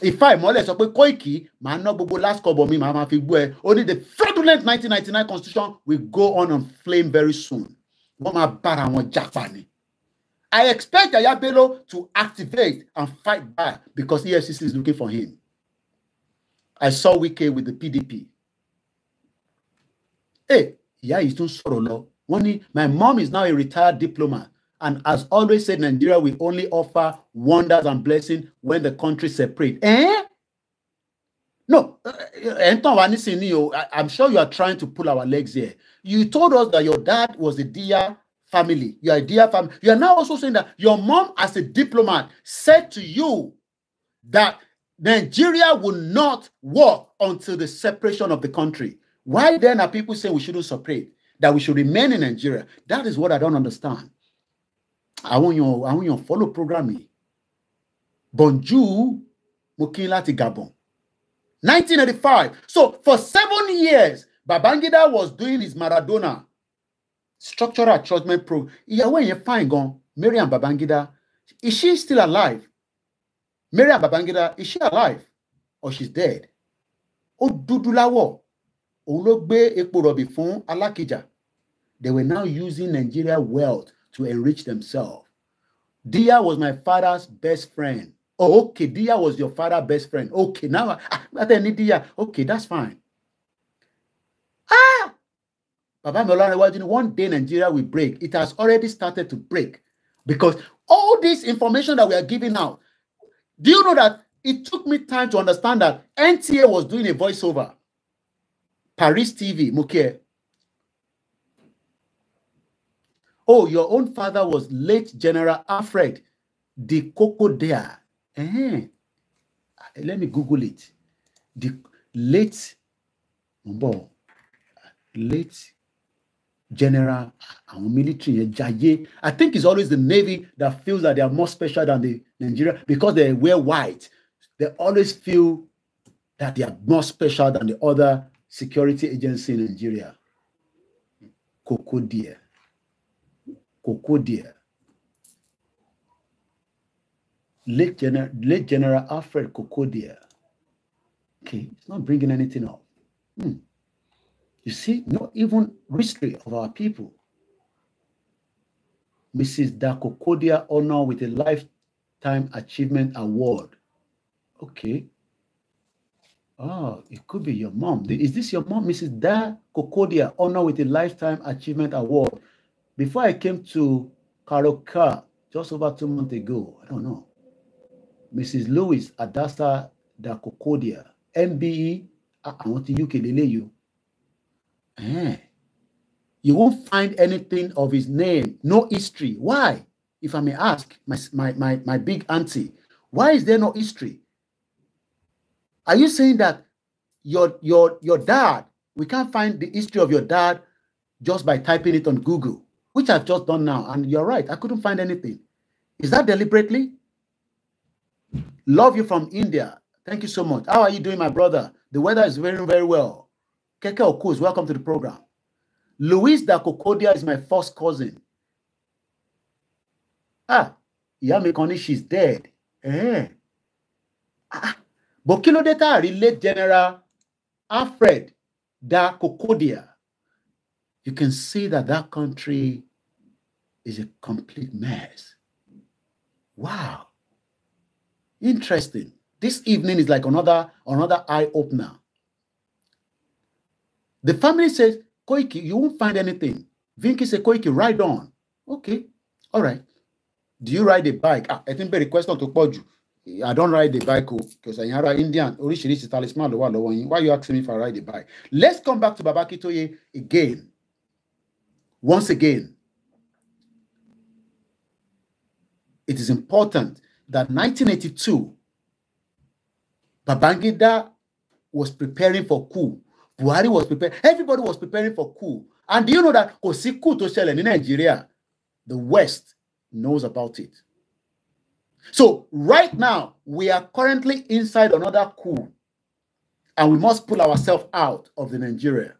ìfà ìmọ́lẹ̀ sọ pé Koiki màá ná gbogbo last kọ́bọ̀ mi màá máa fi gbọ́ ẹ ó ní the fraudulent 1999 constitution will go on and flame very soon wọ́n máa bára wọn jàpá ni. I expect Yaya Bello to activate and fight back because EFCC is looking for him. I saw Wike with the PDP. Hey, ìyá yìí tún sọ̀rọ̀ lọ wọ́n ní my mom is now a retired diplomat and has always said Nigeria will only offer wonders and blessings when the country separate. Eh? No, I'm sure you are trying to pull our legs here. You told us that your dad was a dear family. Your dear family. You are now also saying that your mom, as a diplomat, said to you that Nigeria will not work until the separation of the country. Why then are people saying we shouldn't separate, that we should remain in Nigeria? That is what I don't understand. I want Àwọn èèyàn àwọn èèyàn follow program yìí. Bonjour Mokin láti Gabon. 1985. So for seven years, Babangida was doing his Maradona structural adjustment program. when you find gone, Mariam Babangida. Is she still alive? Mariam Babangida, is she alive? Or she's dead? Ó dúdú láwọ̀. òun ló gbé epo rọ̀bì fún alákìjà they were now using Nigeria wealth to enrich themselves Dia was my father's best friend oh okay Dia was your father's best friend okay now àgbàtà ah, ẹni Dia okay that's fine ah bàbá mi ọlọ́run ni one day Nigeria will break it has already started to break because all this information that we are giving out do you know that it took me time to understand that NTA was doing a voiceover Paris TV, Mukie. Oh, your own father was late General Alfred de Cocodea. Eh, let me Google it. The late, Mbo, late General, àwọn military yẹn jayé. I think it's always the navy that feels that they are more special than the Nigeria because they wear white. They always feel that they are more special than the other security agency in Nigeria, COCODIA. COCODIA. Late, Gen- late General Alfred Kokodia. Okay, it's not bringing anything up. Hmm. You see, not even history of our people. Mrs. Dakokodia honored with a Lifetime Achievement Award. Okay. Oh, it could be your mom. Is this your mom, Mrs. Da Kokodia, honored with a Lifetime Achievement Award? Before I came to Karoka just over two months ago, I don't know, Mrs. Lewis Adasa Da Kokodia, MBE, ah, I want to UK you. Eh. You won't find anything of his name, no history. Why? If I may ask, my, my, my, my big auntie, why is there no history? Are you saying that your your your dad, we can't find the history of your dad just by typing it on Google, which I've just done now, and you're right, I couldn't find anything. Is that deliberately? Love you from India. Thank you so much. How are you doing, my brother? The weather is very, very well. Keke Okuz, welcome to the program. Luis da Cocodia is my first cousin. Ah, Yami Koni, she's dead. Eh. Ah, bó kí ló dé tá a rí late general alfred da kokodia you can see that that country is a complete mess wow interesting this evening is like another another eye opener the family says koiki you won't find anything vinki say koiki ride on okay all right do you ride a bike ah ẹ ti ń question to pọ̀ jù I don't ride the bike because I am Indian. Oríṣiríṣi talisman ló wà lọ́wọ́ yín. Why you asking me if I ride the bike? Let's come back to Baba Kitoye again. Once again, it is important that 1982, Babangida was preparing for coup. Buhari was preparing. Everybody was preparing for coup. And do you know that kò sí coup tó ṣẹlẹ̀ The West knows about it. So right now, we are currently inside another coup, and we must pull ourselves out of the Nigeria.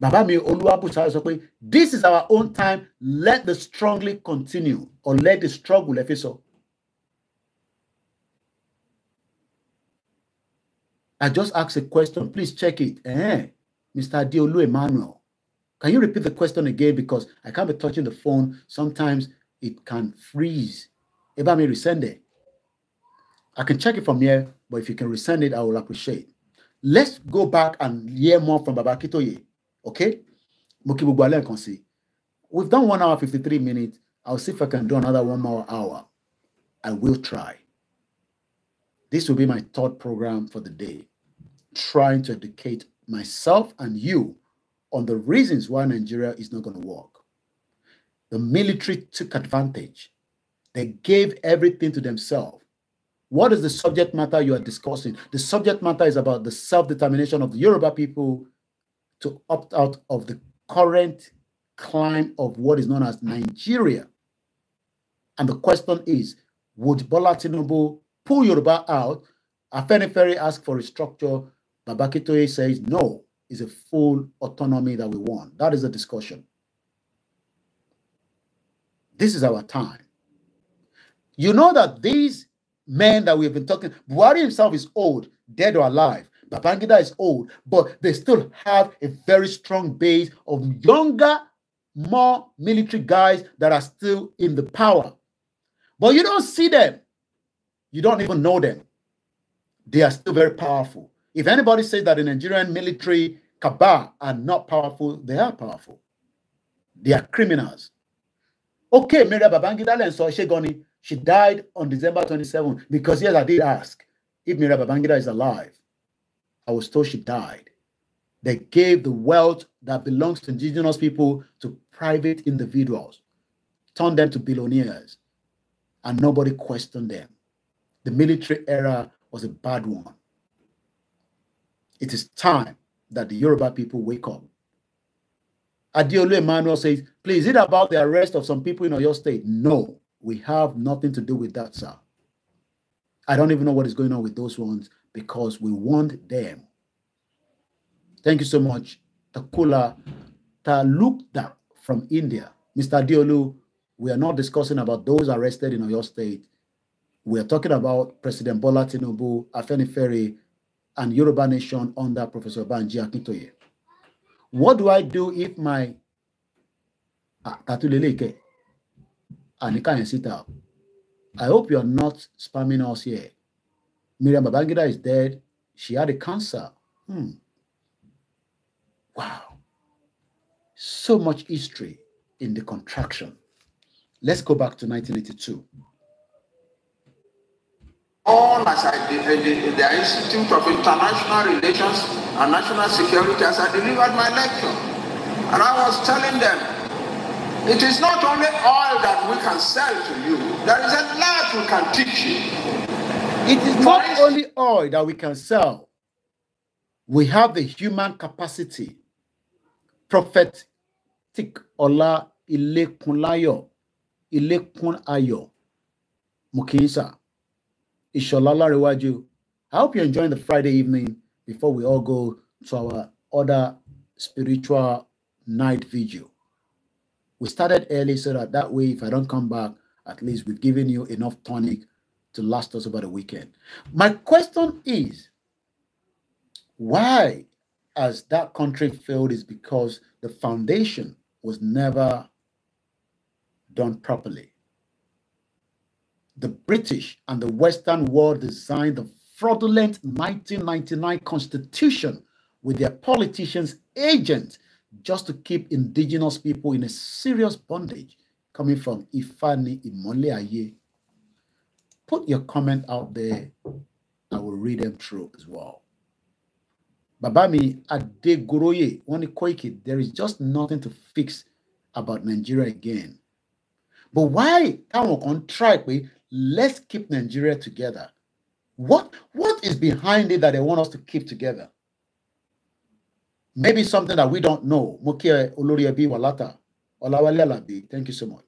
Baba mi this is our own time let the strongly continue or let the struggle ẹ sọ. I just asked a question please check it. Eh, Mr. Diolu Emmanuel can you repeat the question again because I can't be touching the phone sometimes it can freeze. If I may resend it, I can check it from here, but if you can resend it, I will appreciate. Let's go back and hear more from Baba Kitoye. Okay? We've done one hour, 53 minutes. I'll see if I can do another one more hour. I will try. This will be my third program for the day, trying to educate myself and you on the reasons why Nigeria is not going to work. The military took advantage. They gave everything to themselves. What is the subject matter you are discussing? The subject matter is about the self determination of the Yoruba people to opt out of the current climb of what is known as Nigeria. And the question is would Bola Tinubu pull Yoruba out? Afenifere asked for a structure. Babakitoye says no, it's a full autonomy that we want. That is the discussion. This is our time. You know that these men that we have been talking, Buhari himself is old, dead or alive. Babangida is old, but they still have a very strong base of younger, more military guys that are still in the power. But you don't see them. You don't even know them. They are still very powerful. If anybody says that the Nigerian military cabal are not powerful, they are powerful. They are criminals. Okay, Mary Babangida Lenso Shegoni, she died on December 27 because, yes, I did ask if Mira Babangida is alive. I was told she died. They gave the wealth that belongs to indigenous people to private individuals, turned them to billionaires, and nobody questioned them. The military era was a bad one. It is time that the Yoruba people wake up. Adiolu Emmanuel says, please, is it about the arrest of some people in Oyo State? No, we have nothing to do with that, sir. I don't even know what is going on with those ones because we want them. Thank you so much, Takula Talukda from India. Mr. Diolu, we are not discussing about those arrested in Oyo State. We are talking about President Bola Tinubu, Afeni Ferry, and Yoruba Nation under Professor Banji Akintoye. What do I do if my ah, Tatuleleke Anika and sit out? I hope you're not spamming us here. Miriam Babangida is dead. She had a cancer. Hmm. Wow. So much history in the contraction. Let's go back to 1982 all as I, the, the, the Institute of International Relations and National Security as I delivered my lecture. And I was telling them, it is not only oil that we can sell to you, there is a lot we can teach you. It is not only oil that we can sell. We have the human capacity. Prophet Tik Ola Ilekunlayo, Ilekun Ayo, Mukisa. Ishola you. I hope you're enjoying the Friday evening before we all go to our other spiritual night vigil. We started early so that that way, if I don't come back, at least we've given you enough tonic to last us over the weekend. My question is why has that country failed? Is because the foundation was never done properly the British and the Western world designed the fraudulent 1999 constitution with their politicians' agents just to keep indigenous people in a serious bondage, coming from Ifani Imoleaye. Put your comment out there. I will read them through as well. Babami Adegoroye, Wanikoike, there is just nothing to fix about Nigeria again. But why? Táwọn we try with? let's keep Nigeria together. What, what is behind it that they want us to keep together? Maybe something that we don't know. Mukia Walata, Olawale thank you so much.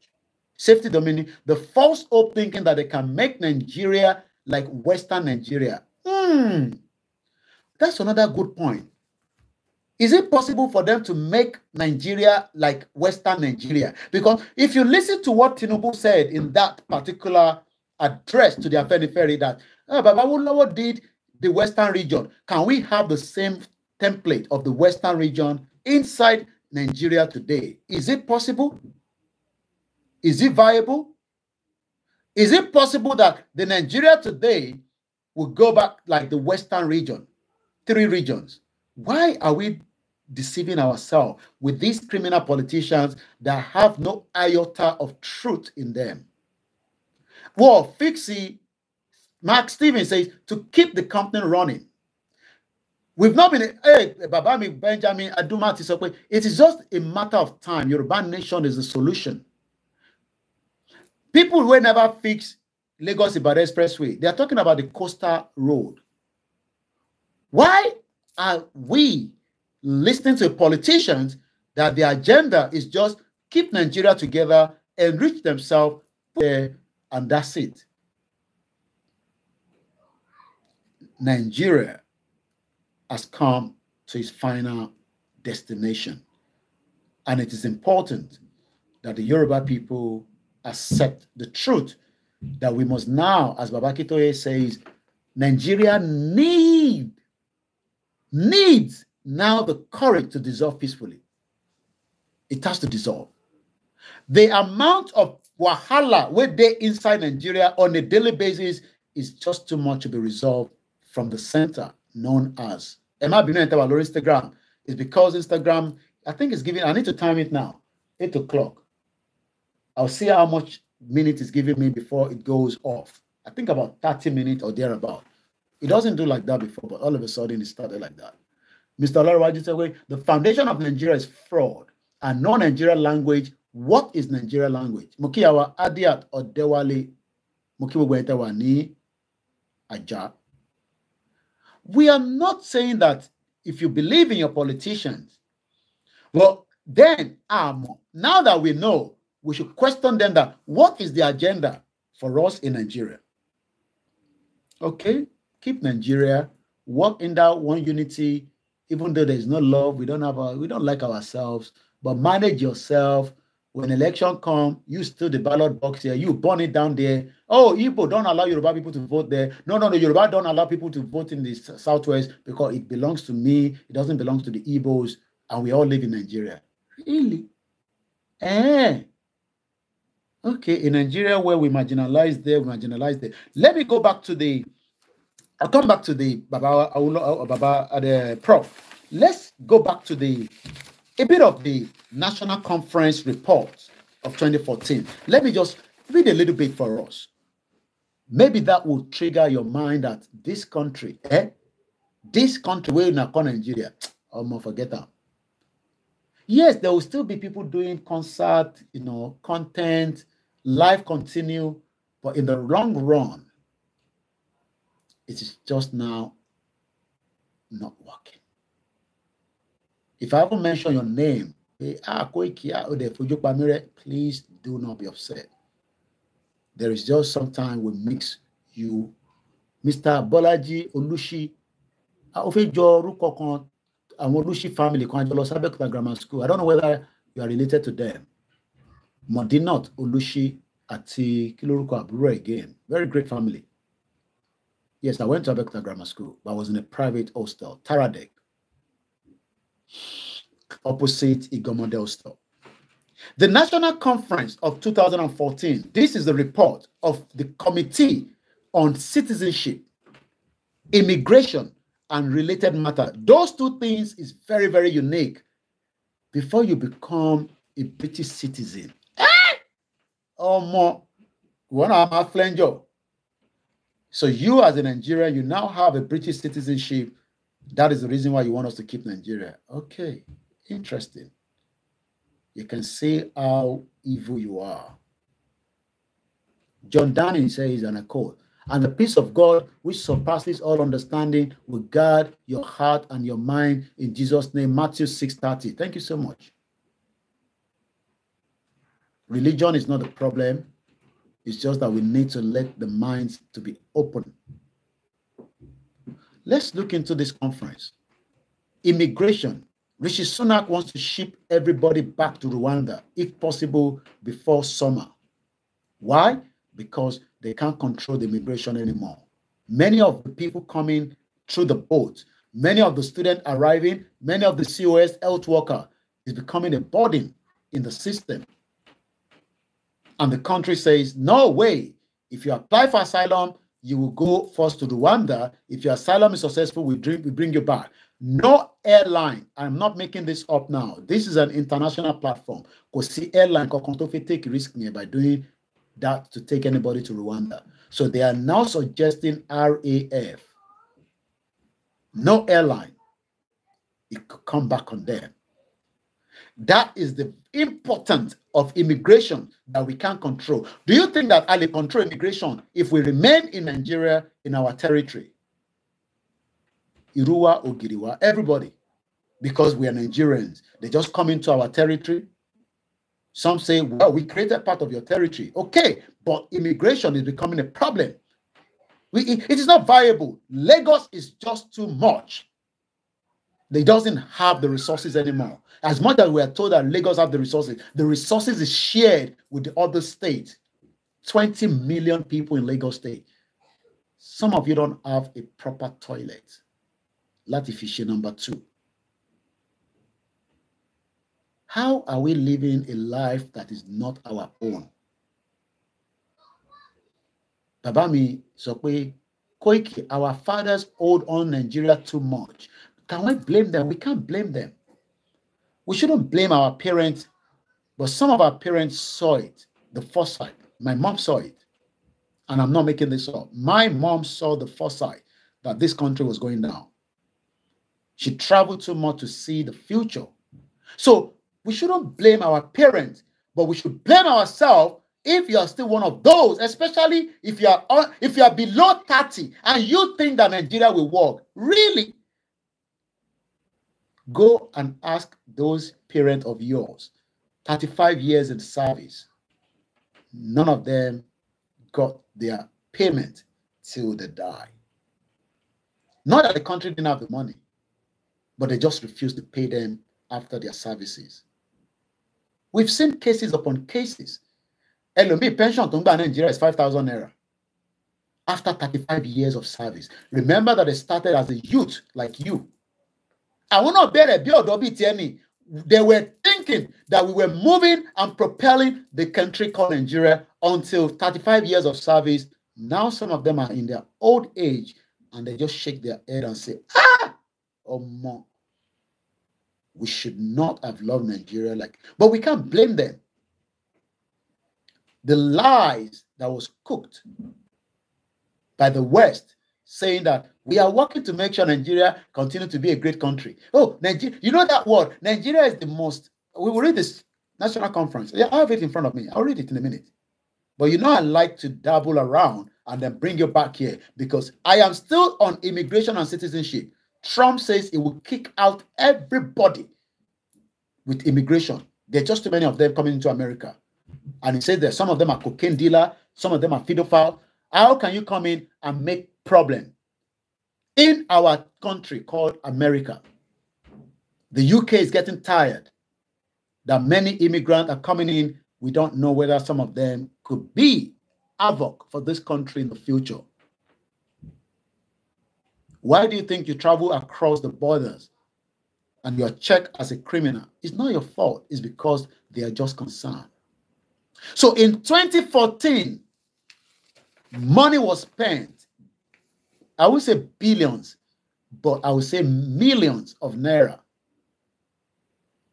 Safety dominion, the false hope thinking that they can make Nigeria like Western Nigeria. Hmm. that's another good point. Is it possible for them to make Nigeria like Western Nigeria? Because if you listen to what Tinubu said in that particular address to the Afenifere that oh, ah, Babawolowo did the Western region. Can we have the same template of the Western region inside Nigeria today? Is it possible? Is it viable? Is it possible that the Nigeria today will go back like the Western region, three regions? Why are we deceiving ourselves with these criminal politicians that have no iota of truth in them? Well, Fixie, Mark Stevens says, to keep the company running. We've not been, hey, Babami, Benjamin, Adumati, it is just a matter of time. Yoruba nation is the solution. People who never fix Lagos Ibadan Expressway, they are talking about the coastal road. Why are we listening to politicians that their agenda is just keep Nigeria together, enrich themselves, put their and that's it. Nigeria has come to its final destination. And it is important that the Yoruba people accept the truth that we must now, as Babakitoye says, Nigeria need, needs now the courage to dissolve peacefully. It has to dissolve. The amount of Wahala, with they inside Nigeria on a daily basis, is just too much to be resolved from the center known as. Am about being Instagram? It's because Instagram, I think it's giving, I need to time it now, 8 o'clock. I'll see how much minute is giving me before it goes off. I think about 30 minutes or thereabout. It doesn't do like that before, but all of a sudden it started like that. Mr. just say the foundation of Nigeria is fraud and non-Nigerian language what is Nigeria language? Mo Adiat Ọ̀dẹ́wálé, dewali, kí ní We are not saying that if you believe in your politicians, well, then, um, now that we know, we should question them that what is the agenda for us in Nigeria? Okay, keep Nigeria, work in that one unity, even though there is no love, we don't have a, we don't like ourselves, but manage yourself, when election come, you steal the ballot box here, you burn it down there. Oh, Igbo don't allow Yoruba people to vote there. No, no, no, Yoruba don't allow people to vote in the Southwest because it belongs to me. It doesn't belong to the Igbos, and we all live in Nigeria. Really? Eh. Okay, in Nigeria where we marginalize there, we marginalize there. Let me go back to the, I'll come back to the Baba, Baba, the uh, prof. Let's go back to the a bit of the National Conference report of 2014. Let me just read a little bit for us. Maybe that will trigger your mind that this country, eh? This country, we're in Nigeria. I'm going forget that. Yes, there will still be people doing concert, you know, content, life continue, but in the long run, it is just now not working. If I don't mention your name, ah, ah, please do not be upset. There is just sometimes we mix you. Mr. Bolaji Olushi, Ofejo Rukokon, and Olushi family, Kwanjolo Sabekuta Grammar School. I don't know whether you are related to them. Modinot Olushi Ati Kiloruko Abure again. Very great family. Yes, I went to Abekuta Grammar School, but I was in a private hostel, Taradek opposite Igomodel store. The National Conference of 2014, this is the report of the Committee on Citizenship, Immigration, and Related Matter. Those two things is very, very unique. Before you become a British citizen, ọmọ wọn náà máa flenjo so you as a nigerian you now have a british citizenship that is the reason why you want us to keep Nigeria. Okay, interesting. You can see how evil you are. John Dunning says an accord. And the peace of God, which surpasses all understanding, will guard your heart and your mind in Jesus' name. Matthew 6:30. Thank you so much. Religion is not a problem. It's just that we need to let the minds to be open Let's look into this conference. Immigration. Rishi Sunak wants to ship everybody back to Rwanda, if possible, before summer. Why? Because they can't control the immigration anymore. Many of the people coming through the boat, many of the students arriving, many of the COS health worker is becoming a burden in the system. And the country says, no way. If you apply for asylum, you will go first to Rwanda. If your asylum is successful, we bring, we bring you back. No airline, I'm not making this up now. This is an international platform. Because see, airline Kokontofe take risk by doing that to take anybody to Rwanda. So they are now suggesting RAF. No airline. It could come back on them. That is the importance of immigration that we can't control. Do you think that Ali control immigration if we remain in Nigeria in our territory? Irua, Giriwa, everybody, because we are Nigerians, they just come into our territory. Some say, well, we created part of your territory. Okay, but immigration is becoming a problem. We, it is not viable. Lagos is just too much. They doesn't have the resources anymore. As much as we are told that Lagos have the resources, the resources is shared with the other states. 20 million people in Lagos State. Some of you don't have a proper toilet. Latifiche number two. How are we living a life that is not our own? Babami, sọ we, Koiki, our fathers hold on Nigeria too much. Can we blame them? We can't blame them. We shouldn't blame our parents, but some of our parents saw it, the foresight. My mom saw it. And I'm not making this up. My mom saw the foresight that this country was going down. She traveled too much to see the future. So we shouldn't blame our parents, but we should blame ourselves if you are still one of those, especially if you are if you are below 30 and you think that Nigeria will work. Really? Go and ask those parents of yours, 35 years in service. None of them got their payment till they die. Not that the country didn't have the money, but they just refused to pay them after their services. We've seen cases upon cases. Ẹlòmíì pension tó ń Nigeria is five thousand naira after thirty-five years of service. Remember that they started as a youth like you want to bear a ọ̀dọ́ of tiẹ̀ they were thinking that we were moving and propelling the country called Nigeria until 35 years of service. Now some of them are in their old age and they just shake their head and say, ah, oh more. We should not have loved Nigeria like, but we can't blame them. The lies that was cooked by the West saying that we are working to make sure Nigeria continue to be a great country. Oh, Nigeria, you know that word. Nigeria is the most. We will read this national conference. Yeah, I have it in front of me. I'll read it in a minute. But you know, I like to dabble around and then bring you back here because I am still on immigration and citizenship. Trump says he will kick out everybody with immigration. There are just too many of them coming into America. And he says that some of them are cocaine dealer, some of them are pedophile. How can you come in and make problem? in our country called America. The UK is getting tired that many immigrants are coming in. We don't know whether some of them could be havoc for this country in the future. Why do you think you travel across the borders and you're checked as a criminal? It's not your fault, it's because they are just concerned. So in 2014, money was spent I would say billions, but I would say millions of naira.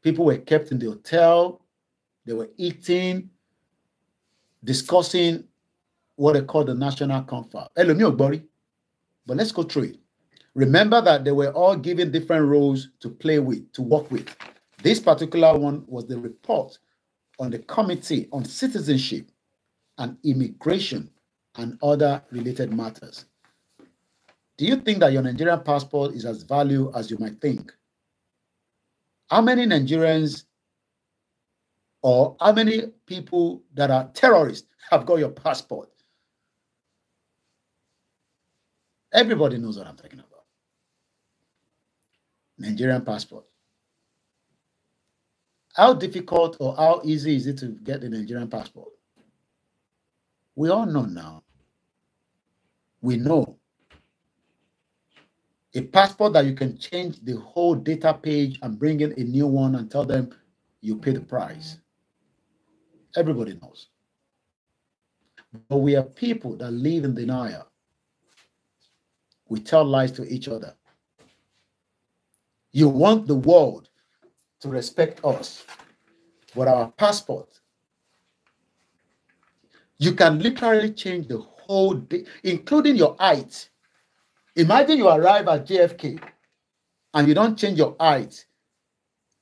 People were kept in the hotel, they were eating, discussing what they call the national confab. But let's go through it. Remember that they were all given different roles to play with, to work with. This particular one was the report on the Committee on Citizenship and Immigration and other related matters. Do you think that your Nigerian passport is as valuable as you might think? How many Nigerians or how many people that are terrorists have got your passport? Everybody knows what I'm talking about. Nigerian passport. How difficult or how easy is it to get the Nigerian passport? We all know now. We know a passport that you can change the whole data page and bring in a new one and tell them you pay the price. Everybody knows. But we are people that live in denial. We tell lies to each other. You want the world to respect us with our passport. You can literally change the whole day, including your height Imagine you arrive at JFK and you don't change your height.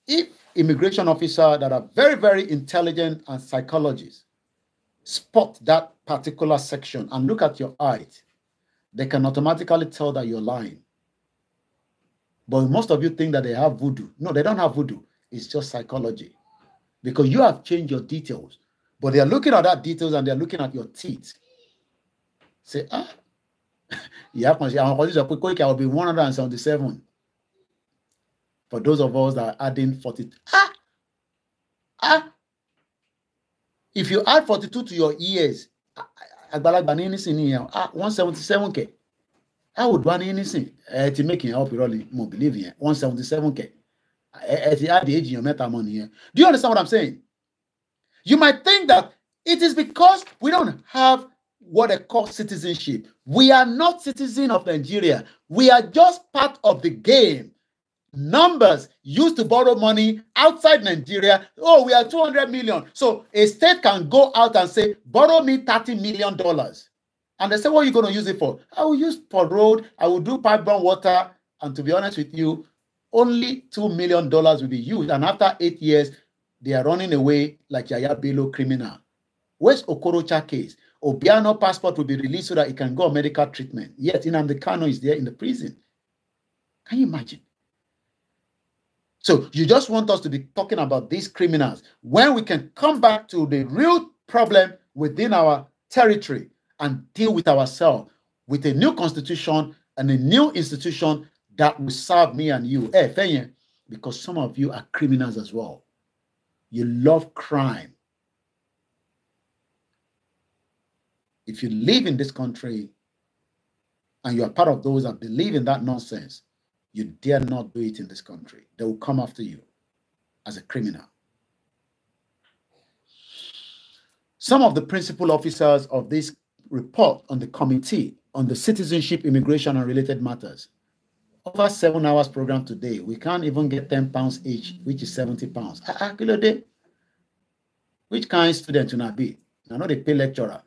If immigration officer that are very, very intelligent and psychologists spot that particular section and look at your height, they can automatically tell that you're lying. But most of you think that they have voodoo. No, they don't have voodoo. It's just psychology. Because you have changed your details. But they are looking at that details and they're looking at your teeth. Say, ah, ìyá kan ṣe àwọn kan sì sọ pé Koiki will be 177. for those of us that are adding 40, ah ah if you add 42 to your years, ears àgbàlagbà ní nísìnyí yẹn ah 177 seventy seven kẹ how would one nísìn ẹ ti make yẹn up irọ́ ni mo believe yẹn one seventy seven kẹ ẹ ti add èjì yẹn mẹ́ta mọ́ nìyẹn do you understand what I'm saying you might think that it is because we don't have what they call citizenship. We are not citizen of Nigeria. We are just part of the game. Numbers used to borrow money outside Nigeria. Oh, we are 200 million. So a state can go out and say, borrow me 30 million dollars. And they say, what are you going to use it for? I will use for road. I will do pipeline water. And to be honest with you, only $2 million will be used. And after eight years, they are running away like Yaya Bello criminal. Where's Okorocha case? Obiano passport will be released so that he can go on medical treatment. Yet Inamde is there in the prison. Can you imagine? So you just want us to be talking about these criminals when we can come back to the real problem within our territory and deal with ourselves with a new constitution and a new institution that will serve me and you. Hey, eh, because some of you are criminals as well. You love crime. if you live in this country and you are part of those that believe in that nonsense, you dare not do it in this country. They will come after you as a criminal. Some of the principal officers of this report on the committee on the citizenship, immigration, and related matters. Over seven hours program today, we can't even get 10 pounds each, which is 70 pounds. Ah, ah, which kind of student will not be? I not a pay lecturer.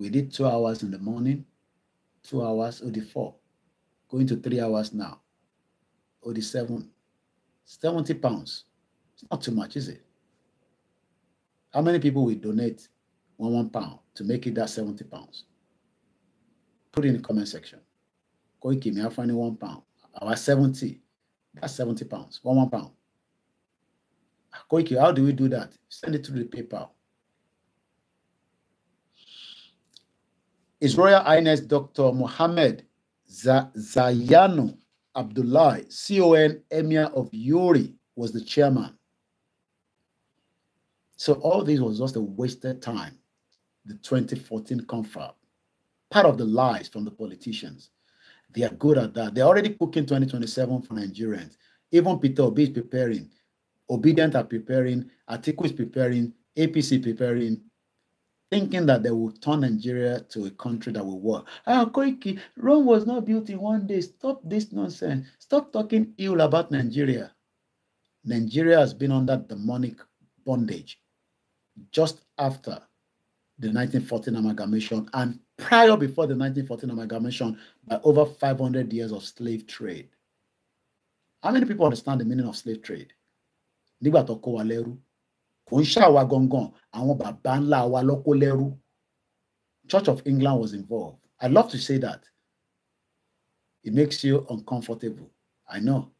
We did two hours in the morning, two hours, or the four, going to three hours now, or the seven. 70 pounds. It's not too much, is it? How many people will donate one one pound to make it that 70 pounds? Put it in the comment section. Koiki, me find one pound. Our 70. That's 70 pounds. One one pound. Koiki, how do we do that? Send it through the PayPal. His Royal Highness Dr. Mohammed Zayano Abdullahi, CON Emir of Yuri, was the chairman. So all this was just a wasted time, the 2014 confab. Part of the lies from the politicians. They are good at that. They're already cooking 2027 for Nigerians. Even Peter Obi is preparing. Obedient are preparing. Atiku is preparing. APC preparing thinking that they will turn Nigeria to a country that will war. Ah, Koiki, Rome was not built in one day. Stop this nonsense. Stop talking ill about Nigeria. Nigeria has been under demonic bondage just after the 1914 amalgamation and prior before the 1914 amalgamation by over 500 years of slave trade. How many people understand the meaning of slave trade? Nígbà tó kó ń ṣàwa gangan àwọn bàbá ńlá wa lọ́kọ́ lẹ́rú Church of England was involved I love to say that it makes you uncomfortable I know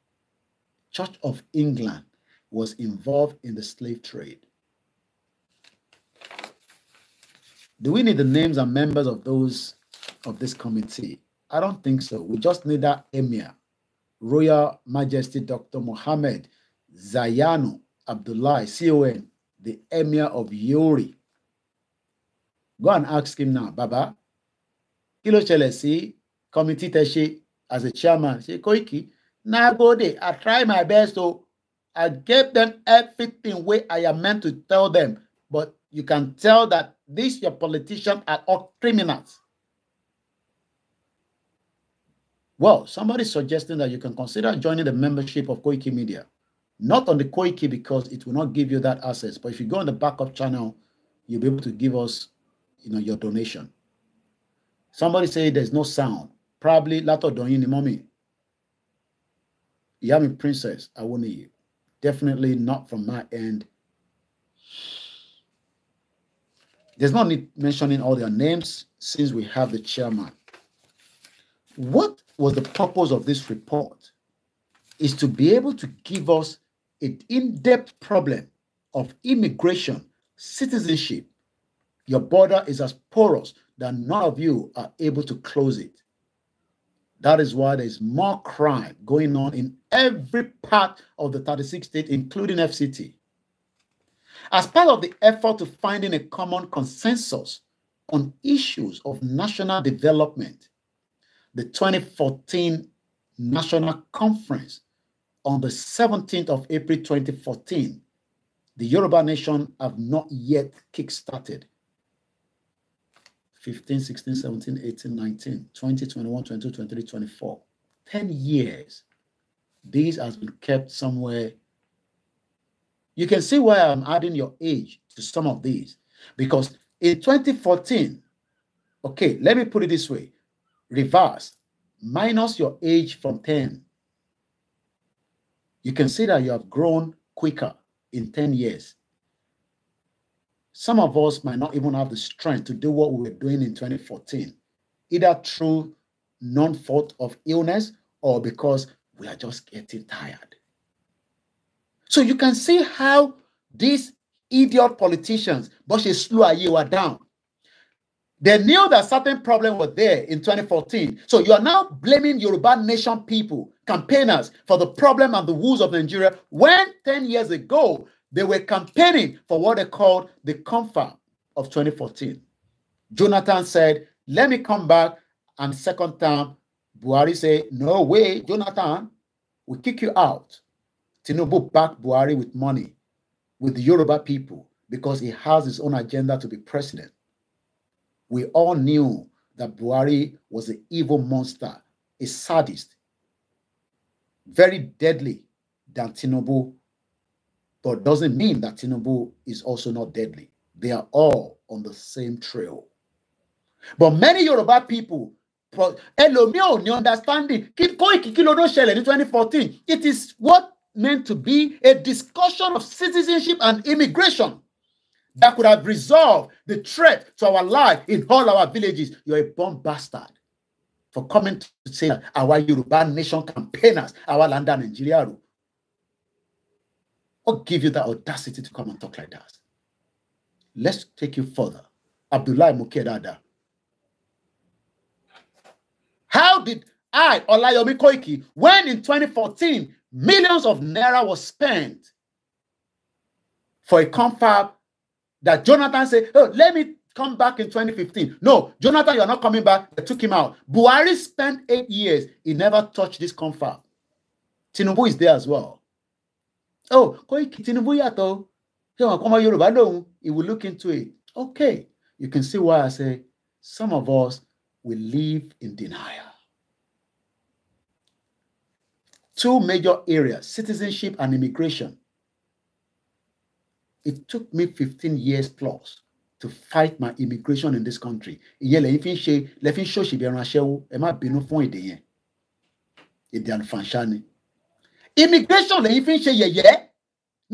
Church of England was involved in the slave trade Do we need the names and members of those of this committee? I don't think so. We just need that emir, Royal Majesty Dr. Mohammed Zayano Abdullah, CON, the emir of Yuri. Go and ask him now, Baba. Kilo ló committee Teshi as a chairman say, Koiki. Na go there. I try my best to oh. I gave them everything wey I am meant to tell them. But you can tell that these your politicians are all criminals. Well, somebody's suggesting that you can consider joining the membership of Koiki Media. Not on the Koiki because it will not give you that access. But if you go on the backup channel, you'll be able to give us, you know, your donation. Somebody say there's no sound. Probably Lato You Mommy. Yami Princess, I will need you. Definitely not from my end. There's no need mentioning all their names since we have the chairman. What was the purpose of this report? Is to be able to give us an in-depth problem of immigration, citizenship. Your border is as porous that none of you are able to close it. That is why there's more crime going on in every part of the 36 states, including FCT. As part of the effort to finding a common consensus on issues of national development, the 2014 National Conference on the 17th of April 2014, the Yoruba nation have not yet kick-started. 15, 16, 17, 18, 19, 20, 21, 22, 23, 24. 10 years. This has been kept somewhere. You can see why I'm adding your age to some of these. Because in 2014, okay, let me put it this way. Reverse, minus your age from 10 you can see that you have grown quicker in 10 years. Some of us might not even have the strength to do what we were doing in 2014, either through non fault of illness or because we are just getting tired. So you can see how these idiot politicians, Boshe Slu Ayewa down, they knew that certain problem was there in 2014. So you are now blaming Yoruba nation people, campaigners, for the problem and the woes of Nigeria when 10 years ago they were campaigning for what they called the comfort of 2014. Jonathan said, let me come back and second time, Buhari said, no way, Jonathan, we kick you out. Tinubu backed Buhari with money, with the Yoruba people, because he has his own agenda to be president. We all knew that Buhari was an evil monster, a sadist, very deadly than Tinubu, but doesn't mean that Tinobu is also not deadly. They are all on the same trail. But many Yoruba people, ẹlòmíì ò ní understanding kíkó ìkíkí lọ́dún ṣẹlẹ̀ ní 2014 it is what meant to be a discussion of citizenship and immigration that could have resolved the threat to our life in all our villages. You're a bomb bastard for coming to say that our Yoruba nation campaigners, our land and Nigeria. What give you the audacity to come and talk like that? Let's take you further. Abdullah Mukedada. How did I, Olayomi Koiki, when in 2014, millions of naira was spent for a confab that Jonathan said, Oh, let me come back in 2015. No, Jonathan, you're not coming back. They took him out. Buhari spent eight years. He never touched this confab. Tinubu is there as well. Oh, Tinubu yato. He will look into it. Okay. You can see why I say some of us will live in denial. Two major areas, citizenship and immigration. it took me fifteen years plus to fight my immigration in this country ìyẹn lẹ́yìn fi ń ṣe lẹ́yìn fi ń ṣòṣì bí ẹran aṣẹ́wó ẹ má bínú fún èdè yẹn èdè àlùfànṣá ni immigration lẹ́yìn fi ń ṣe yẹ̀yẹ́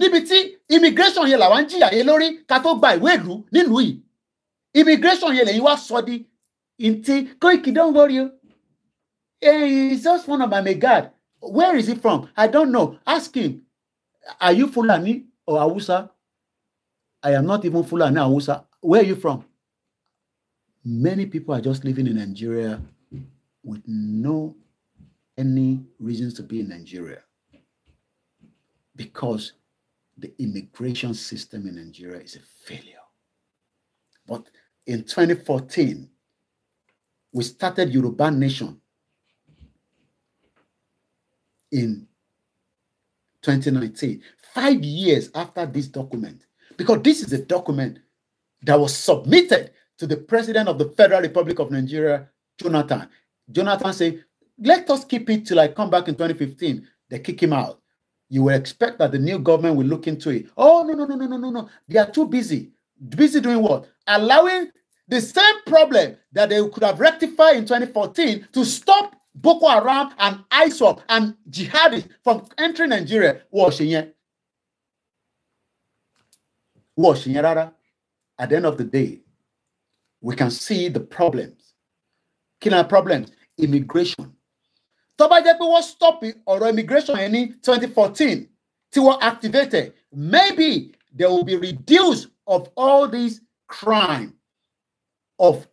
níbi tí immigration yẹn làwọn ń jìyà yẹn lórí ká tó gba ìwé ìlú nílùú yìí immigration yẹn lẹ́yìn wá sọ di ntí Koiki don't worry o hey, eh, he's just one of my God where is he from I don't know ask him are you Fulani or Hausa I am not even Fulani now. Where are you from? Many people are just living in Nigeria with no any reasons to be in Nigeria because the immigration system in Nigeria is a failure. But in 2014, we started Yoruba Nation in 2019, five years after this document, because this is a document that was submitted to the president of the Federal Republic of Nigeria, Jonathan. Jonathan said, let us keep it till I come back in 2015. They kick him out. You will expect that the new government will look into it. Oh, no, no, no, no, no, no, no. They are too busy. Busy doing what? Allowing the same problem that they could have rectified in 2014 to stop Boko Haram and ISOP and jihadists from entering Nigeria. Washington. wọ́n ṣe at the end of the day we can see the problems kí problems immigration tó bá jẹ́ stopping or immigration in ní twenty fourteen tí wọ́n activated maybe there will be reduce of all these crime of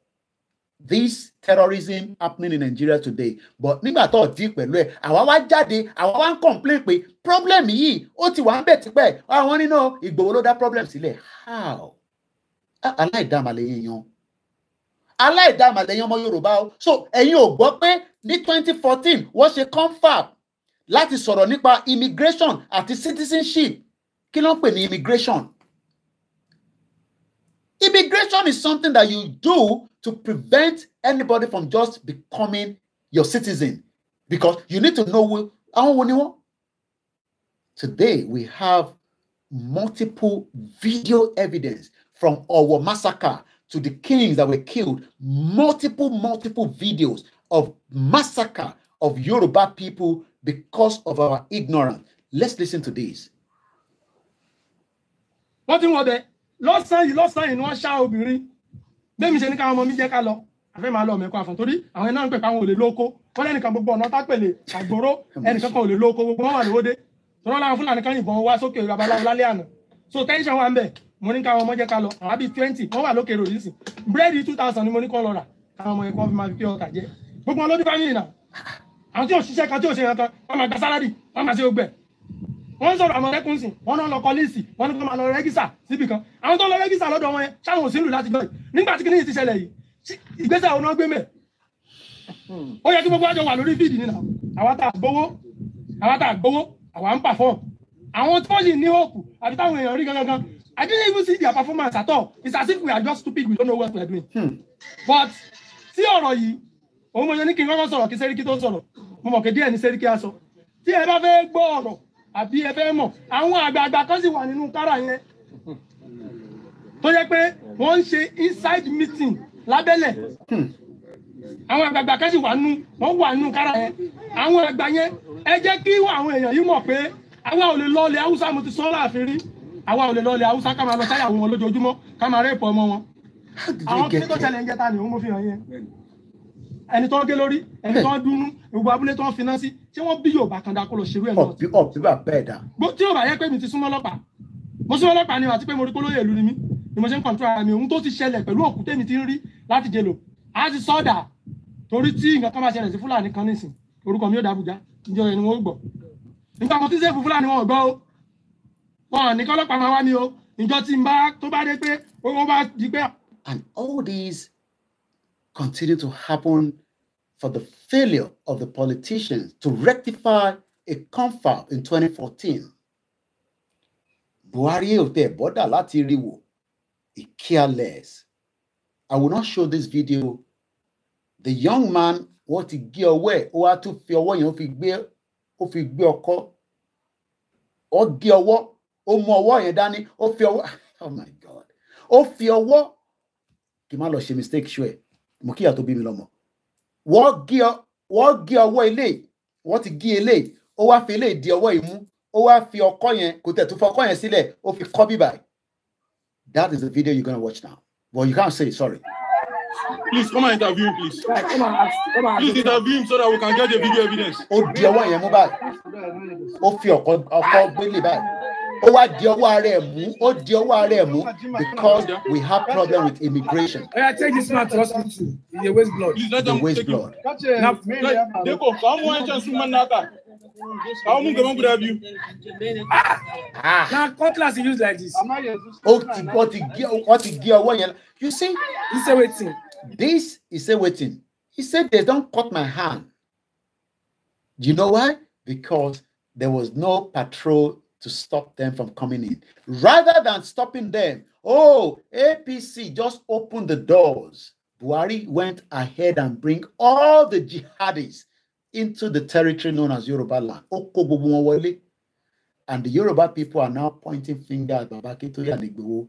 this terrorism happening in Nigeria today but nígbà tó ti pẹ̀lú ẹ̀ àwa wá jáde àwa wá ń complain pé problem yìí ó ti wà ń bẹ̀ tipẹ́ àwọn nínú Ìgbòho ló dá problem sílẹ̀ how aláìdáàmàlẹ̀ yẹn yan aláìdáàmàlẹ̀ yẹn ọmọ Yorùbá o so ẹ̀yin ò gbọ́ pé ní 2014 fourteen wọ́n ṣe confab láti sọ̀rọ̀ nípa immigration àti citizenship kí ló ń pè ní immigration immigration is something that you do to prevent anybody from just becoming your citizen because you need to know how anyone. Today, we have multiple video evidence from our massacre to the kings that were killed, multiple, multiple videos of massacre of Yoruba people because of our ignorance. Let's listen to this. Nothing was there. Lọ́sàn-án yìí lọ́sàn-án yìí ni wọ́n ṣá obìnrin bẹ́ẹ̀ mi ṣe ní káwọn ọmọ mi jẹ́ ká lọ àfẹ́ máa lọ ọmọ ẹ̀kọ́ àfọ̀n torí àwọn iná ń pè káwọn ò lè lóko wọ́n lẹ́nìkan gbogbo ọ̀nà tápèlè àgbòrò ẹnìkan kan ò lè lóko gbogbo wọn wà lówó dé tọ́lá làwọn fúlàní kan yìnbọn wá sókè babaláwo lálẹ́ àná so tẹ́ńṣọ̀n wa ń bẹ̀ mo ní káwọn ọmọ jẹ́ ká lọ àwọn àbí twenty wọ́n wà lókè rò nísìn búrẹ́dì two thousand ni mo ní kọ́ lọ rà káwọn ọmọ ẹ̀kọ́ fi máa fi pé ọkà jẹ gbogbo wọn lójú bá yìnyín náà àwọn tí ò ṣiṣẹ́ kan wọ́n ń sọ̀rọ̀ àmọ̀tẹ́kùn sìn wọ́n náà lọ kọ́ líìsì wọ́n ní kó máa lọ rẹ́gísà síbì kan àwọn tó lọ rẹ́gísà lọ́dọ̀ wọn yẹn sáwọn òsínlù láti gbọ́ nígbà tí kìnìyàn ti ṣẹlẹ̀ yìí ìgbésẹ̀ àwọn náà gbé mẹ́ ó yẹ kí gbogbo àjọ wà lórí fíìdì nínú àwa tá a gbowó àwa tá a gbowó àwa ń pàfọ́ọ̀mù àwọn tó yìí ní hope àti táwọn èèyàn rí gangan I didn't even see their performance at all it's as if we are just stupid we don't know what we are doing hmm. but tí ọ̀rọ̀ yìí òun mo yẹ ní kí n kọ́kọ́ sọ̀rọ̀ kí mọ̀ àbí ẹ fẹ́ mọ̀ àwọn àgbààgbà kan sì wà nínú kára yẹn tó yẹ pé wọ́n ń ṣe inside meeting lábẹ́lẹ̀ hmm. àwọn àgbààgbà kan sì wà nínú wọ́n wà nínú kára yẹn àwọn àgbà yẹn ẹ jẹ́ kí àwọn èèyàn yìí mọ̀ pé àwa ò lè lọ ilẹ̀ haúsá mo ti sọ láàfin rí àwa ò lè lọ ilẹ̀ haúsá ká máa lọ sáyàwó wọn lójoojúmọ́ ká máa rẹ́pọ̀ ọmọ wọn àwọn kí ló ṣẹlẹ̀ ń jẹ́ta ni òun mo fi hàn yẹn ẹni tó ń gé lórí ẹni tó ń hmm. dúnú gbogbo abúlé tó ń finá sí ṣé wọ́n bí Yorùbá kan dákó lọ ṣerú ẹ̀ náà. ọ̀bí ọ̀bí bá bẹ́ẹ̀ dá. bó tí Yorùbá yẹ pé mi ti súnmọ́ ọlọ́pàá mo súnmọ́ ọlọ́pàá ni àti pé mo rí kólóyè ìlú ni mí ni mo ṣe ń kọ̀ǹtúrà ara mi òun tó ti ṣẹlẹ̀ pẹ̀lú òkú tèmi ti ń rí láti jẹ lò á ti sọ́dà torí tí nǹkan kan bá ṣẹlẹ̀ sí Fúlàní kan nísìn orúkọ mi ò dàbújá ìjọ ẹni wọn ò gbọ́ nípa mo ti ṣe fún Fúlàní wọn ò gbọ́ o wọn ní kọ́lọ́pàá máa wá mi o ìjọ tí n bá tó bá dé pé owó bá di pé. and all these continue to happen for the failure of the politicians to rectify a confab in 2014. Buhari ò tẹ̀ bọ́dà láti rí wò. He careless. I will not show this video. The young man what ti gé ọwọ́ who ó to fear fi ọwọ́ yẹn ó fi gbé ó fi gbé ọkọ́ ó gé ọwọ́ ó mú fear. yẹn oh my God ó fear ọwọ́ Kimalo she mistake ṣú mo kíyà tó bí mi lọ́mọ wọ́n gé ọwọ́ ilé wọ́n ti gé ilé ó wá fi ilé di ọwọ́ ìmú ó wá fi ọkọ yẹn kò tẹ̀ tó fọ ọkọ yẹn sílẹ̀ ó fi kọ́ bíbà that is the video you gonna watch now but you can't say sorry. please come and interview him please come and come and please interview him so that we can get the video evidence. ó di ọwọ́ yẹn mú báyìí ó fi ọkọ ọkọ gbélé báyìí ó wá di ọwọ́ ara ẹ̀ mú ó di ọwọ́ ara ẹ̀ mú because we have problem with immigration. ẹ ẹ take this man to hospital he dey waste blood. he dey waste blood. na deko ka ọmọ ẹ jẹ sunmọ n'aka ka ọmọ nkè wọn gbọdọ na cutlass he use like this. ó ti ó ti gé ó ti gé ọwọ́ yẹn you see. he say wetin. this he say wetin he say they don cut my hand. you know why because there was no patrol to stop them from coming in. Rather than stopping them, oh, APC just opened the doors. Buhari went ahead and bring all the jihadists into the territory known as Yoruba land. And the Yoruba people are now pointing finger at Babakitoli and Igbo.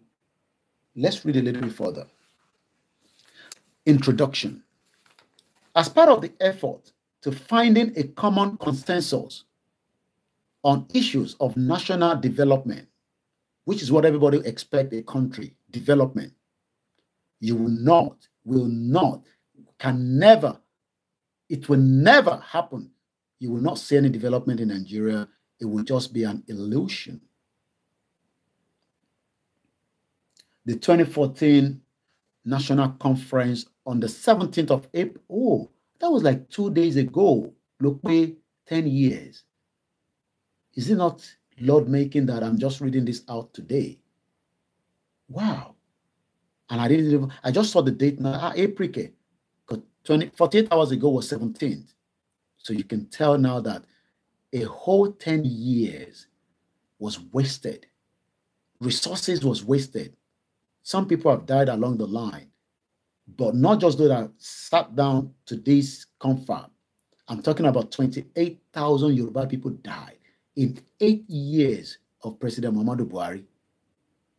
Let's read a little bit further. Introduction. As part of the effort to finding a common consensus on issues of national development, which is what everybody expect a country development. You will not, will not, can never, it will never happen. You will not see any development in Nigeria. It will just be an illusion. The 2014 National Conference on the 17th of April, oh, that was like two days ago. Look, 10 years is it not Lord making that I'm just reading this out today? Wow. And I didn't even, I just saw the date now, ah, April, because 20, 48 hours ago was 17th. So you can tell now that a whole 10 years was wasted. Resources was wasted. Some people have died along the line, but not just those that sat down to this confab. I'm talking about 28,000 Yoruba people died in eight years of President Muhammadu Buhari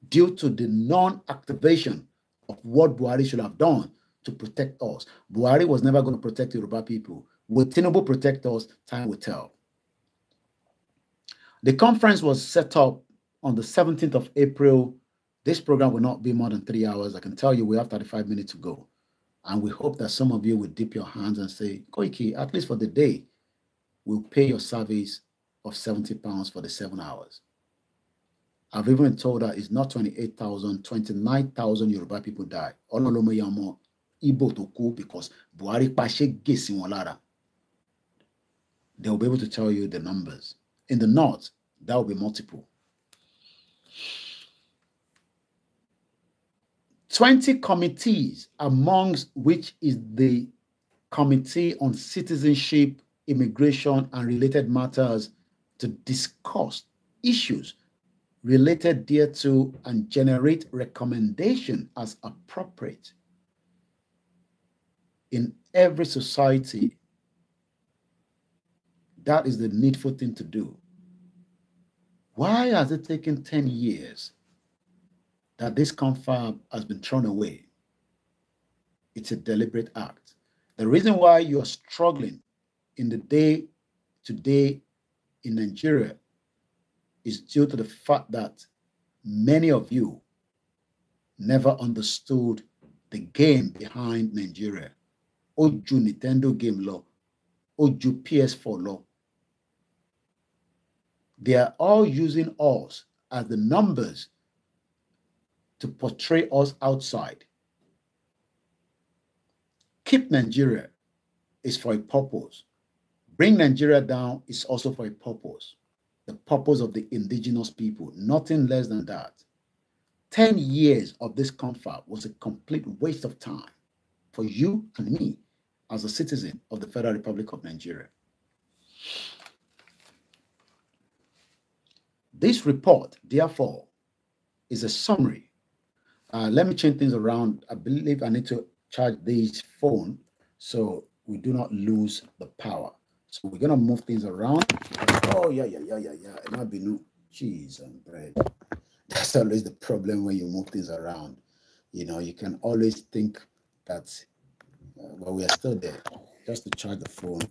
due to the non-activation of what Buhari should have done to protect us. Buhari was never going to protect the Yoruba people. Will Tinubu protect us? Time will tell. The conference was set up on the 17th of April. This program will not be more than three hours. I can tell you we have 35 minutes to go. And we hope that some of you will dip your hands and say, Koiki, at least for the day, we'll pay your service of 70 pounds for the seven hours. I've even told her it's not 28,000, 29,000 Yoruba people die. Ololomo Yamo ibo to because Buhari Pashe Gesiwalara. They will be able to tell you the numbers. In the north, that will be multiple. 20 committees, amongst which is the Committee on Citizenship, Immigration, and Related Matters to discuss issues related thereto and generate recommendation as appropriate. In every society, that is the needful thing to do. Why has it taken 10 years that this confab has been thrown away? It's a deliberate act. The reason why you're struggling in the day to day in Nigeria is due to the fact that many of you never understood the game behind Nigeria. Oju Nintendo game law, Oju PS4 law. They are all using us as the numbers to portray us outside. Keep Nigeria is for a purpose. Bring Nigeria down is also for a purpose the purpose of the indigenous people, nothing less than that. 10 years of this confab was a complete waste of time for you and me as a citizen of the Federal Republic of Nigeria. This report, therefore, is a summary. Uh, let me change things around. I believe I need to charge this phone so we do not lose the power. So we're gonna move things around. Oh yeah, yeah, yeah, yeah, yeah. It might be new cheese and bread. That's always the problem when you move things around. You know, you can always think that, uh, well, we are still there. Just to charge the phone,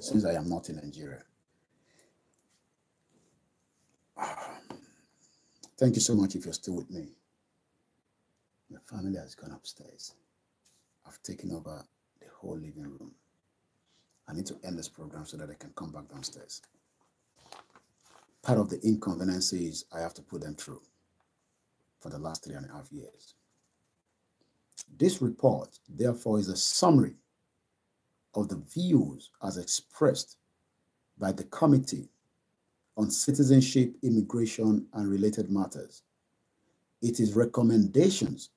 since I am not in Nigeria. Thank you so much if you're still with me. The family has gone upstairs. I've taken over the whole living room. I need to end this program so that I can come back downstairs. Part of the inconveniences I have to put them through for the last three and a half years. This report, therefore, is a summary of the views as expressed by the Committee on Citizenship, Immigration, and Related Matters. It is recommendations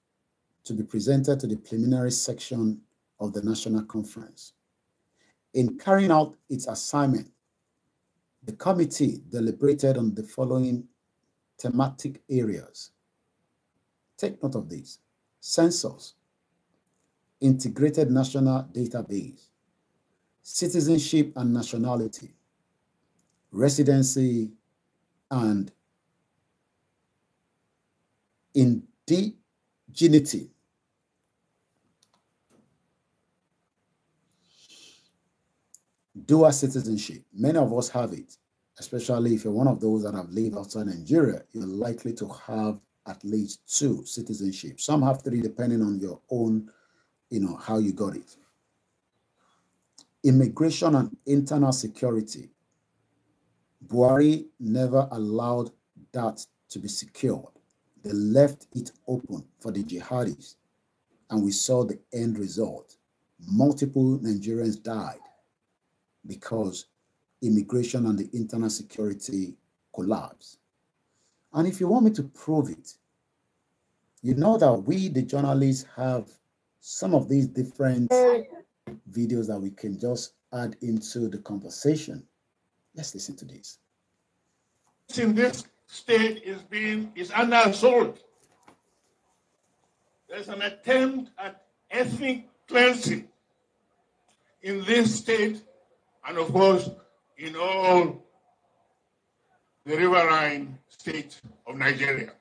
to be presented to the preliminary section of the National Conference in carrying out its assignment, the committee deliberated on the following thematic areas. Take note of these. Census, integrated national database, citizenship and nationality, residency and indigeneity dual citizenship. Many of us have it, especially if you're one of those that have lived outside Nigeria, you're likely to have at least two citizenship. Some have three, depending on your own, you know, how you got it. Immigration and internal security. Buhari never allowed that to be secured. They left it open for the jihadists. And we saw the end result. Multiple Nigerians died because immigration and the internal security collapse. And if you want me to prove it, you know that we, the journalists, have some of these different videos that we can just add into the conversation. Let's listen to this. In this state is being is under assault. There's an attempt at ethnic cleansing in this state and of course in all the riverine states of Nigeria.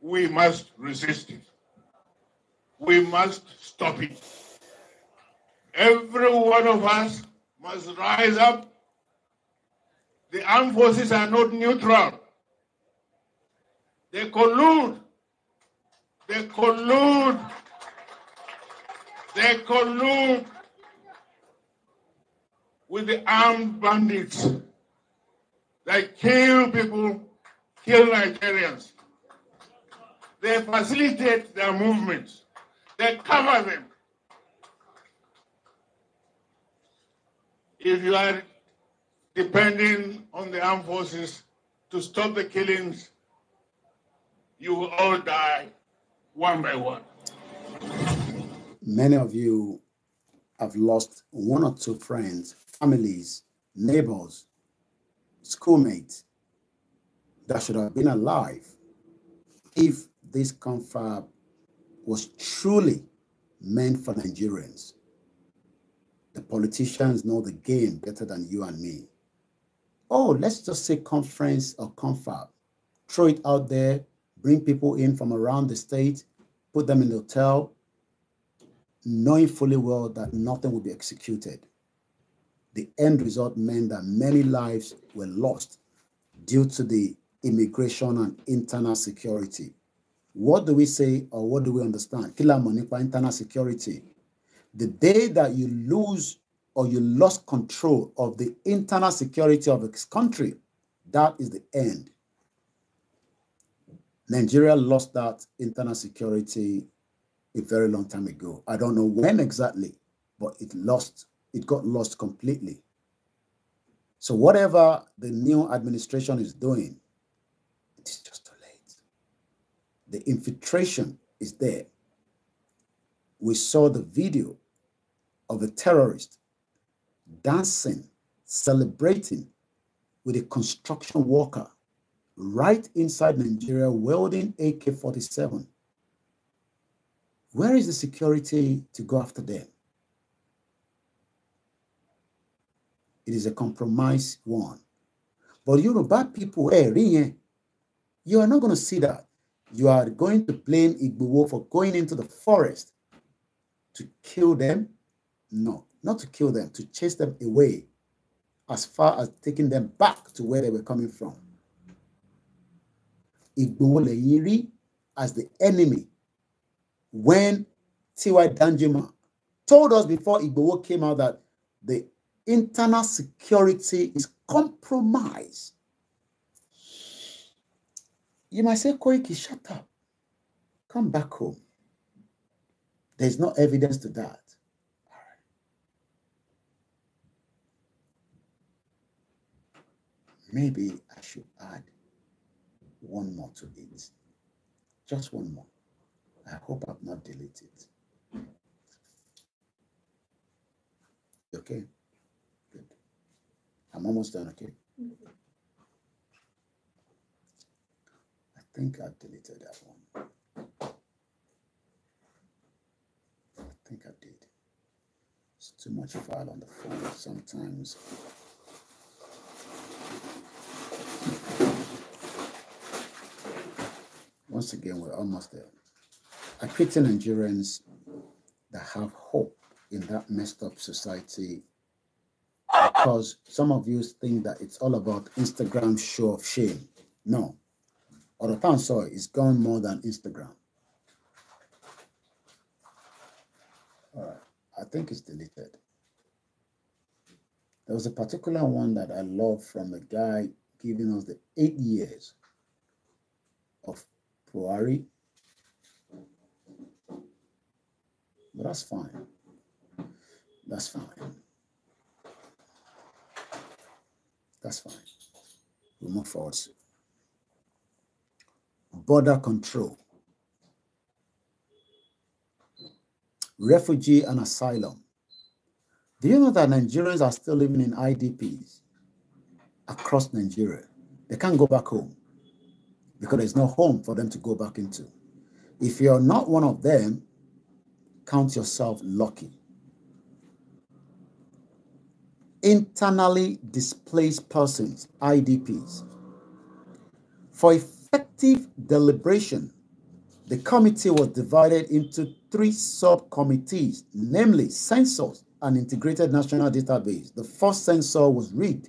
We must resist it. We must stop it. Every one of us must rise up. The armed forces are not neutral. They collude. They collude they collude with the armed bandits. They kill people, kill Nigerians. They facilitate their movements. They cover them. If you are depending on the armed forces to stop the killings, you will all die one by one. Many of you have lost one or two friends, families, neighbors, schoolmates that should have been alive if this confab was truly meant for Nigerians. The politicians know the game better than you and me. Oh, let's just say conference or confab. Throw it out there, bring people in from around the state, put them in the hotel, knowing fully well that nothing will be executed. The end result meant that many lives were lost due to the immigration and internal security. What do we say or what do we understand? money for internal security. The day that you lose or you lost control of the internal security of a country, that is the end. Nigeria lost that internal security a very long time ago. I don't know when exactly, but it lost, it got lost completely. So whatever the new administration is doing, it is just too late. The infiltration is there. We saw the video of a terrorist dancing, celebrating with a construction worker right inside Nigeria, welding AK 47. Where is the security to go after them? It is a compromise one. But you know, bad people, hey, eh, you are not going to see that. You are going to blame Igbo for going into the forest to kill them. No, not to kill them, to chase them away as far as taking them back to where they were coming from. Igbo as the enemy when T.Y. Danjuma told us before Igbo came out that the internal security is compromised. You might say, Koiki, shut up. Come back home. There's no evidence to that. Maybe I should add one more to it. Just one more. I hope I've not deleted. Okay? Good. I'm almost done, okay? I think I've deleted that one. I think I did. It's too much file on the phone sometimes. Once again, we're almost there. Equity Nigerians that have hope in that messed up society because some of you think that it's all about Instagram show of shame. No. Orotan soil is gone more than Instagram. All right. I think it's deleted. There was a particular one that I love from a guy giving us the eight years of Puari But that's fine. That's fine. That's fine. we move forward. Border control. Refugee and asylum. Do you know that Nigerians are still living in IDPs across Nigeria? They can't go back home because there's no home for them to go back into. If you're not one of them, count yourself lucky. Internally displaced persons, IDPs. For effective deliberation, the committee was divided into three subcommittees, namely census and integrated national database. The first census was rigged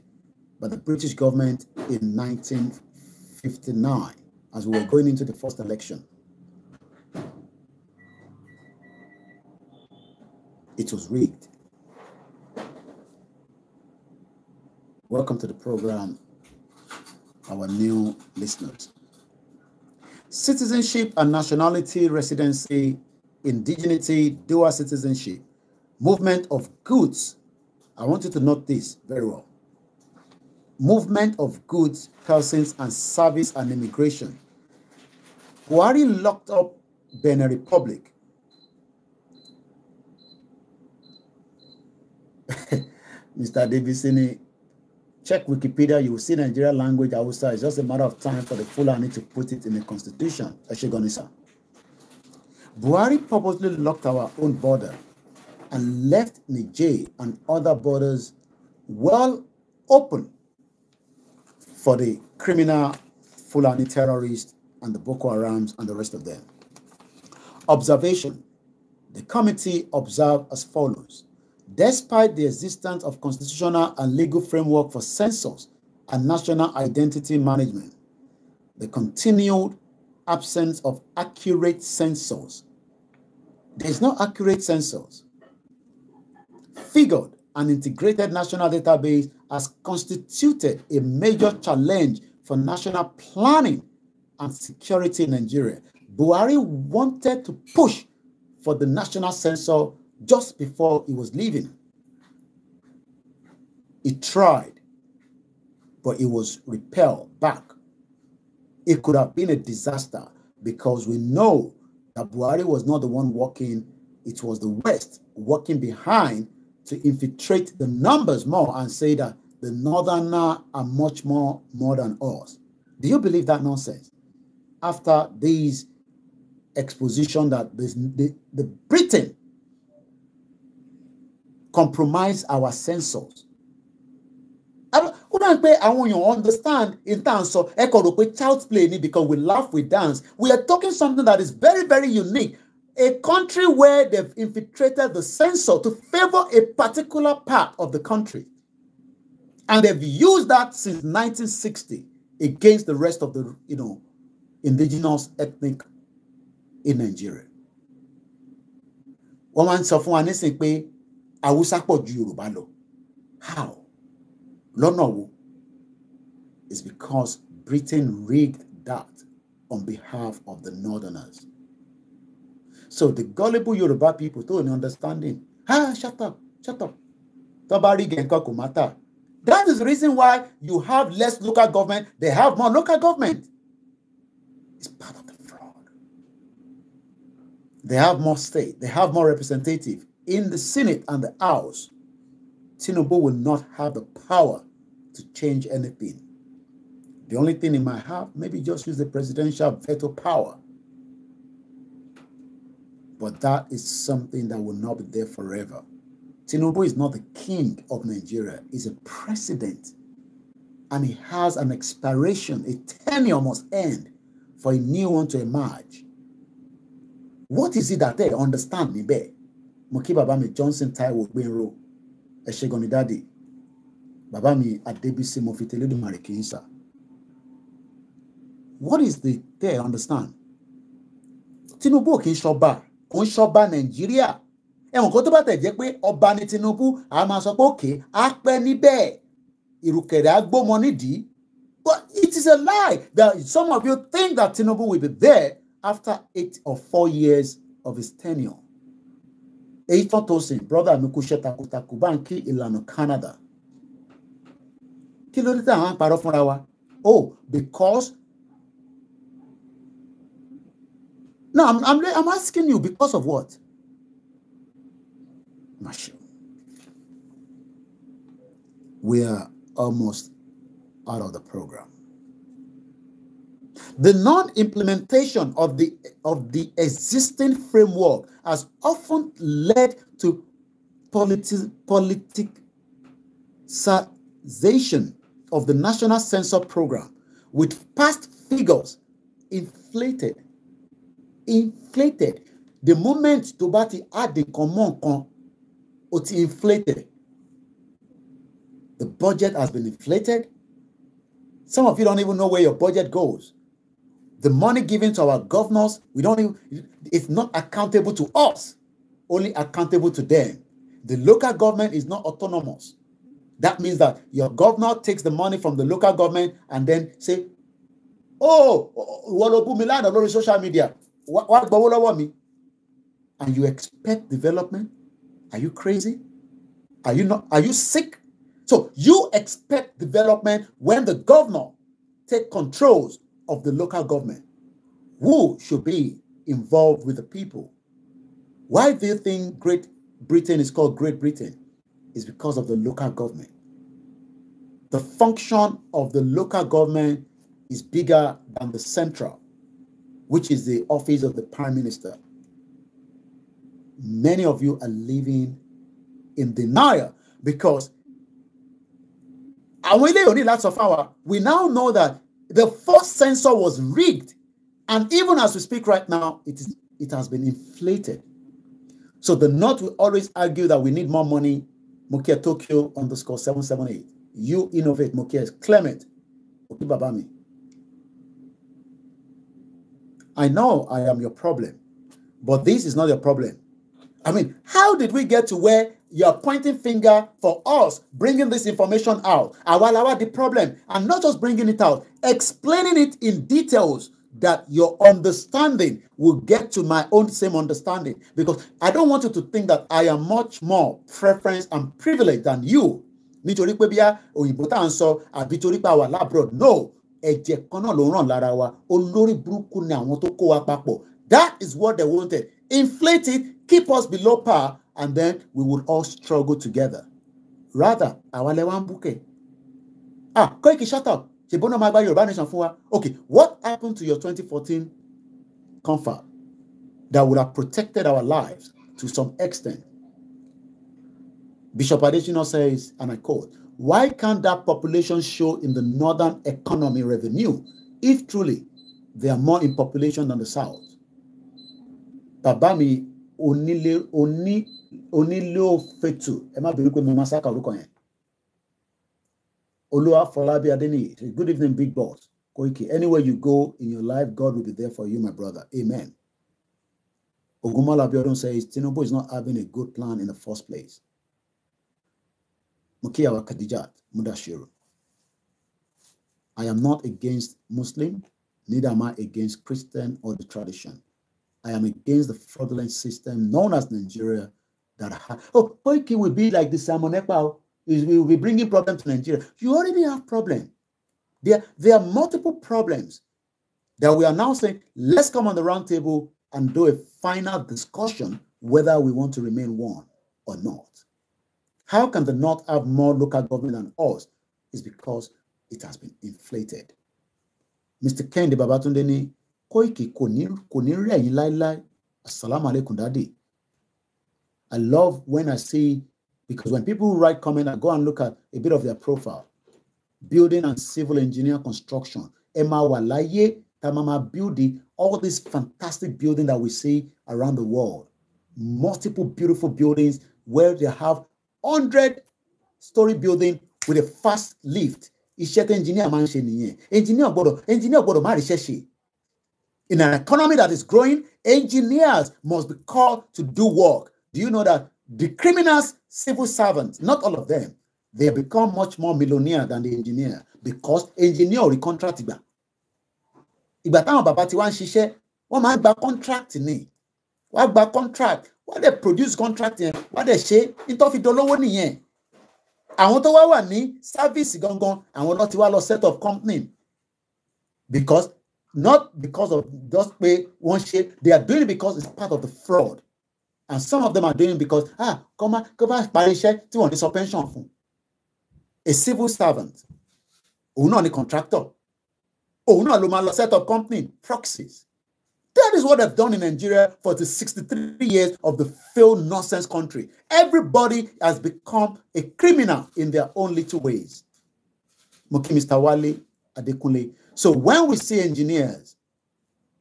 by the British government in 1959 as we were going into the first election. It was rigged. Welcome to the program, our new listeners. Citizenship and nationality, residency, indigeneity, dual citizenship, movement of goods. I want you to note this very well. Movement of goods, persons, and service and immigration. Buhari locked up Benin Republic Mr. Davidson, check Wikipedia, you will see Nigerian language Hausa. It's just a matter of time for the Fulani to put it in the constitution. Eshegonisa. Buhari purposely locked our own border and left Niger and other borders well open for the criminal Fulani terrorists and the Boko Harams and the rest of them. Observation. The committee observed as follows. Despite the existence of constitutional and legal framework for census and national identity management, the continued absence of accurate censors. there is no accurate censors. figured an integrated national database has constituted a major challenge for national planning and security in Nigeria. Buhari wanted to push for the national census just before he was leaving. He tried, but he was repelled back. It could have been a disaster because we know that Buhari was not the one walking, it was the West walking behind to infiltrate the numbers more and say that the Northerner are much more more than us. Do you believe that nonsense? After these exposition that the, the Britain compromise our sensors. ó dà pé àwọn èèyàn understand in tá à ń sọ ẹ kọ̀ rò pé child's play ni because we laugh we dance we are talking something that is very very unique a country where they've infiltrated the censor to favor a particular part of the country. And they've used that since 1960 against the rest of the, you know, indigenous ethnic in Nigeria. Wọ́n máa ń sọ fún wa nísìnyí pé haúsá pọ̀ ju yorùbá lọ how lọ́nà wo it's because britain rigged that on behalf of the northerners so the gullible yorùbá people tó ní understanding ah shut up shut up tó bá rí gẹ̀ǹkan kò má tà that is the reason why you have less local government they have more local government it's part of the fraud they have more state they have more representative in the Senate and the House, Tinubu will not have the power to change anything. The only thing he might have, maybe just use the presidential veto power. But that is something that will not be there forever. Tinubu is not the king of Nigeria, he's a president. And he has an expiration, a tenure must end for a new one to emerge. What is it that they understand, Nibe? mo kí bàbá mi Johnson Taiwo Gbénró ẹ ṣé gan ni dáàdì bàbá mi Adébísí mo fi tẹlẹ dùnmọ kì í sà what is the there understand Tinubu ò kì í ṣọba kò ń ṣọba Nàìjíríà ẹ̀wọ̀n kó tó bá tẹ̀ jẹ́ pé ọba ni Tinubu a máa sọ pé òkè á níbẹ̀ ìrùkẹ̀rẹ̀ á nídìí but it is a lie that some of you think that Tinubu will be there after eight or four years of his tenure. Eitan Tosin brother mi kò ṣe takuntakun bá ń kí Canada kí ló oh because no I'm, I'm, I'm asking you because of what we are almost out of the program The non-implementation of the, of the existing framework has often led to politi politicization of the national censor program, with past figures inflated. Inflated. The moment tó bá ti add nǹkan mọ́ nǹkan, inflated. The budget has been inflated. Some of you don't even know where your budget goes. The money given to our governors, we don't even, it's not accountable to us, only accountable to them. The local government is not autonomous. That means that your governor takes the money from the local government and then say, Oh, Walobu Milan on social media. What want me? And you expect development? Are you crazy? Are you not are you sick? So you expect development when the governor take controls of the local government who should be involved with the people. Why do you think Great Britain is called Great Britain? Is because of the local government. The function of the local government is bigger than the central, which is the office of the prime minister. Many of you are living in denial because and we only lots of our we now know that the first sensor was rigged. And even as we speak right now, it, is, it has been inflated. So the North will always argue that we need more money. Mokia Tokyo underscore 778. You innovate, Mokia Clement. Okibabami. I know I am your problem, but this is not your problem. I mean, how did we get to where you're pointing finger for us bringing this information out? Awalawa, the problem, and not just bringing it out, explaining it in details that your understanding will get to my own same understanding because I don't want you to think that I am much more preference and privileged than you. Nítorí pé bíyá òyìnbó tá à ń sọ àbí torí pé no ẹ̀jẹ̀ kan náà ló ràn lára wa olórí burúkú ni àwọn tó kó wa papọ̀ that is what they wanted inflate it keep us below par and then we will all struggle together rather àwa lẹ ń búkẹ́ ah Koiki shut up ṣèbó náà máa gba yorùbá nation fún wa okay what happened to your 2014 fourteen comfort that would have protected our lives to some extent bishop adesina says and i quote why can't that population show in the northern economy revenue if truly they are more in population than the south bàbá mi onílé oní onílé òfètò ẹ má bẹ̀rù pé mo máa sáka orúkọ yẹn Olua Falabi Adeniyi. Good evening, big boss. Koike, anywhere you go in your life, God will be there for you, my brother. Amen. Ogumala Biodun says, Tinubu is not having a good plan in the first place. Mukiawa Kadijat, Mudashiru. I am not against Muslim, neither am I against Christian or the tradition. I am against the fraudulent system known as Nigeria that ha- oh Koiki will be like the Salmon Epao. Eh, we will be bringing problems to Nigeria. You already have problems. There, there are multiple problems that we are now saying, let's come on the round table and do a final discussion whether we want to remain one or not. How can the North have more local government than us? Is because it has been inflated. Mr. Kende ni Koiki Koniri Assalamu alaikum, daddy. I love when I see because when people write comment, I go and look at a bit of their profile. Building and civil engineer construction, Emma Walaye, Tamama Beauty, all this fantastic building that we see around the world. Multiple beautiful buildings where they have 100 story building with a fast lift. Is that engineer máa ń Engineer gbọ́dọ̀ engineer gbọ́dọ̀ má In an economy that is growing, engineers must be called to do work. Do you know that The criminals, civil servants, not all of them, they become much more millionaire than the engineer because engineer ò rí contract gbà. Ìgbà táwọn bàbá ti wá ń ṣiṣẹ́, wọ́n máa contract ni. Wọ́n á contract, wọ́n de produce contract yẹn, wọ́n á dẹ̀ ṣe nítorí fi dolówó nìyẹn. Àwọn tó wá wà service gangan, àwọn náà ti wá set of company because not because of just pay one ṣe, they are doing it because it's part of the fraud and some of them are doing because ah kọ́ má kọ́ bá parí iṣẹ́ tí wọ́n ní sọ pension fún a civil servant òun náà ni contractor òun náà ló máa lọ set up company proxies that is what they've done in Nigeria for the sixty-three years of the failed nonsense country everybody has become a criminal in their own little ways mo Mr. Wale Adekunle so when we see engineers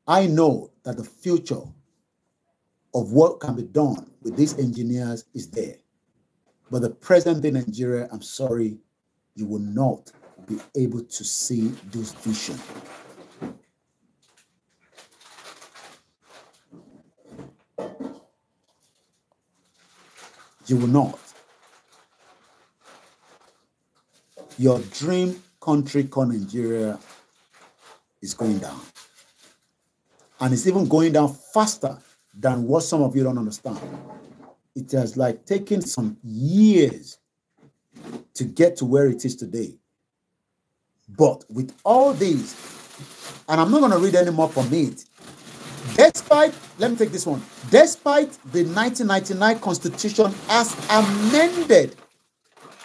I know that the future of what can be done with these engineers is there. But the present day Nigeria, I'm sorry, you will not be able to see this vision. You will not. Your dream country called Nigeria is going down. And it's even going down faster than what some of you don't understand. It has like taken some years to get to where it is today. But with all these, and I'm not going to read any more from it. Despite, let me take this one. Despite the 1999 Constitution as amended,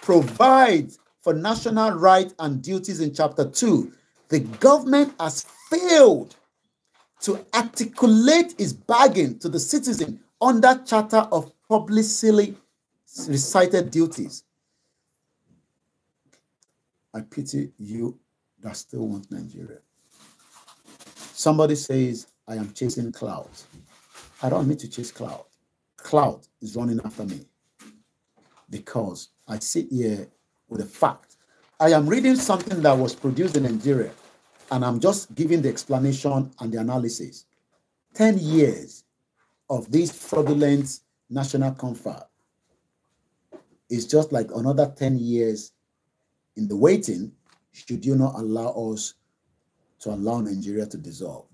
provides for national rights and duties in Chapter 2, the government has failed to articulate his bargain to the citizen under charter of publicly recited duties. I pity you that still want Nigeria. Somebody says, I am chasing clouds. I don't need to chase cloud. Cloud is running after me because I sit here with a fact. I am reading something that was produced in Nigeria and I'm just giving the explanation and the analysis. 10 years of this fraudulent national comfort is just like another 10 years in the waiting should you not allow us to allow Nigeria to dissolve.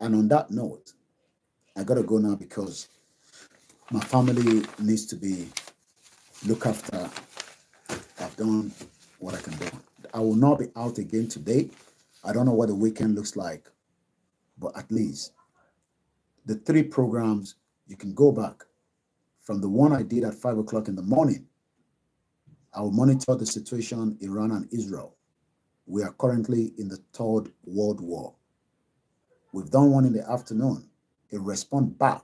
And on that note, I gotta go now because my family needs to be looked after. I've done what I can do. I will not be out again today. I don't know what the weekend looks like, but at least the three programs, you can go back from the one I did at five o'clock in the morning. I will monitor the situation Iran and Israel. We are currently in the third world war. We've done one in the afternoon, a response back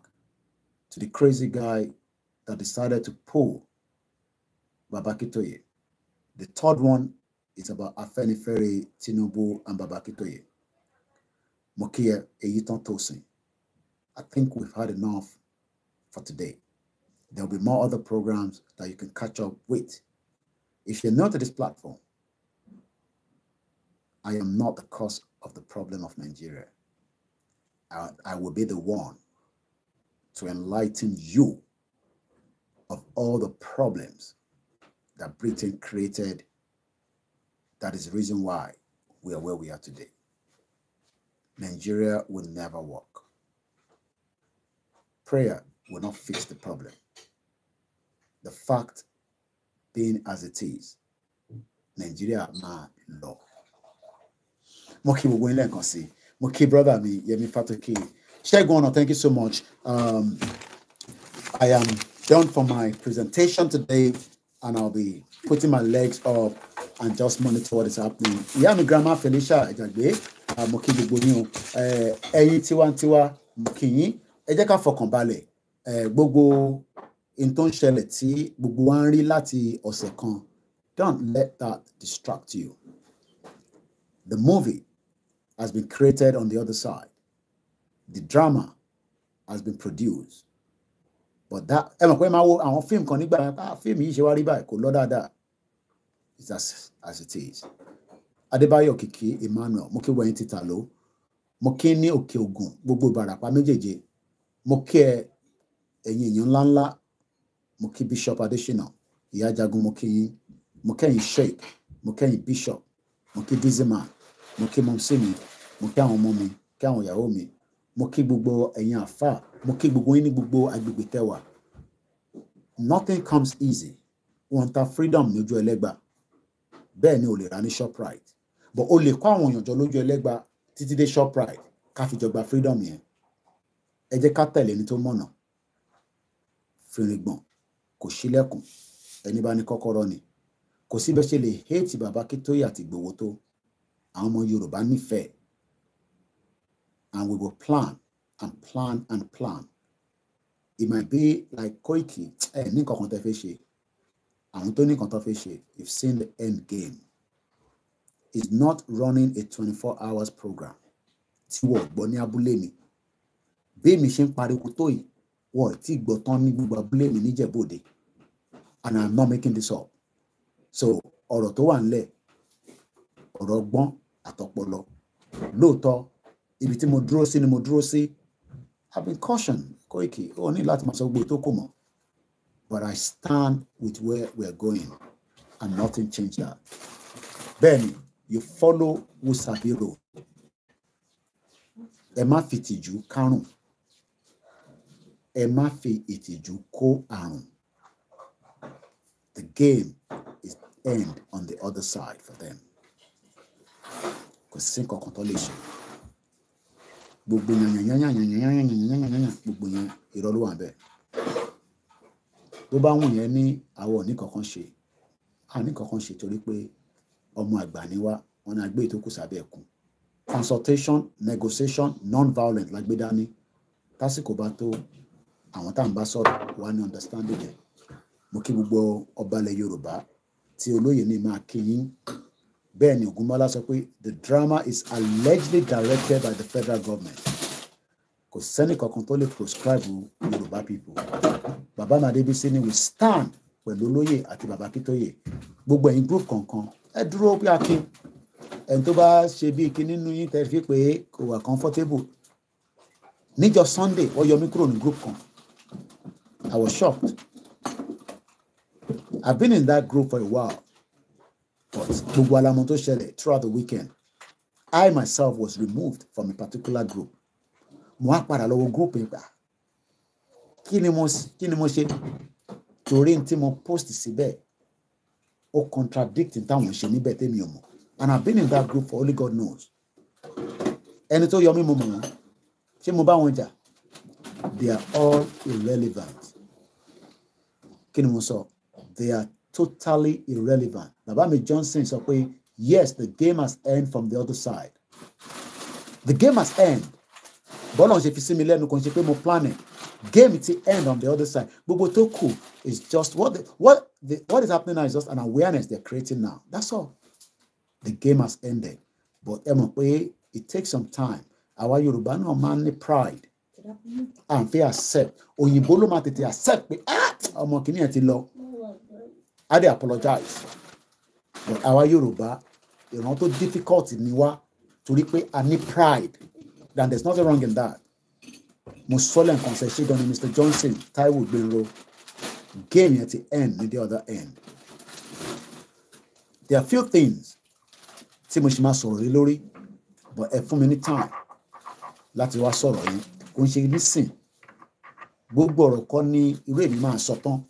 to the crazy guy that decided to pull Babakitoye. The third one it's about Afẹ́nifẹ́re Tinubu and Babakitoye. Mokia Eyiton Tosin. I think we've had enough for today. There'll be more other programs that you can catch up with. If you're not at this platform, I am not the cause of the problem of Nigeria. I, I will be the one to enlighten you of all the problems that Britain created that is the reason why we are where we are today. Nigeria will never work. Prayer will not fix the problem. The fact being as it is, Nigeria ma no. Moki kí gbogbo ilé nǹkan sí. Mo brother me Yemi Fatoki. Ṣẹ́gun thank you so much. Um, I am done for my presentation today and I'll be putting my legs up and just monitor what is happening. ìyá mi grandma Felicia Ẹ̀jàgbé mo kí gbogbo yín o ẹ̀yin tiwantiwa mo kí yín ẹ jẹ́ ká fọkàn balẹ̀ gbogbo n tó ń ṣẹlẹ̀ tí gbogbo wa ń rí láti ọ̀sẹ̀ kan don't let that distract you. The movie has been created on the other side. The drama has been produced. But that ẹ mọ̀ pé máa wo àwọn fíìmù kan nígbà ah, fíìmù yìí ṣe wá rí báyìí kò lọ dáadáa. It's as, as it is. Adébáyọ̀ kiki Emmanuel mo kí wẹ̀yìn títà ló mo kí ní òkè ògùn gbogbo ìbàràpá méjèèje mo kí ẹ ẹ̀yin èèyàn ńláńlá mo kí Bishop Adésínà ìyá jagun mo kí yín mo kẹ́yìn sheik mo kẹ́yìn bishop mo kí dizima mo kí mọ̀sí mi mo kí àwọn ọmọ mi kí àwọn ìyàwó mi mo kí gbogbo ẹ̀yin àfà mo kí gbogbo yín ní gbogbo agbègbè tẹ́wà nothing comes easy wọn ta freedom lójú ẹlẹ́gbàá bẹ́ẹ̀ ni o lè ra ní shoprite but o lè kó àwọn èèyàn jọ lójú ẹlẹ́gba títí dé shoprite ká fi jọgba freedom yẹn ẹ jẹ́ ká tẹ̀lé ẹni tó mọ̀nà fìrìgbọ̀n kò ṣílẹ̀kùn ẹni bá ní kọ́kọ́rọ́ ni kò síbẹ̀ ṣe lè héètì bàbá Akíntóyè àti Ìgbòho tó àwọn ọmọ Yorùbá nífẹ̀ẹ́ and we will plan and plan and plan it might be like Koiki ẹ ní nǹkan kan tẹ́ fẹ́ ṣe àwọn tó ní nǹkan tó fẹ́ ṣe you've seen the end game is not running a twenty-four hours program tí wọ́n gbọ́ ní abúlé mi bí èmi ṣe ń pariwo tó yìí wọ́n ti gbọ́ tán ní gbogbo abúlé mi níjẹ̀bọ̀dé and i'm not making this up so ọ̀rọ̀ tó wà nílẹ̀ ọ̀rọ̀ ọgbọ́n àtọpọlọ lóòótọ́ ibi tí mo dúró sí ni mo dúró sí i have been cautioned Koiki ó ní láti máa sọ gbogbo tó kò mọ́ but I stand with where we're going and nothing changed that. Bẹ́ẹ̀ni, you follow Usabiro. sabi fitiju Ẹ má fi ìtìjú kárùn. Ẹ The game is end on the other side for them. Kò sí nǹkan tó lè ṣe. Gbogbo yànyàn yànyàn yànyàn yànyàn yànyàn gbogbo yẹn irọ́ ló wà bẹ́ẹ̀ bó bá wùn yẹn ní àwọn òní kankan ṣe àní kankan ṣe torí pé ọmọ àgbà ni wá wọn ni àgbé ìtókù sábẹ́ ẹ̀kún consultation negotiation non-violent la gbé dání tásìkò bá tó àwọn tá à ń bá sọ̀rọ̀ wá ní understanding yẹn mo kí gbogbo ọbalẹ̀ Yorùbá tí olóyè ní máa kí yín bẹ́ẹ̀ ni Ògúnmọ́lá sọ pé the drama is allegedly directed by the federal government kò sẹ́ni kankan tó lè proscribe Yorùbá people bàbá Adébísí ni we stand pẹ̀lú olóyè àti bàbá Akíntóyè gbogbo ẹ̀yin group kankan ẹ dúró bí akin ẹni tó bá ṣe bí ike nínú yín tẹ́ fi pé kò wà comfortable níjọ́ Sunday wọ́n yọ mí kúrò ní group kan I was shocked I've been in that group for a while but gbogbo alamọ tó ṣẹlẹ̀ throughout the weekend I myself was removed from a particular group mo á padà lọ́wọ́ gúrùpù ìgbà ah, kí ni mo kí ni mo ṣe torí tí mo post síbẹ̀ ó contradict táwọn ṣe níbẹ̀ tẹ́mi ò mọ̀ and I've been in that group for only God knows ẹni tó yọ mí mo mọ̀ wọ́n ṣé mo bá wọn jà they are all irrelevant kí ni mo sọ they are totally irrelevant bàbá mi Johnson sọ pé yes the game has end from the other side the game has end bọ́lá ṣe fi sí mi lẹ́nu kò ń ṣe pé mo plan it game ti end on the other side gbogbo tó kù is just what the, what the, what is happening now is just an awareness they are creating now that's all the game has ended but ẹ mọ̀ pé it takes some time àwa yorùbá náà máa ń ní pride à ń fẹ́ accept òyìnbó ló máa tètè accept pé ah, ọmọ kìíní ẹ̀ ti lọ i dey apologize but àwa yorùbá ìran tó difficult ni wá torí pé a ní pride and there's nothing wrong in that. Musfola and Concession and Mr. Johnson, Taiwo Benro, game at the end with the other end. There are few things tí mo ṣe máa but ẹ fún mi time láti wá sọ̀rọ̀ yìí kò ń ṣe nísìn gbogbo ọ̀rọ̀ kọ́ ni irú èmi máa sọ tán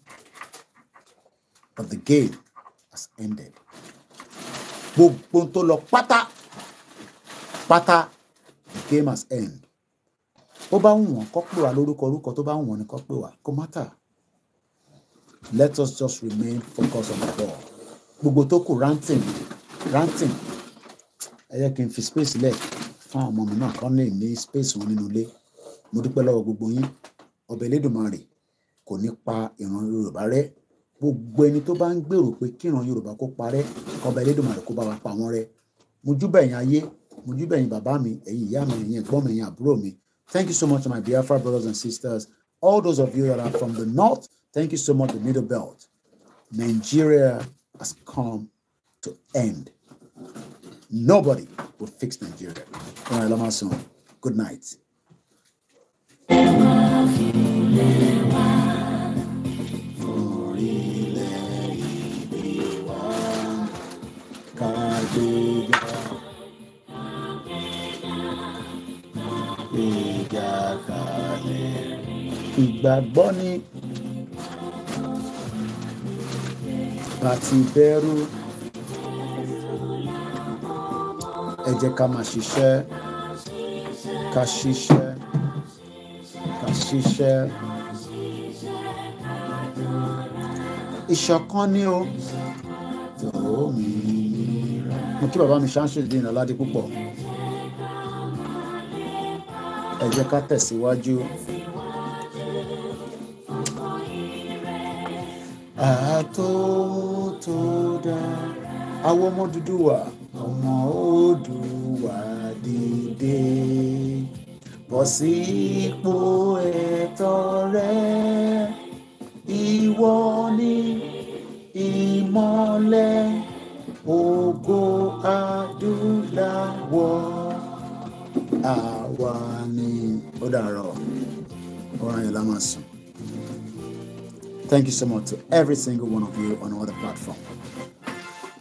but the game has ended gbogbo tó lọ pátá pátá game has end ó bá wù wọ́n kó pè wá lórúkọ orúkọ tó bá wù wọ́n ni kó pè wá kó má tà let us just remain focused on the ball gbogbo tó kù ranting ranting ẹ yẹ kí n fi space lẹ̀ fún àwọn ọmọ mi náà kán lè ní space wọn nínú ilé mo dúpẹ́ lọ́wọ́ gbogbo yín ọbẹ̀ Elédùmarè kò ní pa ìran Yorùbá rẹ́ gbogbo ẹni tó bá ń gbèrò pé kíran Yorùbá kó parẹ́ ọbẹ̀ Elédùmarè kó bá wa pa wọ́n rẹ́ mo júbà ẹ̀yin ayé thank you so much my Biafra brothers and sisters all those of you that are from the north thank you so much the middle belt Nigeria has come to end nobody will fix Nigeria All right, Lamason, lọ́mọ good night. ìgbàgbọ́ ni àti ìbẹ̀rù ẹ jẹ́ ká máa ṣiṣẹ́ ká ṣiṣẹ́ ká ṣiṣẹ́ ìṣọ̀kan ni o mo kí bàbá mi ṣáńṣì dín iná ládé púpọ̀ ẹ jẹ́ ká tẹ̀síwájú. àtòtòdá àwọn ọmọ dúdú wà ọmọ Oòduà dìde bọ́ sípò ẹ̀tọ́ rẹ ìwọ ni ìmọ́lẹ̀ ògo adúláwọ̀ àwa ni ó dàrọ̀ ọ̀ràn yẹn la máa sùn. Thank you so much to every single one of you on all the platform.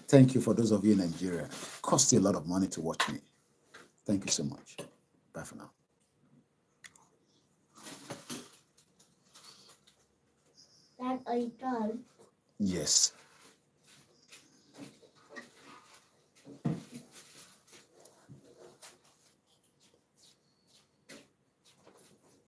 Thank you for those of you in Nigeria. cost you a lot of money to watch me. Thank you so much. Bye for now. Dad, are you done? Yes.